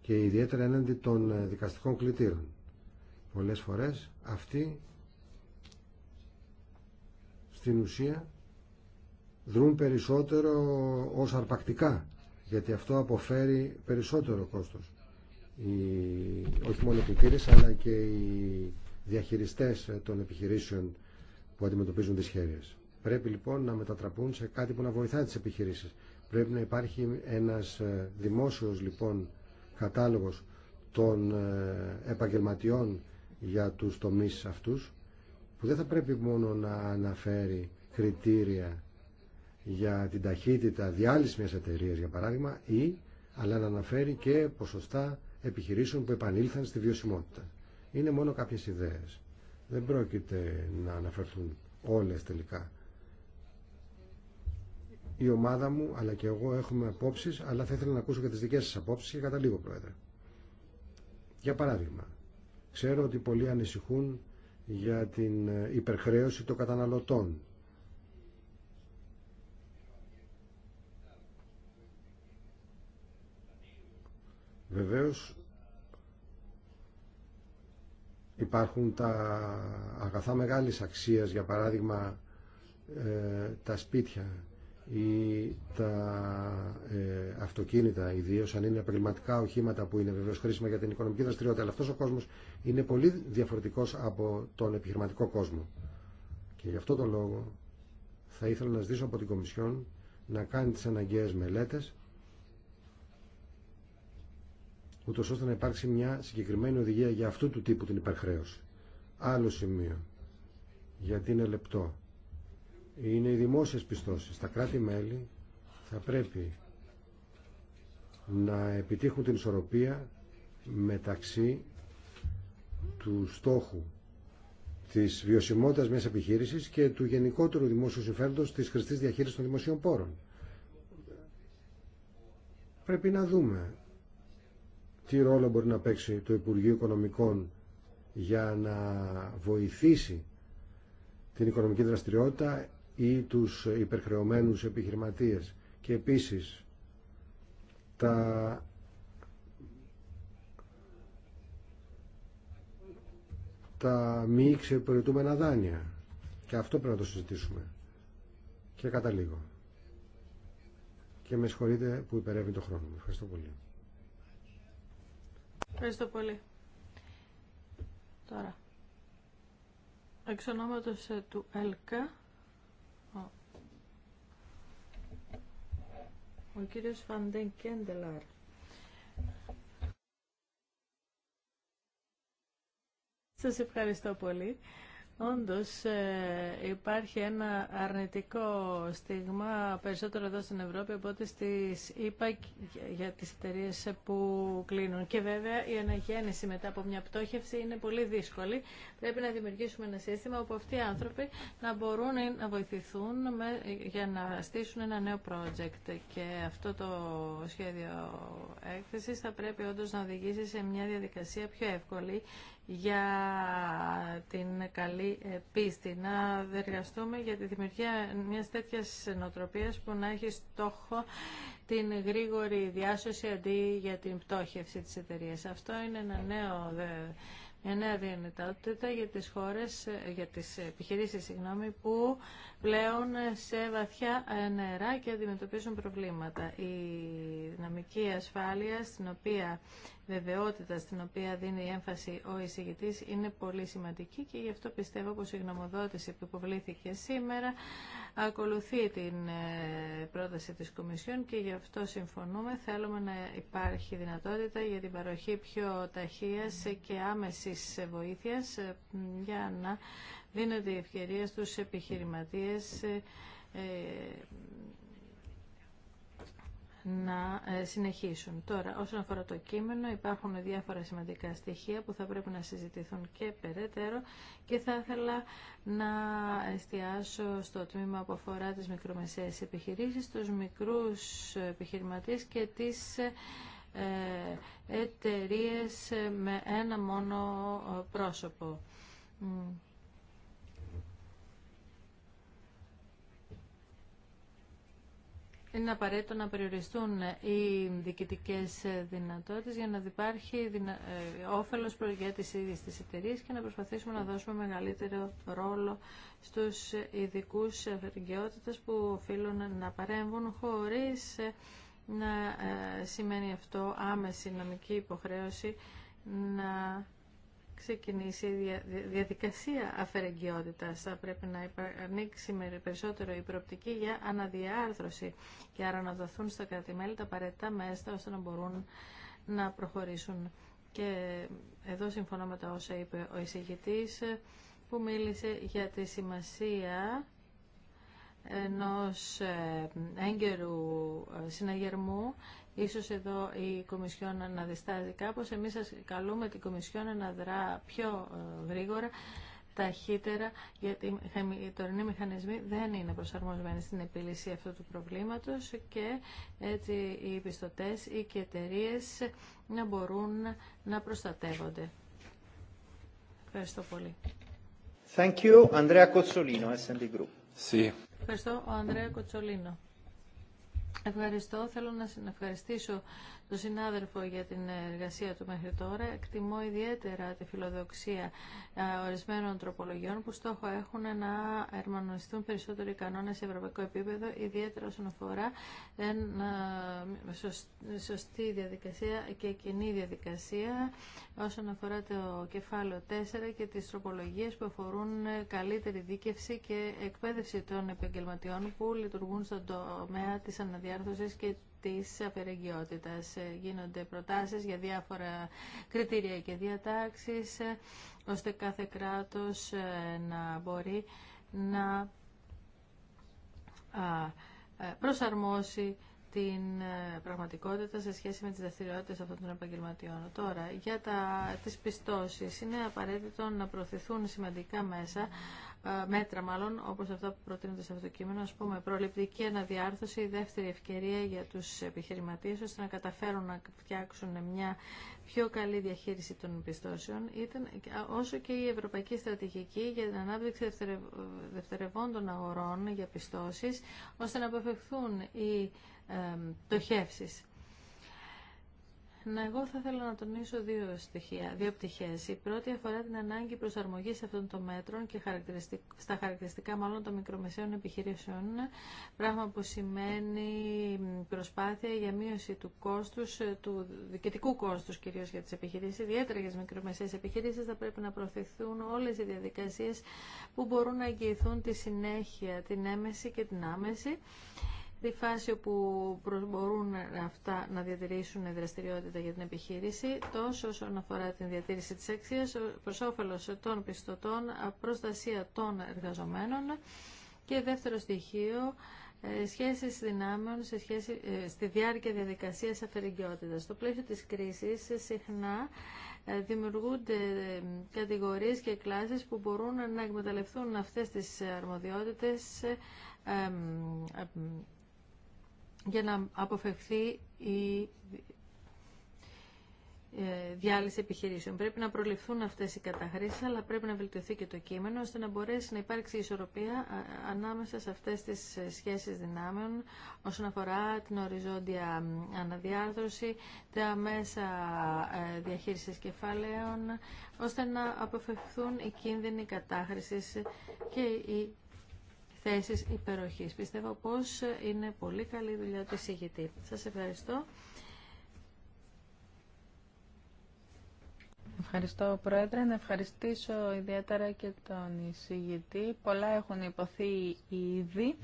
και ιδιαίτερα έναντι των ε, δικαστικών κλητήρων. Πολλές φορές αυτοί στην ουσία δρούν περισσότερο ως αρπακτικά γιατί αυτό αποφέρει περισσότερο κόστος οι, όχι μόνο οι αλλά και οι διαχειριστές των επιχειρήσεων που αντιμετωπίζουν δυσχέρειες. Πρέπει λοιπόν να μετατραπούν σε κάτι που να βοηθά τις επιχειρήσεις. Πρέπει να υπάρχει ένας ε, δημόσιος λοιπόν κατάλογος των ε, επαγγελματιών για τους τομείς αυτούς που δεν θα πρέπει μόνο να αναφέρει κριτήρια για την ταχύτητα διάλυση μιας εταιρείας για παράδειγμα ή αλλά να αναφέρει και ποσοστά επιχειρήσεων που επανήλθαν στη βιωσιμότητα. Είναι μόνο κάποιες ιδέες. Δεν πρόκειται να αναφερθούν όλες τελικά. Η ομάδα μου αλλά και εγώ έχουμε απόψεις αλλά θα ήθελα να ακούσω και τις δικές σας απόψεις και κατά λίγο πρόεδρε. Για παράδειγμα, ξέρω ότι πολλοί ανησυχούν για την ε, υπερχρέωση των καταναλωτών βεβαίως υπάρχουν τα αγαθά μεγάλης αξίας, για παράδειγμα ε, τα σπίτια ή τα ε, αυτοκίνητα, ιδίω αν είναι επαγγελματικά οχήματα που είναι βεβαίως χρήσιμα για την οικονομική δραστηριότητα. Αλλά αυτός ο κόσμος είναι πολύ διαφορετικός από τον επιχειρηματικό κόσμο. Και γι' αυτό το λόγο θα ήθελα να ζητήσω από την Κομισιόν να κάνει τις αναγκαίες μελέτες ούτως ώστε να υπάρξει μια συγκεκριμένη οδηγία για αυτού του τύπου την υπερχρέωση. Άλλο σημείο, γιατί είναι λεπτό, είναι οι δημόσιε πιστώσει. Τα κράτη-μέλη θα πρέπει να επιτύχουν την ισορροπία μεταξύ του στόχου της βιωσιμότητας μιας επιχείρησης και του γενικότερου δημόσιου συμφέροντος της χρηστής διαχείριση των δημοσίων πόρων. Πρέπει να δούμε τι ρόλο μπορεί να παίξει το Υπουργείο Οικονομικών για να βοηθήσει την οικονομική δραστηριότητα ή τους υπερχρεωμένους επιχειρηματίες και επίσης τα τα μη ξεπεριτούμενα δάνεια και αυτό πρέπει να το συζητήσουμε και καταλήγω και με συγχωρείτε που υπερεύει το χρόνο μου ευχαριστώ πολύ Ευχαριστώ πολύ. Τώρα. Εξ ονόματος ε, του ΕΛΚΑ, ο, ο κύριος Φαντέν Κέντελαρ. Σας ευχαριστώ πολύ. Όντως ε, υπάρχει ένα αρνητικό στίγμα περισσότερο εδώ στην Ευρώπη από ό,τι στις ΗΠΑ για τις εταιρείε που κλείνουν. Και βέβαια η αναγέννηση μετά από μια πτώχευση είναι πολύ δύσκολη. Πρέπει να δημιουργήσουμε ένα σύστημα όπου αυτοί οι άνθρωποι να μπορούν να βοηθηθούν για να στήσουν ένα νέο project. Και αυτό το σχέδιο έκθεσης θα πρέπει όντως να οδηγήσει σε μια διαδικασία πιο εύκολη για την καλή πίστη. Να εργαστούμε για τη δημιουργία μιας τέτοιας νοοτροπίας που να έχει στόχο την γρήγορη διάσωση αντί για την πτώχευση της εταιρεία. Αυτό είναι ένα νέο μια νέα δυνατότητα για τις χώρες, για τις επιχειρήσεις συγγνώμη, που πλέον σε βαθιά νερά και αντιμετωπίζουν προβλήματα. Η δυναμική ασφάλεια στην οποία βεβαιότητα στην οποία δίνει η έμφαση ο εισηγητή είναι πολύ σημαντική και γι' αυτό πιστεύω πως η γνωμοδότηση που υποβλήθηκε σήμερα ακολουθεί την ε, πρόταση της Κομισιόν και γι' αυτό συμφωνούμε. Θέλουμε να υπάρχει δυνατότητα για την παροχή πιο ταχείας και άμεσης βοήθειας ε, για να δίνονται ευκαιρία στους επιχειρηματίες ε, να ε, συνεχίσουν. Τώρα, όσον αφορά το κείμενο, υπάρχουν διάφορα σημαντικά στοιχεία που θα πρέπει να συζητηθούν και περαιτέρω και θα ήθελα να εστιάσω στο τμήμα που αφορά τις μικρομεσαίες επιχειρήσεις, τους μικρούς επιχειρηματίες και τις ε, εταιρείες με ένα μόνο πρόσωπο. είναι απαραίτητο να περιοριστούν οι διοικητικέ δυνατότητες για να υπάρχει δυνα... Ε, όφελος για τις ίδιες και να προσπαθήσουμε να δώσουμε μεγαλύτερο ρόλο στους ειδικού που οφείλουν να παρέμβουν χωρίς να ε, σημαίνει αυτό άμεση νομική υποχρέωση να ξεκινήσει η διαδικασία αφαιρεγγιότητας. Θα πρέπει να ανοίξει με περισσότερο η προοπτική για αναδιάρθρωση και άρα να δοθούν στα κρατημέλη τα απαραίτητα μέσα ώστε να μπορούν να προχωρήσουν. Και εδώ συμφωνώ με τα όσα είπε ο εισηγητής που μίλησε για τη σημασία ενός ε, έγκαιρου ε, συναγερμού Ίσως εδώ η Κομισιόν να διστάζει κάπως. Εμείς σας καλούμε την Κομισιόν να δρά πιο ε, γρήγορα, ταχύτερα, γιατί οι τωρινοί μηχανισμοί δεν είναι προσαρμοσμένοι στην επίλυση αυτού του προβλήματος και έτσι οι πιστωτές ή και εταιρείε να μπορούν να προστατεύονται. Ευχαριστώ πολύ. Thank you, Andrea Cozzolino, SD Group. Sí. Ευχαριστώ, ο Ανδρέα Κοτσολίνο. Ευχαριστώ. Θέλω να ευχαριστήσω τον συνάδελφο για την εργασία του μέχρι τώρα. Εκτιμώ ιδιαίτερα τη φιλοδοξία ορισμένων τροπολογιών που στόχο έχουν να ερμανωστούν περισσότερο οι κανόνες σε ευρωπαϊκό επίπεδο, ιδιαίτερα όσον αφορά σωστή διαδικασία και κοινή διαδικασία όσον αφορά το κεφάλαιο 4 και τις τροπολογίες που αφορούν καλύτερη δίκευση και εκπαίδευση των επαγγελματιών που λειτουργούν στον τομέα της αναδιάρθρωσης και της απεργιότητας. Ε, γίνονται προτάσεις για διάφορα κριτήρια και διατάξεις, ε, ώστε κάθε κράτος ε, να μπορεί να προσαρμόσει την πραγματικότητα σε σχέση με τις δραστηριότητε αυτών των επαγγελματιών. Τώρα, για τα, τις πιστώσεις, είναι απαραίτητο να προωθηθούν σημαντικά μέσα, ε, μέτρα μάλλον, όπως αυτά που προτείνονται σε αυτό το κείμενο, ας πούμε προληπτική αναδιάρθρωση, δεύτερη ευκαιρία για τους επιχειρηματίες ώστε να καταφέρουν να φτιάξουν μια πιο καλή διαχείριση των πιστώσεων, ήταν όσο και η ευρωπαϊκή στρατηγική για την ανάπτυξη δευτερευόντων αγορών για πιστώσεις, ώστε να αποφευχθούν οι ε, να, εγώ θα ήθελα να τονίσω δύο στοιχεία, δύο πτυχές. Η πρώτη αφορά την ανάγκη προσαρμογής αυτών των μέτρων και στα χαρακτηριστικά μάλλον των μικρομεσαίων επιχειρήσεων, πράγμα που σημαίνει προσπάθεια για μείωση του κόστους, του διοικητικού κόστους κυρίως για τις επιχειρήσεις, ιδιαίτερα για τις μικρομεσαίες επιχειρήσεις, θα πρέπει να προωθηθούν όλες οι διαδικασίες που μπορούν να εγγυηθούν τη συνέχεια, την έμεση και την άμεση τη φάση όπου μπορούν αυτά να διατηρήσουν δραστηριότητα για την επιχείρηση, τόσο όσον αφορά την διατήρηση της αξίας, προς όφελος των πιστωτών, προστασία των εργαζομένων και δεύτερο στοιχείο, ε, σχέσεις δυνάμεων σε σχέση, ε, στη διάρκεια διαδικασίας αφαιρεγγιότητας. Στο πλαίσιο της κρίσης συχνά ε, δημιουργούνται κατηγορίες και κλάσεις που μπορούν να εκμεταλλευτούν αυτές τις αρμοδιότητες για να αποφευχθεί η ε, διάλυση επιχειρήσεων. Πρέπει να προληφθούν αυτές οι καταχρήσεις, αλλά πρέπει να βελτιωθεί και το κείμενο, ώστε να μπορέσει να υπάρξει ισορροπία ανάμεσα σε αυτές τις ε, σχέσεις δυνάμεων, όσον αφορά την οριζόντια αναδιάρθρωση, τα μέσα ε, διαχείρισης κεφάλαιων, ώστε να αποφευθούν οι κίνδυνοι κατάχρησης και οι Θέσει υπεροχής. Πιστεύω πως είναι πολύ καλή δουλειά του εισηγητή. Σας ευχαριστώ. Ευχαριστώ Πρόεδρε. Να ευχαριστήσω ιδιαίτερα και τον εισηγητή. Πολλά έχουν υποθεί ήδη,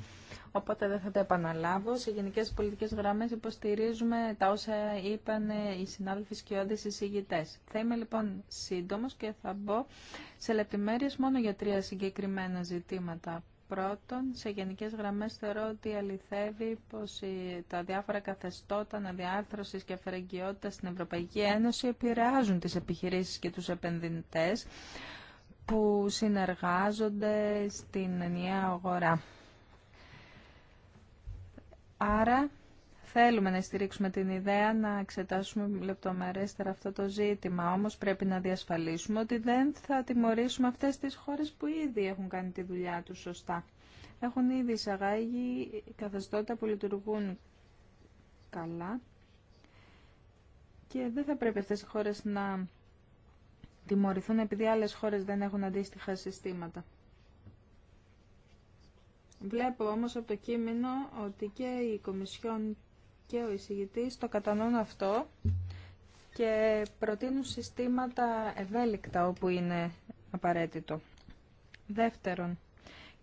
οπότε δεν θα τα επαναλάβω. Σε γενικέ πολιτικές γραμμές υποστηρίζουμε τα όσα είπαν οι συνάδελφοι σκιώδεις εισηγητέ. Θα είμαι λοιπόν σύντομο και θα μπω σε λεπτομέρειες μόνο για τρία συγκεκριμένα ζητήματα. Πρώτον, σε γενικές γραμμές θεωρώ ότι αληθεύει πως τα διάφορα καθεστώτα αναδιάρθρωσης και αφαιρεγγιότητας στην Ευρωπαϊκή Ένωση επηρεάζουν τις επιχειρήσεις και τους επενδυτές που συνεργάζονται στην ενιαία αγορά. Άρα Θέλουμε να στηρίξουμε την ιδέα να εξετάσουμε λεπτομερέστερα αυτό το ζήτημα, όμως πρέπει να διασφαλίσουμε ότι δεν θα τιμωρήσουμε αυτές τις χώρες που ήδη έχουν κάνει τη δουλειά τους σωστά. Έχουν ήδη εισαγάγει καθεστώτα που λειτουργούν καλά και δεν θα πρέπει αυτές οι χώρες να τιμωρηθούν επειδή άλλες χώρες δεν έχουν αντίστοιχα συστήματα. Βλέπω όμως από το κείμενο ότι και η Κομισιόν και ο εισηγητής το κατανοούν αυτό και προτείνουν συστήματα ευέλικτα όπου είναι απαραίτητο. Δεύτερον,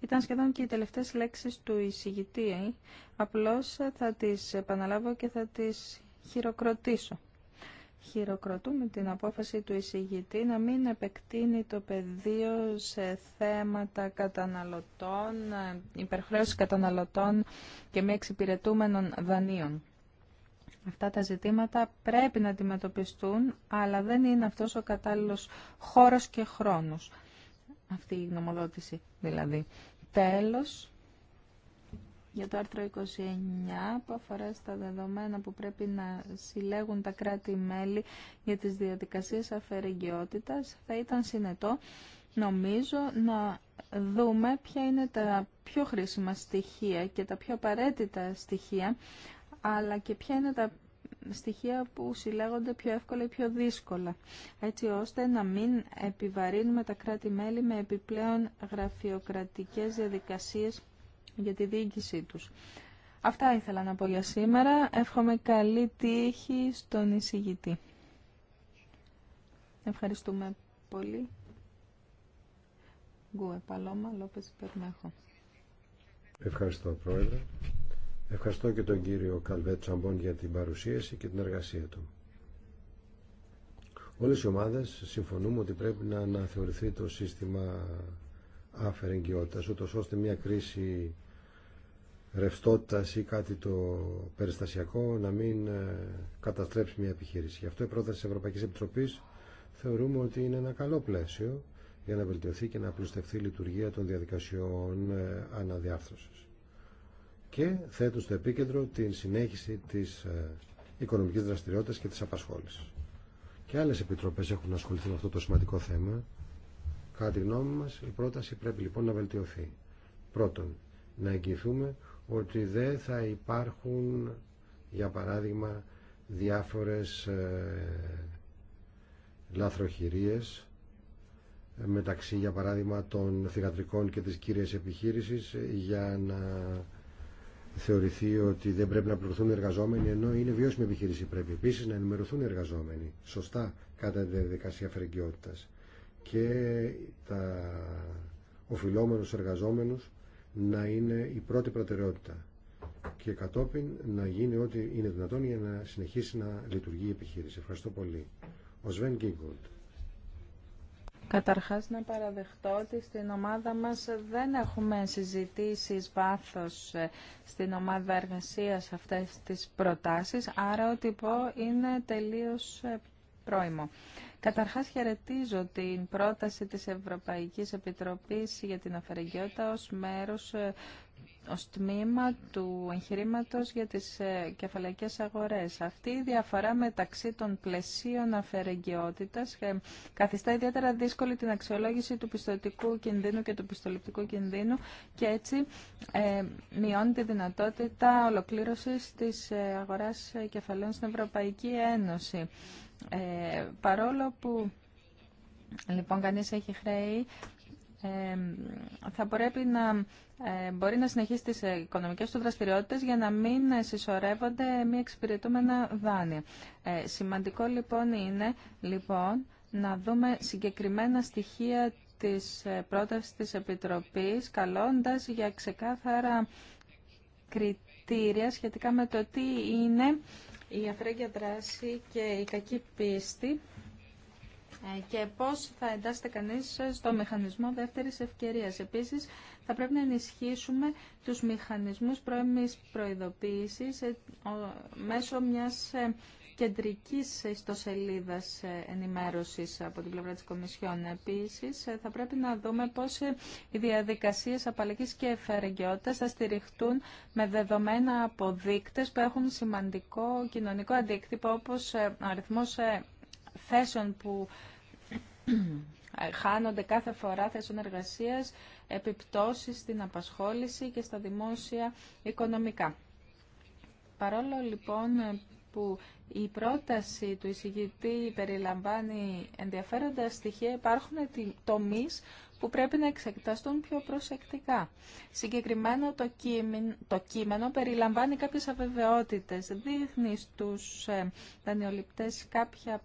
ήταν σχεδόν και οι τελευταίες λέξεις του εισηγητή, ε. απλώς θα τις επαναλάβω και θα τις χειροκροτήσω. Χειροκροτούμε την απόφαση του εισηγητή να μην επεκτείνει το πεδίο σε θέματα καταναλωτών, ε, υπερχρέωση καταναλωτών και μη εξυπηρετούμενων δανείων. Αυτά τα ζητήματα πρέπει να αντιμετωπιστούν, αλλά δεν είναι αυτός ο κατάλληλος χώρος και χρόνος. Αυτή η γνωμοδότηση δηλαδή. Τέλος, για το άρθρο 29 που αφορά στα δεδομένα που πρέπει να συλλέγουν τα κράτη-μέλη για τις διαδικασίες αφαιρεγγιότητας, θα ήταν συνετό νομίζω να δούμε ποια είναι τα πιο χρήσιμα στοιχεία και τα πιο απαραίτητα στοιχεία αλλά και ποια είναι τα στοιχεία που συλλέγονται πιο εύκολα ή πιο δύσκολα, έτσι ώστε να μην επιβαρύνουμε τα κράτη-μέλη με επιπλέον γραφειοκρατικές διαδικασίες για τη διοίκησή τους. Αυτά ήθελα να πω για σήμερα. Εύχομαι καλή τύχη στον εισηγητή. Ευχαριστούμε πολύ. Γκουε Λόπες Περμέχο. Ευχαριστώ, Πρόεδρε. Ευχαριστώ και τον κύριο Καλβέτ Τσαμπών για την παρουσίαση και την εργασία του. Όλες οι ομάδες συμφωνούμε ότι πρέπει να αναθεωρηθεί το σύστημα αφαιρεγγιότητας, ούτως ώστε μια κρίση ρευστότητας ή κάτι το περιστασιακό να μην ε, καταστρέψει μια επιχείρηση. Γι' αυτό η πρόταση της Ευρωπαϊκής Επιτροπής θεωρούμε ότι είναι ένα καλό πλαίσιο για να βελτιωθεί και να απλουστευτεί η λειτουργία των διαδικασιών ε, αναδιάρθρωσης και θέτουν στο επίκεντρο την συνέχιση της ε, οικονομικής δραστηριότητας και της απασχόλησης. Και άλλες επιτροπές έχουν ασχοληθεί με αυτό το σημαντικό θέμα. Κατά τη γνώμη μας, η πρόταση πρέπει λοιπόν να βελτιωθεί. Πρώτον, να εγγυηθούμε ότι δεν θα υπάρχουν, για παράδειγμα, διάφορες ε, λαθροχειρίες ε, μεταξύ, για παράδειγμα, των θηγατρικών και της κύριας επιχείρησης για να θεωρηθεί ότι δεν πρέπει να πληρωθούν οι εργαζόμενοι, ενώ είναι βιώσιμη επιχείρηση. Πρέπει επίση να ενημερωθούν οι εργαζόμενοι σωστά κατά τη διαδικασία φρεγκιότητα Και τα οφειλόμενου εργαζόμενου να είναι η πρώτη προτεραιότητα και κατόπιν να γίνει ό,τι είναι δυνατόν για να συνεχίσει να λειτουργεί η επιχείρηση. Ευχαριστώ πολύ. Ο Σβέν Καταρχάς να παραδεχτώ ότι στην ομάδα μας δεν έχουμε συζητήσει βάθος ε, στην ομάδα εργασίας αυτές τις προτάσεις, άρα ό,τι πω είναι τελείως ε, πρόημο. Καταρχάς χαιρετίζω την πρόταση της Ευρωπαϊκής Επιτροπής για την αφαιρεγιότητα ως μέρος ε, ως τμήμα του εγχειρήματο για τις ε, κεφαλαϊκές αγορές. Αυτή η διαφορά μεταξύ των πλαισίων και ε, καθιστά ιδιαίτερα δύσκολη την αξιολόγηση του πιστοτικού κινδύνου και του πιστοληπτικού κινδύνου και έτσι ε, μειώνει τη δυνατότητα ολοκλήρωσης της αγοράς κεφαλαίων στην Ευρωπαϊκή Ένωση. παρόλο που Λοιπόν, κανείς έχει χρέη θα πρέπει να ε, μπορεί να συνεχίσει τις οικονομικές του δραστηριότητες για να μην συσσωρεύονται μη εξυπηρετούμενα δάνεια. Ε, σημαντικό λοιπόν είναι λοιπόν, να δούμε συγκεκριμένα στοιχεία της ε, πρότασης της Επιτροπής καλώντας για ξεκάθαρα κριτήρια σχετικά με το τι είναι η αφρέγγια δράση και η κακή πίστη ε, και πώς θα εντάσσεται κανείς στο μηχανισμό δεύτερης ευκαιρίας. Επίσης, θα πρέπει να ενισχύσουμε τους μηχανισμούς πρώιμης προειδοποίησης ε, μέσω μιας ε, κεντρικής ιστοσελίδας ενημέρωσης από την πλευρά της Κομισιόν. Επίσης, θα πρέπει να δούμε πώς οι διαδικασίες απαλλαγής και εφαρεγγιότητας θα στηριχτούν με δεδομένα αποδείκτες που έχουν σημαντικό κοινωνικό αντίκτυπο, όπως ο αριθμός θέσεων που χάνονται κάθε φορά θέσεων εργασίας, επιπτώσεις στην απασχόληση και στα δημόσια οικονομικά. Παρόλο λοιπόν που η πρόταση του εισηγητή περιλαμβάνει ενδιαφέροντα στοιχεία, υπάρχουν τομείς που πρέπει να εξεταστούν πιο προσεκτικά. Συγκεκριμένα το κείμενο, το κείμενο περιλαμβάνει κάποιες αβεβαιότητες, δείχνει στους ε, δανειοληπτές κάποια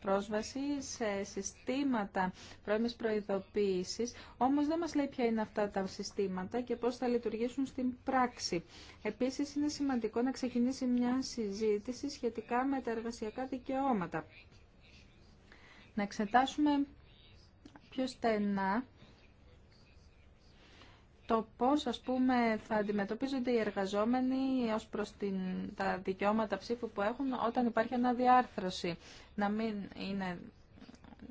πρόσβαση σε συστήματα πρώιμης προειδοποίησης, όμως δεν μας λέει ποια είναι αυτά τα συστήματα και πώς θα λειτουργήσουν στην πράξη. Επίσης, είναι σημαντικό να ξεκινήσει μια συζήτηση σχετικά με τα εργασιακά δικαιώματα. Να εξετάσουμε πιο στενά το πώς ας πούμε θα αντιμετωπίζονται οι εργαζόμενοι ως προς την, τα δικαιώματα ψήφου που έχουν όταν υπάρχει αναδιάρθρωση. Να μην είναι,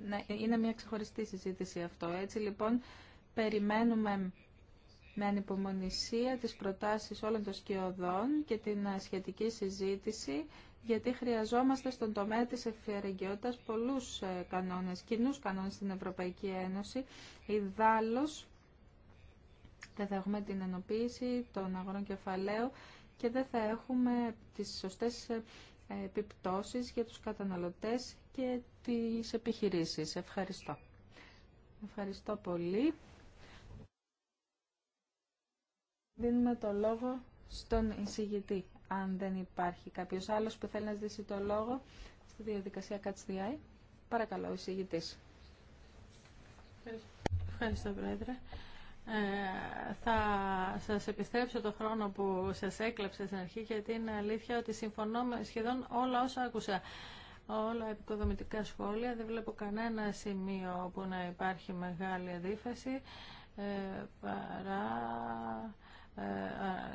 να, είναι μια ξεχωριστή συζήτηση αυτό. Έτσι λοιπόν περιμένουμε με ανυπομονησία τις προτάσεις όλων των σκιωδών και την ε, σχετική συζήτηση γιατί χρειαζόμαστε στον τομέα της ευφυαρεγγιότητας πολλούς ε, κανόνες, κοινούς κανόνες στην Ευρωπαϊκή Ένωση. Ιδάλλως, δεν θα έχουμε την ενοποίηση των αγορών κεφαλαίου και δεν θα έχουμε τις σωστές ε, επιπτώσεις για τους καταναλωτές και τις επιχειρήσεις. Ευχαριστώ. Ευχαριστώ πολύ. Δίνουμε το λόγο στον εισηγητή. Αν δεν υπάρχει κάποιος άλλος που θέλει να ζητήσει το λόγο στη διαδικασία ΚΑΤΣΔΙ, παρακαλώ, εισηγητής. Ευχαριστώ, Πρόεδρε. Ε, θα σας επιστρέψω το χρόνο που σας έκλεψε στην αρχή γιατί είναι αλήθεια ότι συμφωνώ με σχεδόν όλα όσα άκουσα. Όλα επικοδομητικά σχόλια, δεν βλέπω κανένα σημείο όπου να υπάρχει μεγάλη αντίφαση ε, παρά ε,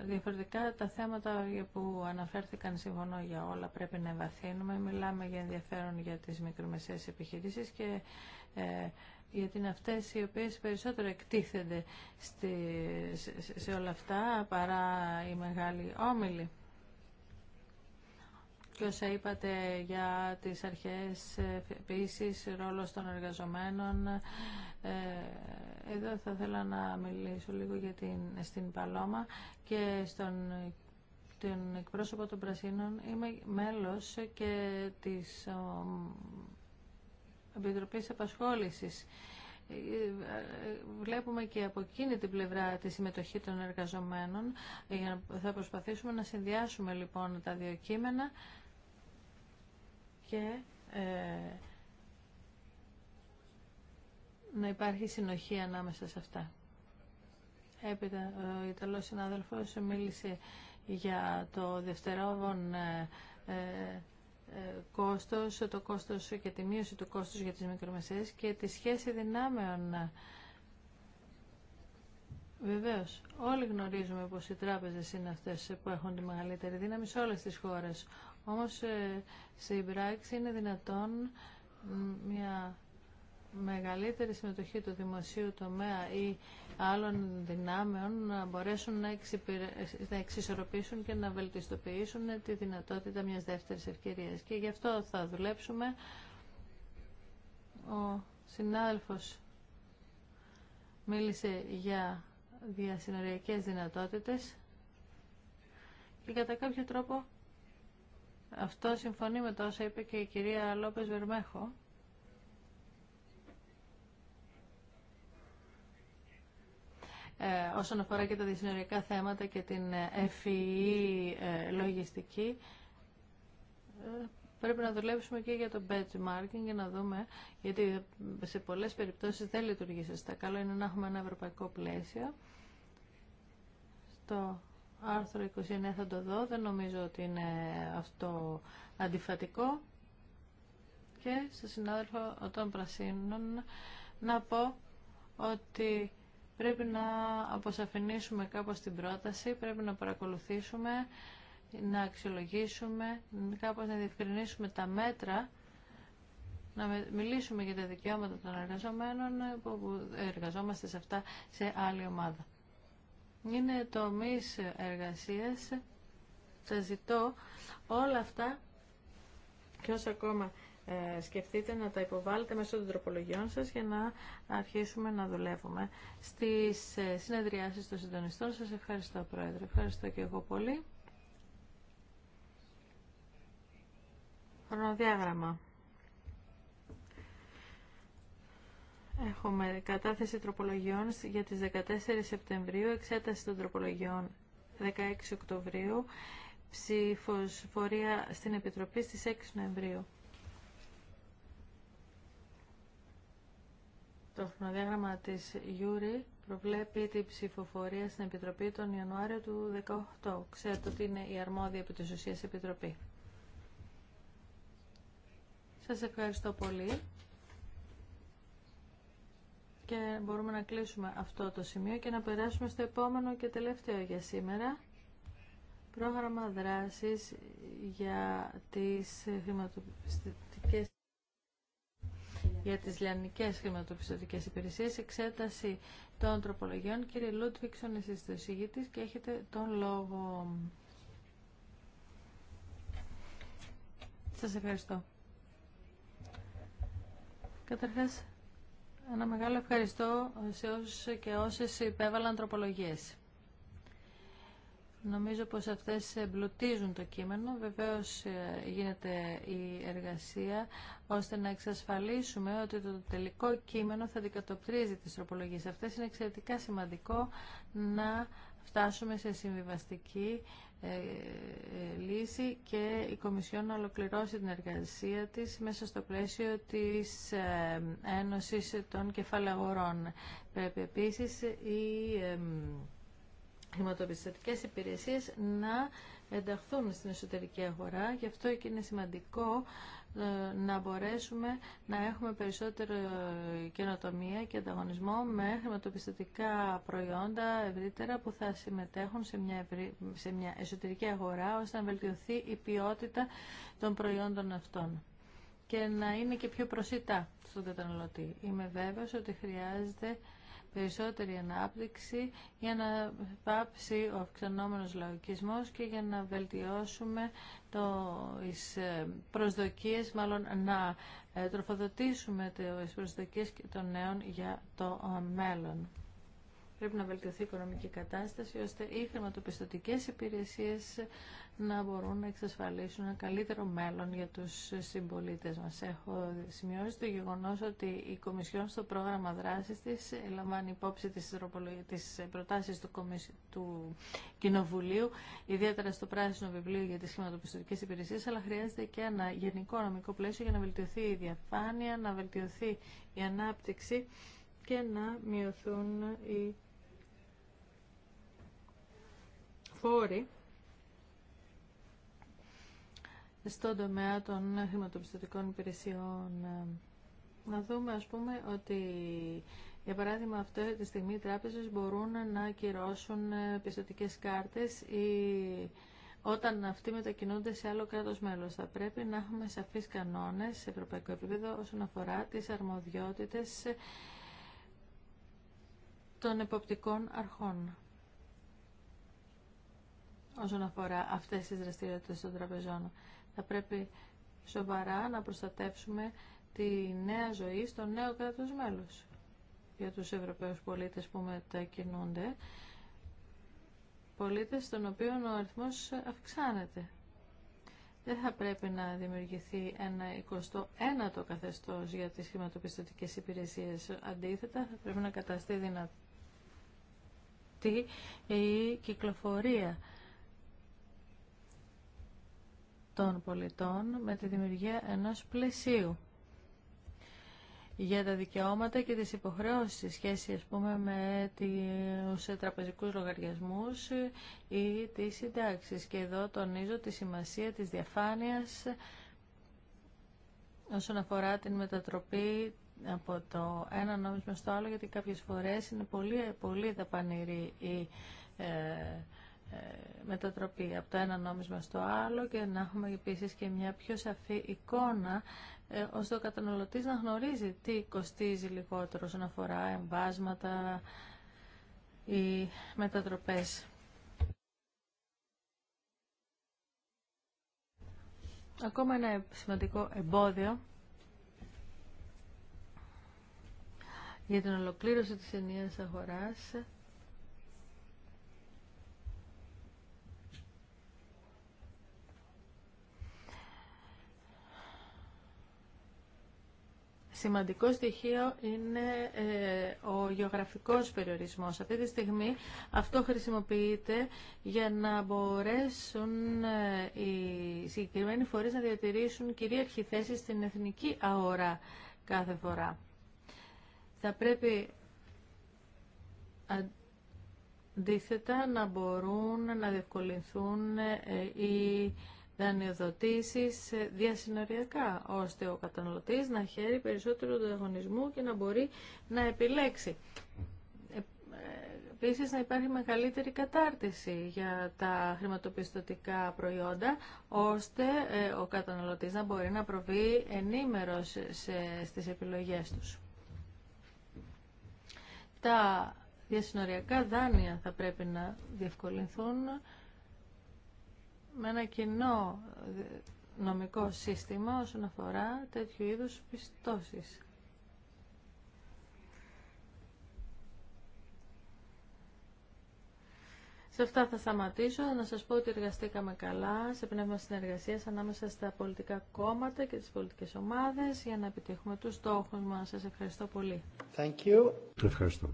διαφορετικά τα θέματα που αναφέρθηκαν συμφωνώ για όλα πρέπει να εμβαθύνουμε. Μιλάμε για ενδιαφέρον για τις μικρομεσαίες επιχειρήσεις και γιατί είναι αυτές οι οποίες περισσότερο εκτίθενται στη, σε, όλα αυτά παρά οι μεγάλοι όμιλοι. Και όσα είπατε για τις αρχές επίση, ρόλος των εργαζομένων, ε, εδώ θα ήθελα να μιλήσω λίγο για την, στην Παλώμα και στον τον εκπρόσωπο των Πρασίνων. Είμαι μέλος και της Επιτροπής Απασχόλησης. Ε, βλέπουμε και από εκείνη την πλευρά τη συμμετοχή των εργαζομένων. Ε, θα προσπαθήσουμε να συνδυάσουμε λοιπόν τα δύο κείμενα και ε, να υπάρχει συνοχή ανάμεσα σε αυτά. Έπειτα ο Ιταλός συνάδελφος μίλησε για το δευτερόβον ε, κόστος, το κόστος και τη μείωση του κόστους για τις μικρομεσαίες και τη σχέση δυνάμεων. Βεβαίως, όλοι γνωρίζουμε πως οι τράπεζες είναι αυτές που έχουν τη μεγαλύτερη δύναμη σε όλες τις χώρες. Όμως, ε, σε πράξη είναι δυνατόν μια μεγαλύτερη συμμετοχή του δημοσίου τομέα ή άλλων δυνάμεων να μπορέσουν να, να εξισορροπήσουν και να βελτιστοποιήσουν τη δυνατότητα μιας δεύτερης ευκαιρίας. Και γι' αυτό θα δουλέψουμε. Ο συνάδελφος μίλησε για διασυνοριακές δυνατότητες και κατά κάποιο τρόπο αυτό συμφωνεί με το όσα είπε και η κυρία Λόπες Βερμέχο Ε, όσον αφορά και τα δυσυνοριακά θέματα και την ε, FEE e, ε, λογιστική. Πρέπει να δουλέψουμε και για το benchmarking για να δούμε, γιατί σε πολλές περιπτώσεις δεν λειτουργεί σωστά. Καλό είναι να έχουμε ένα ευρωπαϊκό πλαίσιο. Στο άρθρο 29 θα το δω, δεν νομίζω ότι είναι αυτό αντιφατικό. Και στο συνάδελφο των Πρασίνων να πω ότι Πρέπει να αποσαφηνίσουμε κάπως την πρόταση, πρέπει να παρακολουθήσουμε, να αξιολογήσουμε, κάπως να διευκρινίσουμε τα μέτρα, να μιλήσουμε για τα δικαιώματα των εργαζομένων που εργαζόμαστε σε αυτά σε άλλη ομάδα. Είναι μής εργασίας. Σας ζητώ όλα αυτά και όσο ακόμα ε, σκεφτείτε να τα υποβάλλετε μέσω των τροπολογιών σας για να αρχίσουμε να δουλεύουμε στις ε, συνεδριάσεις των συντονιστών. Σας ευχαριστώ Πρόεδρε. Ευχαριστώ και εγώ πολύ. Χρονοδιάγραμμα. Έχουμε κατάθεση τροπολογιών για τις 14 Σεπτεμβρίου, εξέταση των τροπολογιών 16 Οκτωβρίου, ψηφοφορία στην Επιτροπή στις 6 Νοεμβρίου. Το χρονοδιάγραμμα της Γιούρη προβλέπει την ψηφοφορία στην Επιτροπή τον Ιανουάριο του 2018. Ξέρετε ότι είναι η αρμόδια επί της ουσίας Επιτροπή. Σας ευχαριστώ πολύ και μπορούμε να κλείσουμε αυτό το σημείο και να περάσουμε στο επόμενο και τελευταίο για σήμερα πρόγραμμα δράσης για τις χρηματοπιστικές για τις λιανικές χρηματοπιστωτικές υπηρεσίες, εξέταση των τροπολογιών. Κύριε Λούτβικσον, εσείς ο εισηγητής και έχετε τον λόγο. Σας ευχαριστώ. Καταρχάς, ένα μεγάλο ευχαριστώ σε όσους και όσες υπέβαλαν τροπολογίες. Νομίζω πως αυτές εμπλουτίζουν το κείμενο. Βεβαίως ε, γίνεται η εργασία ώστε να εξασφαλίσουμε ότι το τελικό κείμενο θα δικατοπτρίζει τις τροπολογίες. Αυτές είναι εξαιρετικά σημαντικό να φτάσουμε σε συμβιβαστική ε, ε, λύση και η Κομισιόν να ολοκληρώσει την εργασία της μέσα στο πλαίσιο της Ένωσης των Κεφαλαγορών. Πρέπει επίσης η χρηματοπιστωτικές υπηρεσίες να ενταχθούν στην εσωτερική αγορά. Γι' αυτό και είναι σημαντικό ε, να μπορέσουμε να έχουμε περισσότερο καινοτομία και ανταγωνισμό με χρηματοπιστωτικά προϊόντα ευρύτερα που θα συμμετέχουν σε μια, σε μια εσωτερική αγορά ώστε να βελτιωθεί η ποιότητα των προϊόντων αυτών και να είναι και πιο προσιτά στον καταναλωτή. Είμαι βέβαιος ότι χρειάζεται περισσότερη ανάπτυξη για να πάψει ο αυξανόμενος λαϊκισμός και για να βελτιώσουμε το, τις ε, προσδοκίες, μάλλον να ε, τροφοδοτήσουμε τις προσδοκίες των νέων για το ε, μέλλον. Πρέπει να βελτιωθεί η οικονομική κατάσταση ώστε οι χρηματοπιστωτικέ υπηρεσίε να μπορούν να εξασφαλίσουν ένα καλύτερο μέλλον για του συμπολίτε μα. Έχω σημειώσει το γεγονό ότι η Κομισιόν στο πρόγραμμα δράση τη, λαμβάνει υπόψη τι προτάσει προτάσεις του, του Κοινοβουλίου, ιδιαίτερα στο πράσινο βιβλίο για τι χρηματοπιστωτικέ υπηρεσίε, αλλά χρειάζεται και ένα γενικό νομικό πλαίσιο για να βελτιωθεί η διαφάνεια, να βελτιωθεί η ανάπτυξη και να μειωθούν οι φόροι στον τομέα των χρηματοπιστωτικών υπηρεσιών. Να δούμε, ας πούμε, ότι για παράδειγμα, αυτή τη στιγμή οι τράπεζες μπορούν να ακυρώσουν ε, πιστωτικές κάρτες ή όταν αυτοί μετακινούνται σε άλλο κράτος μέλος. Θα πρέπει να έχουμε σαφείς κανόνες σε ευρωπαϊκό επίπεδο όσον αφορά τις αρμοδιότητες των εποπτικών αρχών όσον αφορά αυτές τις δραστηριότητες των τραπεζών. Θα πρέπει σοβαρά να προστατεύσουμε τη νέα ζωή στο νέο κράτος μέλος για τους Ευρωπαίους πολίτες που μετακινούνται, πολίτες των οποίων ο αριθμός αυξάνεται. Δεν θα πρέπει να δημιουργηθεί ένα 21ο καθεστώς για τις χρηματοπιστωτικές υπηρεσίες. Αντίθετα, θα πρέπει να καταστεί δυνατή η κυκλοφορία των πολιτών με τη δημιουργία ενός πλαισίου για τα δικαιώματα και τις υποχρεώσεις σε σχέση ας πούμε με τους ε, τραπεζικούς λογαριασμούς ή τις συντάξει. Και εδώ τονίζω τη σημασία της διαφάνειας όσον αφορά την μετατροπή από το ένα νόμισμα στο άλλο γιατί κάποιες φορές είναι πολύ, πολύ δαπανηρή η ε, ε, μετατροπή από το ένα νόμισμα στο άλλο και να έχουμε επίσης και μια πιο σαφή εικόνα ε, ώστε ο καταναλωτής να γνωρίζει τι κοστίζει λιγότερο όσον αφορά εμβάσματα ή μετατροπές. Ακόμα ένα σημαντικό εμπόδιο για την ολοκλήρωση της ενίας αγοράς σημαντικό στοιχείο είναι ε, ο γεωγραφικός περιορισμός. Αυτή τη στιγμή αυτό χρησιμοποιείται για να μπορέσουν ε, οι συγκεκριμένοι φορείς να διατηρήσουν κυρίαρχη θέση στην εθνική αγορά κάθε φορά. Θα πρέπει αντίθετα να μπορούν να διευκολυνθούν ε, οι δανειοδοτήσεις διασυνοριακά, ώστε ο καταναλωτής να χαίρει περισσότερο του ανταγωνισμού και να μπορεί να επιλέξει. Ε, επίσης να υπάρχει μεγαλύτερη κατάρτιση για τα χρηματοπιστωτικά προϊόντα, ώστε ε, ο καταναλωτής να μπορεί να προβεί ενήμερος σε, στις επιλογές τους. Τα διασυνοριακά δάνεια θα πρέπει να διευκολυνθούν με ένα κοινό ε, νομικό σύστημα όσον αφορά τέτοιου είδους πιστώσεις. Σε αυτά θα σταματήσω. Να σας πω ότι εργαστήκαμε καλά σε πνεύμα συνεργασίας ανάμεσα στα πολιτικά κόμματα και τις πολιτικές ομάδες για να επιτύχουμε τους στόχους μας. Σας ευχαριστώ πολύ. Thank you. Ευχαριστώ.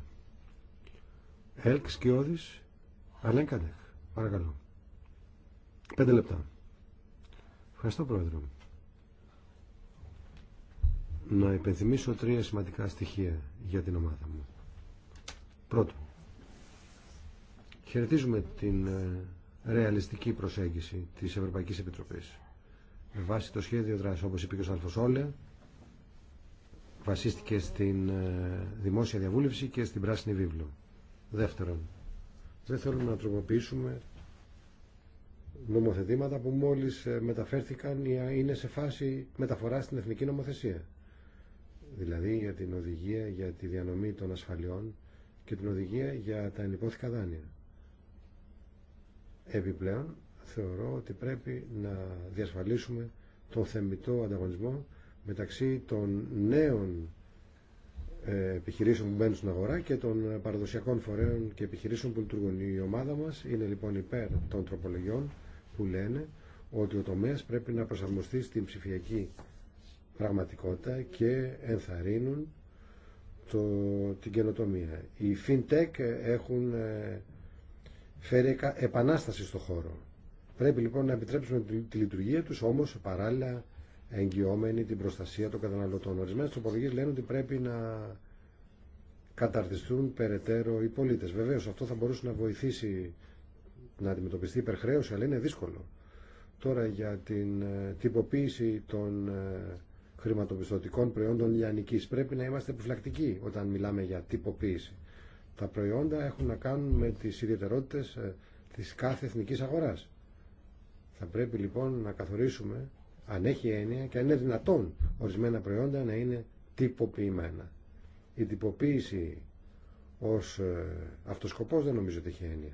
και Όδης. Παρακαλώ. Πέντε λεπτά. Ευχαριστώ Πρόεδρο. Να υπενθυμίσω τρία σημαντικά στοιχεία για την ομάδα μου. Πρώτον, χαιρετίζουμε την ε, ρεαλιστική προσέγγιση της Ευρωπαϊκής Επιτροπής. Με βάση το σχέδιο δράση, όπως είπε και ο Σαλφος Όλε, βασίστηκε στην ε, δημόσια διαβούλευση και στην πράσινη βίβλο. Δεύτερον, δεν θέλουμε να τροποποιήσουμε νομοθετήματα που μόλις ε, μεταφέρθηκαν είναι σε φάση μεταφοράς στην εθνική νομοθεσία. Δηλαδή για την οδηγία για τη διανομή των ασφαλιών και την οδηγία για τα ενυπόθηκα δάνεια. Επιπλέον θεωρώ ότι πρέπει να διασφαλίσουμε τον θεμητό ανταγωνισμό μεταξύ των νέων ε, επιχειρήσεων που μπαίνουν στην αγορά και των παραδοσιακών φορέων και επιχειρήσεων που λειτουργούν. Η ομάδα μας είναι λοιπόν υπέρ των τροπολογιών που λένε ότι ο τομέας πρέπει να προσαρμοστεί στην ψηφιακή πραγματικότητα και ενθαρρύνουν το, την καινοτομία. Οι FinTech έχουν ε, φέρει επανάσταση στο χώρο. Πρέπει λοιπόν να επιτρέψουμε τη λειτουργία τους, όμως παράλληλα εγγυόμενοι την προστασία των καταναλωτών. Ορισμένες τροπολογίες λένε ότι πρέπει να καταρτιστούν περαιτέρω οι πολίτες. Βεβαίως αυτό θα μπορούσε να βοηθήσει να αντιμετωπιστεί υπερχρέωση, αλλά είναι δύσκολο. Τώρα για την ε, τυποποίηση των ε, χρηματοπιστωτικών προϊόντων λιανικής πρέπει να είμαστε επιφυλακτικοί όταν μιλάμε για τυποποίηση. Τα προϊόντα έχουν να κάνουν με τις ιδιαιτερότητες ε, της κάθε εθνικής αγοράς. Θα πρέπει λοιπόν να καθορίσουμε αν έχει έννοια και αν είναι δυνατόν ορισμένα προϊόντα να είναι τυποποιημένα. Η τυποποίηση ως αυτοσκοπός δεν νομίζω ότι έχει έννοια.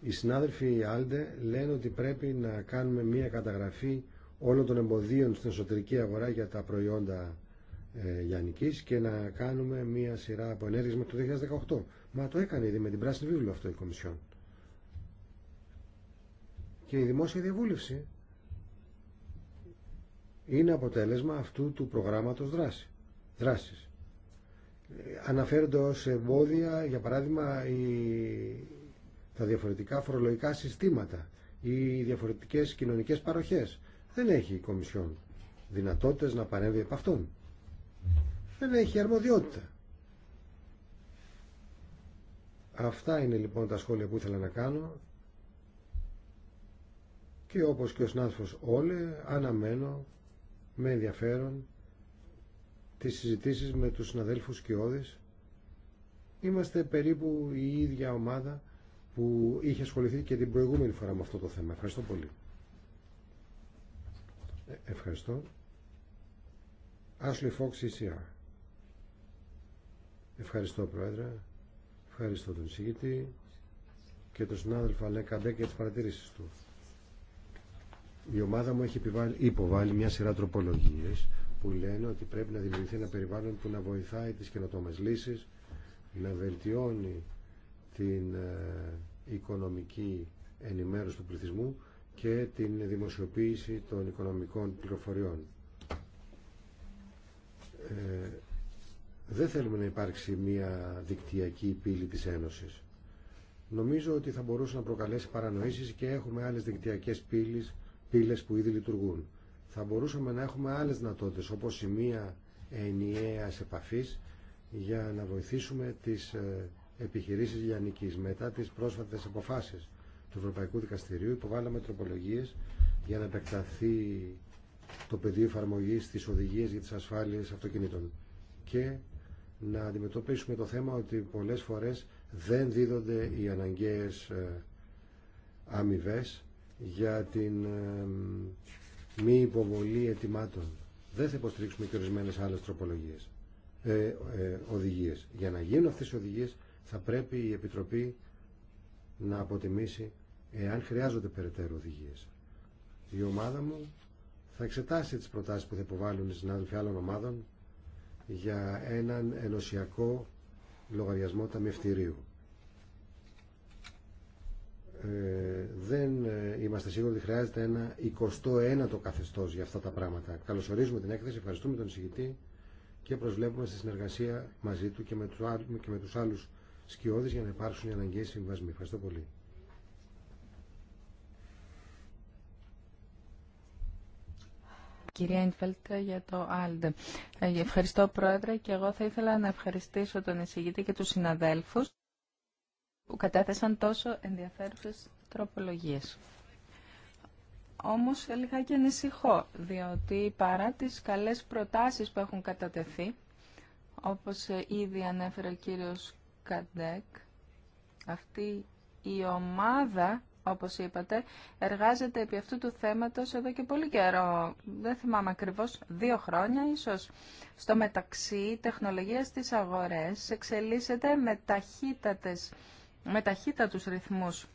Οι συνάδελφοι Άλντε λένε ότι πρέπει να κάνουμε μία καταγραφή όλων των εμποδίων στην εσωτερική αγορά για τα προϊόντα ε, και να κάνουμε μία σειρά από ενέργειες με το 2018. Μα το έκανε ήδη με την πράσινη βίβλο αυτό η Κομισιόν. Και η δημόσια διαβούλευση είναι αποτέλεσμα αυτού του προγράμματος δράση, δράσης. Ε, αναφέρονται εμπόδια, για παράδειγμα, η τα διαφορετικά φορολογικά συστήματα ή διαφορετικές κοινωνικές παροχές. Δεν έχει η Κομισιόν δυνατότητες να παρέμβει επ' αυτών. Δεν έχει αρμοδιότητα. Αυτά είναι λοιπόν τα σχόλια που ήθελα να κάνω και όπως και ο συνάδελφος Όλε αναμένω με ενδιαφέρον τις συζητήσεις με τους συναδέλφους Κιώδης. Είμαστε περίπου η ίδια ομάδα που είχε ασχοληθεί και την προηγούμενη φορά με αυτό το θέμα. Ευχαριστώ πολύ. Ε, ευχαριστώ. Ashley Fox, ECR. Ευχαριστώ, Πρόεδρε. Ευχαριστώ τον εισηγητή και τον συνάδελφο Αλέκα Μπέκ για τις παρατηρήσεις του. Η ομάδα μου έχει υποβάλει μια σειρά τροπολογίες που λένε ότι πρέπει να δημιουργηθεί ένα περιβάλλον που να βοηθάει τις καινοτόμες λύσεις, να βελτιώνει την ε, οικονομική ενημέρωση του πληθυσμού και την δημοσιοποίηση των οικονομικών πληροφοριών. Ε, δεν θέλουμε να υπάρξει μια δικτυακή πύλη της Ένωσης. Νομίζω ότι θα μπορούσε να προκαλέσει παρανοήσεις και έχουμε άλλες δικτυακές πύλες, πύλες που ήδη λειτουργούν. Θα μπορούσαμε να έχουμε άλλες δυνατότητε, όπως μία ενιαίας επαφής για να βοηθήσουμε τις ε, επιχειρήσεις λιανικής. Μετά τις πρόσφατες αποφάσεις του Ευρωπαϊκού Δικαστηρίου υποβάλαμε τροπολογίες για να επεκταθεί το πεδίο εφαρμογή στις οδηγίες για τις ασφάλειες αυτοκινήτων και να αντιμετωπίσουμε το θέμα ότι πολλές φορές δεν δίδονται οι αναγκαίες ε, αμοιβέ για την μη υποβολή ετοιμάτων. Δεν θα υποστηρίξουμε και ορισμένε άλλε τροπολογίε, ε, ε οδηγίε. Για να γίνουν αυτέ οι οδηγίε θα πρέπει η Επιτροπή να αποτιμήσει εάν χρειάζονται περαιτέρω οδηγίες. Η ομάδα μου θα εξετάσει τις προτάσεις που θα υποβάλουν οι συνάδελφοι άλλων ομάδων για έναν ενωσιακό λογαριασμό ταμιευτηρίου. Ε, δεν ε, είμαστε σίγουροι ότι χρειάζεται ένα 29ο καθεστώς για αυτά τα πράγματα. Καλωσορίζουμε την έκθεση, ευχαριστούμε τον εισηγητή και προσβλέπουμε στη συνεργασία μαζί του και με τους άλλους σκιώδης για να υπάρξουν οι αναγκαίες συμβασμοί. Ευχαριστώ πολύ. Κυρία Ινφέλτ για το Άλντε. Ε, ευχαριστώ Πρόεδρε και εγώ θα ήθελα να ευχαριστήσω τον εισηγητή και τους συναδέλφους που κατέθεσαν τόσο ενδιαφέρουσες τροπολογίες. Όμως έλεγα και ανησυχώ, διότι παρά τις καλές προτάσεις που έχουν κατατεθεί, όπως ήδη ανέφερε ο κύριος αυτή η ομάδα, όπως είπατε, εργάζεται επί αυτού του θέματος εδώ και πολύ καιρό. Δεν θυμάμαι ακριβώς, δύο χρόνια ίσως. Στο μεταξύ, η τεχνολογία στις αγορές εξελίσσεται με, ταχύτατες, με ταχύτατους ρυθμούς,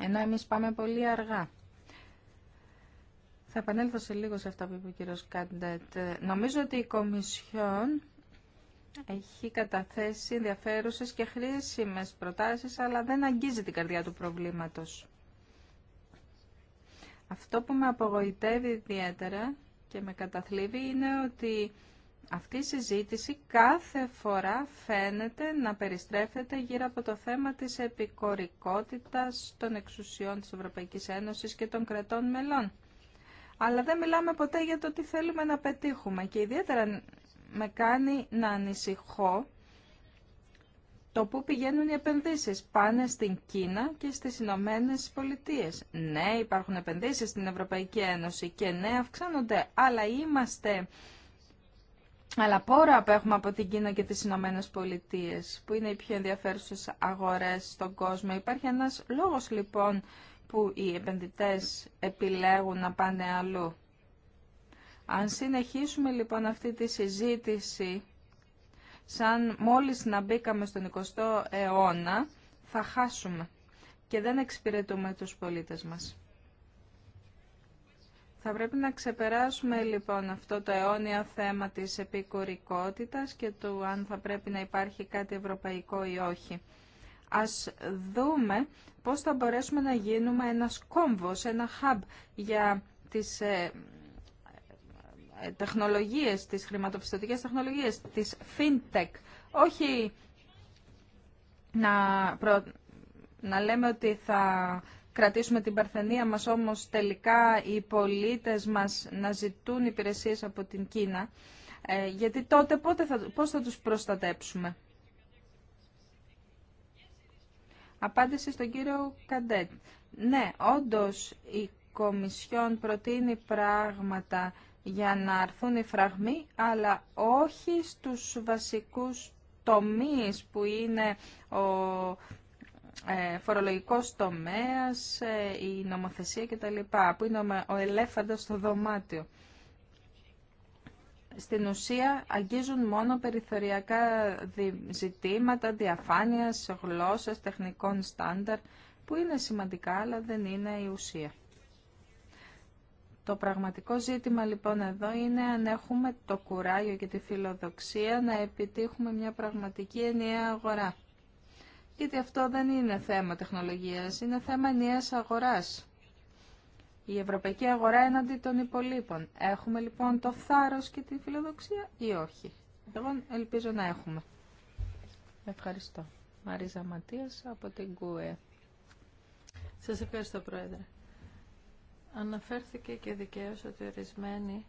ενώ εμείς πάμε πολύ αργά. Θα επανέλθω σε λίγο σε αυτά που είπε ο κύριος Κάντετ. Νομίζω ότι η Κομισιόν έχει καταθέσει ενδιαφέρουσε και χρήσιμες προτάσεις, αλλά δεν αγγίζει την καρδιά του προβλήματος. Αυτό που με απογοητεύει ιδιαίτερα και με καταθλίβει είναι ότι αυτή η συζήτηση κάθε φορά φαίνεται να περιστρέφεται γύρω από το θέμα της επικορικότητας των εξουσιών της Ευρωπαϊκής Ένωσης και των κρατών μελών. Αλλά δεν μιλάμε ποτέ για το τι θέλουμε να πετύχουμε και ιδιαίτερα με κάνει να ανησυχώ το πού πηγαίνουν οι επενδύσεις. Πάνε στην Κίνα και στις Ηνωμένε Πολιτείε. Ναι, υπάρχουν επενδύσεις στην Ευρωπαϊκή Ένωση και ναι, αυξάνονται, αλλά είμαστε... Αλλά πόρα απέχουμε από την Κίνα και τις Ηνωμένε Πολιτείε, που είναι οι πιο ενδιαφέρουσε αγορές στον κόσμο. Υπάρχει ένας λόγος λοιπόν που οι επενδυτές επιλέγουν να πάνε αλλού. Αν συνεχίσουμε λοιπόν αυτή τη συζήτηση σαν μόλις να μπήκαμε στον 20ο αιώνα, θα χάσουμε και δεν εξυπηρετούμε τους πολίτες μας. Θα πρέπει να ξεπεράσουμε λοιπόν αυτό το αιώνια θέμα της επικουρικότητας και του αν θα πρέπει να υπάρχει κάτι ευρωπαϊκό ή όχι. Ας δούμε πώς θα μπορέσουμε να γίνουμε ένας κόμβος, ένα hub για τις ε, τεχνολογίες, τις χρηματοπιστωτικές τεχνολογίες, τις fintech, όχι να, προ... να λέμε ότι θα κρατήσουμε την παρθενία μας όμως τελικά οι πολίτες μας να ζητούν υπηρεσίες από την Κίνα, ε, γιατί τότε πότε θα, πώς θα τους προστατέψουμε. Απάντηση στον κύριο Καντέτ. Ναι, όντως η Κομισιόν προτείνει πράγματα για να αρθούν οι φραγμοί, αλλά όχι στους βασικούς τομείς που είναι ο ε, φορολογικός τομέας, ε, η νομοθεσία κτλ. που είναι ο ελέφαντας στο δωμάτιο. Στην ουσία αγγίζουν μόνο περιθωριακά ζητήματα διαφάνειας, γλώσσας, τεχνικών στάνταρ που είναι σημαντικά αλλά δεν είναι η ουσία. Το πραγματικό ζήτημα λοιπόν εδώ είναι αν έχουμε το κουράγιο και τη φιλοδοξία να επιτύχουμε μια πραγματική ενιαία αγορά. Γιατί αυτό δεν είναι θέμα τεχνολογίας, είναι θέμα ενιαίας αγοράς. Η ευρωπαϊκή αγορά έναντι των υπολείπων. Έχουμε λοιπόν το θάρρος και τη φιλοδοξία ή όχι. Εγώ λοιπόν, ελπίζω να έχουμε. Ευχαριστώ. Μαρίζα Ματίας από την ΚΟΕ. Σας ευχαριστώ Πρόεδρε. Αναφέρθηκε και δικαίως ότι ορισμένοι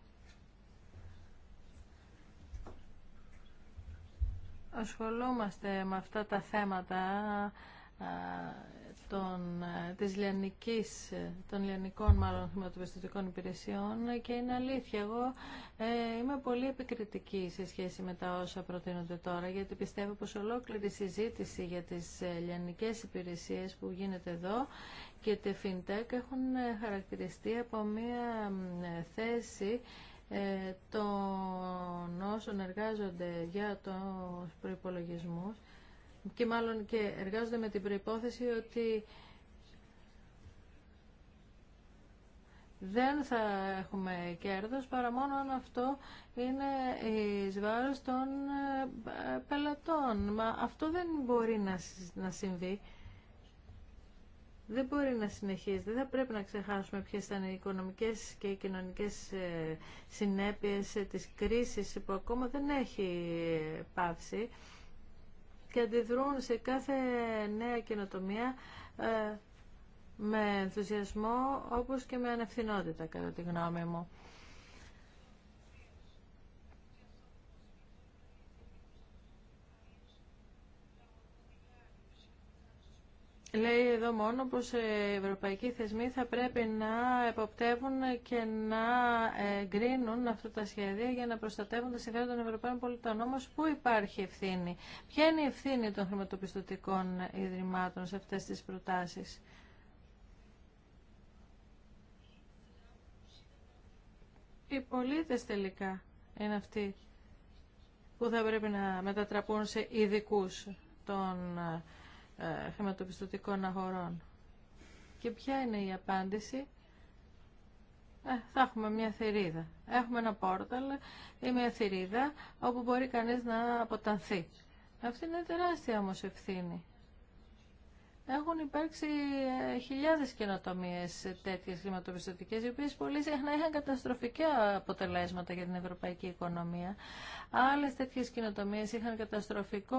ασχολούμαστε με αυτά τα θέματα των, ε, της λιανικής, ε, των λιανικών μάλλον χρηματοπιστωτικών υπηρεσιών και είναι αλήθεια. Εγώ ε, είμαι πολύ επικριτική σε σχέση με τα όσα προτείνονται τώρα γιατί πιστεύω πως ολόκληρη συζήτηση για τις ε, λιανικές υπηρεσίες που γίνεται εδώ και τη fintech έχουν χαρακτηριστεί από μια θέση των όσων εργάζονται για τους προϋπολογισμούς και μάλλον και εργάζονται με την προϋπόθεση ότι δεν θα έχουμε κέρδος παρά μόνο αν αυτό είναι εις βάρος των ε, πελατών. Μα αυτό δεν μπορεί να συμβεί. Δεν μπορεί να συνεχίζεται. Δεν θα πρέπει να ξεχάσουμε ποιες ήταν οι οικονομικές και οι κοινωνικές ε, συνέπειες ε, της κρίσης που ακόμα δεν έχει πάψει και αντιδρούν σε κάθε νέα καινοτομία ε, με ενθουσιασμό όπως και με ανευθυνότητα κατά τη γνώμη μου. Λέει εδώ μόνο πως ε, οι ευρωπαϊκοί θεσμοί θα πρέπει να εποπτεύουν και να γκρίνουν αυτά τα σχέδια για να προστατεύουν τα συμφέροντα των Ευρωπαίων πολιτών. Όμως πού υπάρχει ευθύνη, ποια είναι η ευθύνη των χρηματοπιστωτικών ιδρυμάτων σε αυτές τις προτάσεις. Οι πολίτες τελικά είναι αυτοί που θα πρέπει να μετατραπούν σε ειδικού των ε, ε, χρηματοπιστωτικών αγορών. Και ποια είναι η απάντηση. Ε, θα έχουμε μια θηρίδα. Έχουμε ένα πόρταλ ή μια θηρίδα όπου μπορεί κανείς να αποτανθεί. Αυτή είναι τεράστια όμως ευθύνη. Έχουν υπάρξει ε, χιλιάδε καινοτομίε τέτοιε χρηματοπιστωτικέ, οι οποίε πολύ συχνά είχαν καταστροφικά αποτελέσματα για την ευρωπαϊκή οικονομία. Άλλε τέτοιε καινοτομίε είχαν καταστροφικό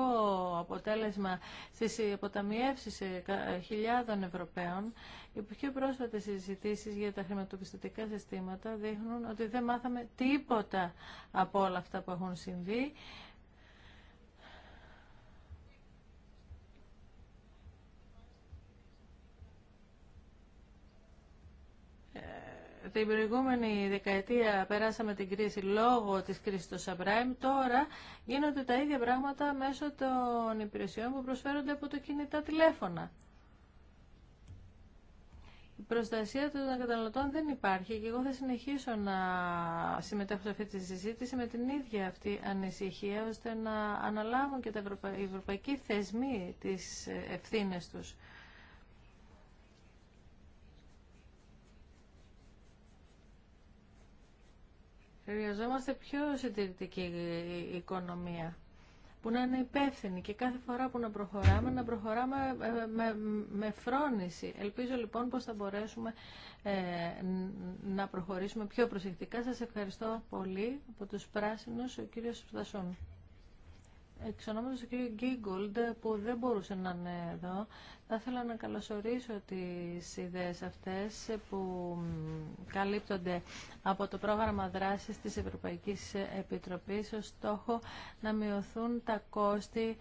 αποτέλεσμα στι αποταμιεύσει ε, ε, χιλιάδων Ευρωπαίων. Οι πιο πρόσφατε συζητήσει για τα χρηματοπιστωτικά συστήματα δείχνουν ότι δεν μάθαμε τίποτα από όλα αυτά που έχουν συμβεί. Την προηγούμενη δεκαετία περάσαμε την κρίση λόγω της κρίσης του subprime. Τώρα γίνονται τα ίδια πράγματα μέσω των υπηρεσιών που προσφέρονται από το κινητά τηλέφωνα. Η προστασία των καταναλωτών δεν υπάρχει και εγώ θα συνεχίσω να συμμετέχω σε αυτή τη συζήτηση με την ίδια αυτή ανησυχία ώστε να αναλάβουν και τα οι ευρωπαϊκοί θεσμοί τις ευθύνες τους. Χρειαζόμαστε πιο συντηρητική οικονομία που να είναι υπεύθυνη και κάθε φορά που να προχωράμε, να προχωράμε ε, με, φρόνηση. Ελπίζω λοιπόν πως θα μπορέσουμε ε, να προχωρήσουμε πιο προσεκτικά. Σας ευχαριστώ πολύ από τους πράσινους, ο κύριος Φτασόνου. Εξ ονόματος του Γκίγκολντ που δεν μπορούσε να είναι εδώ, θα ήθελα να καλωσορίσω τις ιδέες αυτές που καλύπτονται από το πρόγραμμα δράσης της Ευρωπαϊκής Επιτροπής ως στόχο να μειωθούν τα κόστη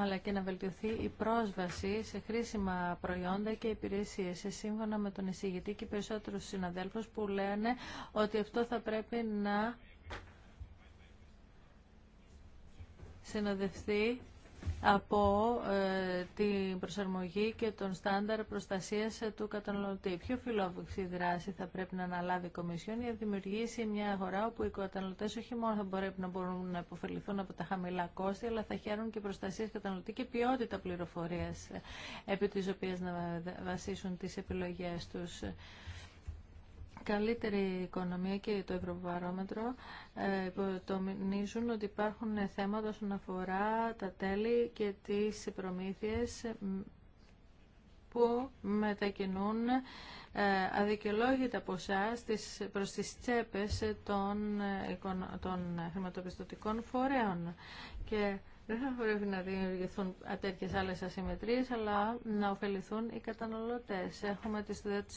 αλλά και να βελτιωθεί η πρόσβαση σε χρήσιμα προϊόντα και υπηρεσίες. Σύμφωνα με τον εισηγητή και περισσότερους συναδέλφους που λένε ότι αυτό θα πρέπει να συνοδευτεί από ε, την προσαρμογή και τον στάνταρ προστασίας ε, του καταναλωτή. Πιο φιλόδοξη δράση θα πρέπει να αναλάβει η Κομισιόν για να δημιουργήσει μια αγορά όπου οι καταναλωτέ όχι μόνο θα μπορεί να μπορούν να υποφεληθούν από τα χαμηλά κόστη, αλλά θα χαίρουν και προστασίες καταναλωτή και ποιότητα πληροφορίας ε, επί της οποίας να βασίσουν τις επιλογές τους καλύτερη οικονομία και το ευρωβαρόμετρο ε, υποτομίζουν ότι υπάρχουν θέματα όσον αφορά τα τέλη και τις προμήθειες ε, που μετακινούν ε, αδικαιολόγητα ποσά στις, προς τις τσέπες των, των χρηματοπιστωτικών φορέων. Και δεν θα πρέπει να δημιουργηθούν τέτοιε άλλε ασυμμετρίε, αλλά να ωφεληθούν οι καταναλωτέ. Έχουμε τη ιδέε τη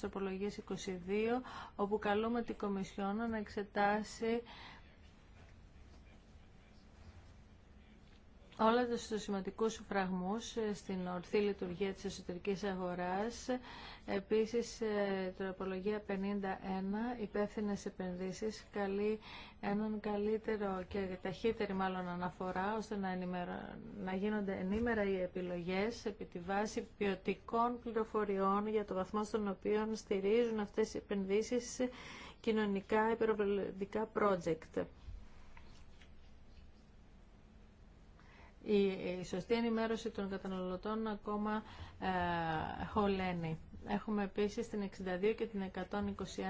22, όπου καλούμε την Κομισιόν να εξετάσει όλα τους σημαντικούς φραγμούς ε, στην ορθή λειτουργία της εσωτερικής αγοράς. Επίσης, ε, τροπολογία 51, υπεύθυνε επενδύσεις, καλή, έναν καλύτερο και ταχύτερη μάλλον αναφορά, ώστε να, να γίνονται ενήμερα οι επιλογές επί τη βάση ποιοτικών πληροφοριών για το βαθμό στον οποίο στηρίζουν αυτές οι επενδύσεις κοινωνικά υπεροπληκτικά project. η σωστή ενημέρωση των καταναλωτών ακόμα ε, χωλένει. Έχουμε επίσης την 62 και την 121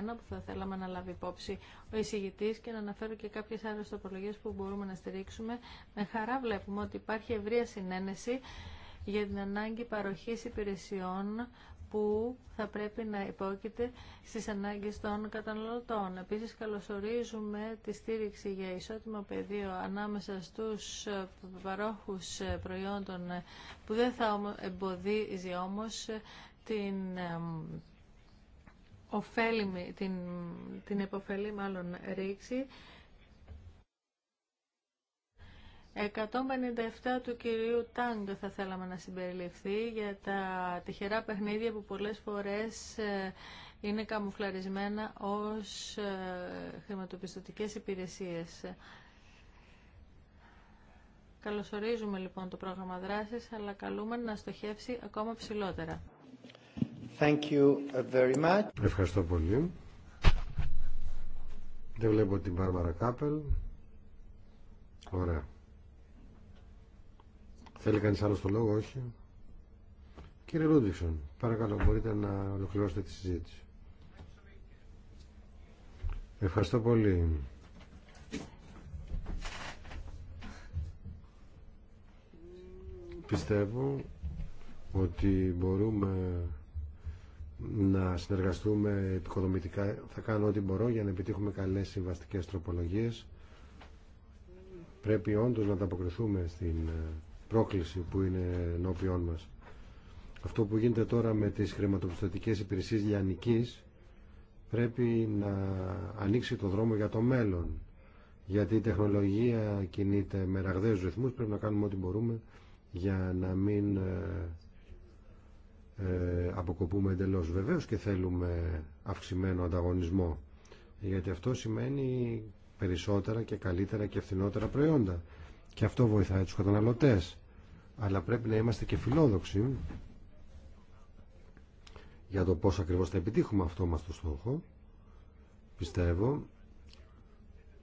που θα θέλαμε να λάβει υπόψη ο εισηγητής και να αναφέρω και κάποιες άλλες τοπολογίες που μπορούμε να στηρίξουμε. Με χαρά βλέπουμε ότι υπάρχει ευρεία συνένεση για την ανάγκη παροχής υπηρεσιών που θα πρέπει να υπόκειται στις ανάγκες των καταναλωτών. Επίσης, καλωσορίζουμε τη στήριξη για ισότιμο πεδίο ανάμεσα στους παρόχους προϊόντων που δεν θα εμποδίζει όμως την ωφέλιμη, την, την μάλλον ρήξη 157 του κυρίου Τάγκ θα θέλαμε να συμπεριληφθεί για τα τυχερά παιχνίδια που πολλές φορές ε, είναι καμουφλαρισμένα ως ε, χρηματοπιστωτικές υπηρεσίες. Καλωσορίζουμε λοιπόν το πρόγραμμα δράσης, αλλά καλούμε να στοχεύσει ακόμα ψηλότερα. Thank you very much. Ευχαριστώ πολύ. Δεν βλέπω την Μπάρμαρα Κάπελ. Ωραία. Θέλει κανείς άλλο το λόγο, όχι. Κύριε Ρούντιξον, παρακαλώ, μπορείτε να ολοκληρώσετε τη συζήτηση. Ευχαριστώ πολύ. Πιστεύω ότι μπορούμε να συνεργαστούμε επικοδομητικά. Θα κάνω ό,τι μπορώ για να επιτύχουμε καλές συμβαστικές τροπολογίες. Πρέπει όντως να ανταποκριθούμε στην ε, πρόκληση που είναι ενώπιόν μας. Αυτό που γίνεται τώρα με τις χρηματοπιστωτικές υπηρεσίες λιανικής πρέπει να ανοίξει το δρόμο για το μέλλον. Γιατί η τεχνολογία κινείται με ραγδαίους ρυθμούς, πρέπει να κάνουμε ό,τι μπορούμε για να μην ε, ε αποκοπούμε εντελώς. Βεβαίως και θέλουμε αυξημένο ανταγωνισμό, γιατί αυτό σημαίνει περισσότερα και καλύτερα και φθηνότερα προϊόντα. Και αυτό βοηθάει τους καταναλωτές αλλά πρέπει να είμαστε και φιλόδοξοι για το πώς ακριβώς θα επιτύχουμε αυτό μας το στόχο. Πιστεύω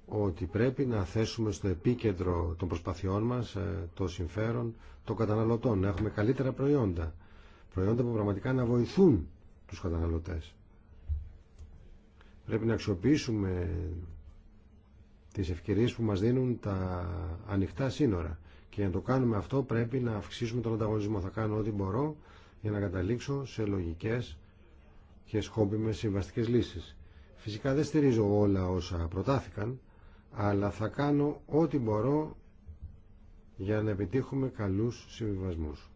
ότι πρέπει να θέσουμε στο επίκεντρο των προσπαθειών μας ε, το συμφέρον των καταναλωτών, να έχουμε καλύτερα προϊόντα, προϊόντα που πραγματικά να βοηθούν τους καταναλωτές. Πρέπει να αξιοποιήσουμε τις ευκαιρίες που μας δίνουν τα ανοιχτά σύνορα. Και για να το κάνουμε αυτό πρέπει να αυξήσουμε τον ανταγωνισμό. Θα κάνω ό,τι μπορώ για να καταλήξω σε λογικές και σκόπιμες συμβαστικέ λύσεις. Φυσικά δεν στηρίζω όλα όσα προτάθηκαν, αλλά θα κάνω ό,τι μπορώ για να επιτύχουμε καλούς συμβιβασμούς.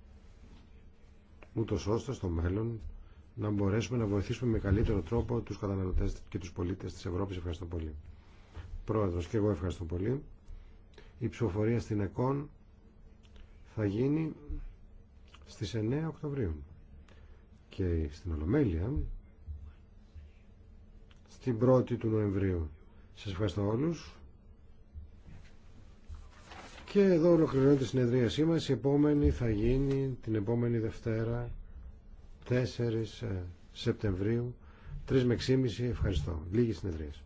Ούτως ώστε στο μέλλον να μπορέσουμε να βοηθήσουμε με καλύτερο τρόπο τους καταναλωτές και τους πολίτες της Ευρώπης. Ευχαριστώ πολύ. Πρόεδρος και εγώ ευχαριστώ πολύ. Η ψηφοφορία στην ΕΚΟΝ θα γίνει στις 9 Οκτωβρίου και στην Ολομέλεια στην 1η του Νοεμβρίου. Σας ευχαριστώ όλους. Και εδώ ολοκληρώνεται η συνεδρίασή μας. Η επόμενη θα γίνει την επόμενη Δευτέρα 4 ε, Σεπτεμβρίου 3 με 6.30. Ευχαριστώ. Λίγη συνεδρίαση.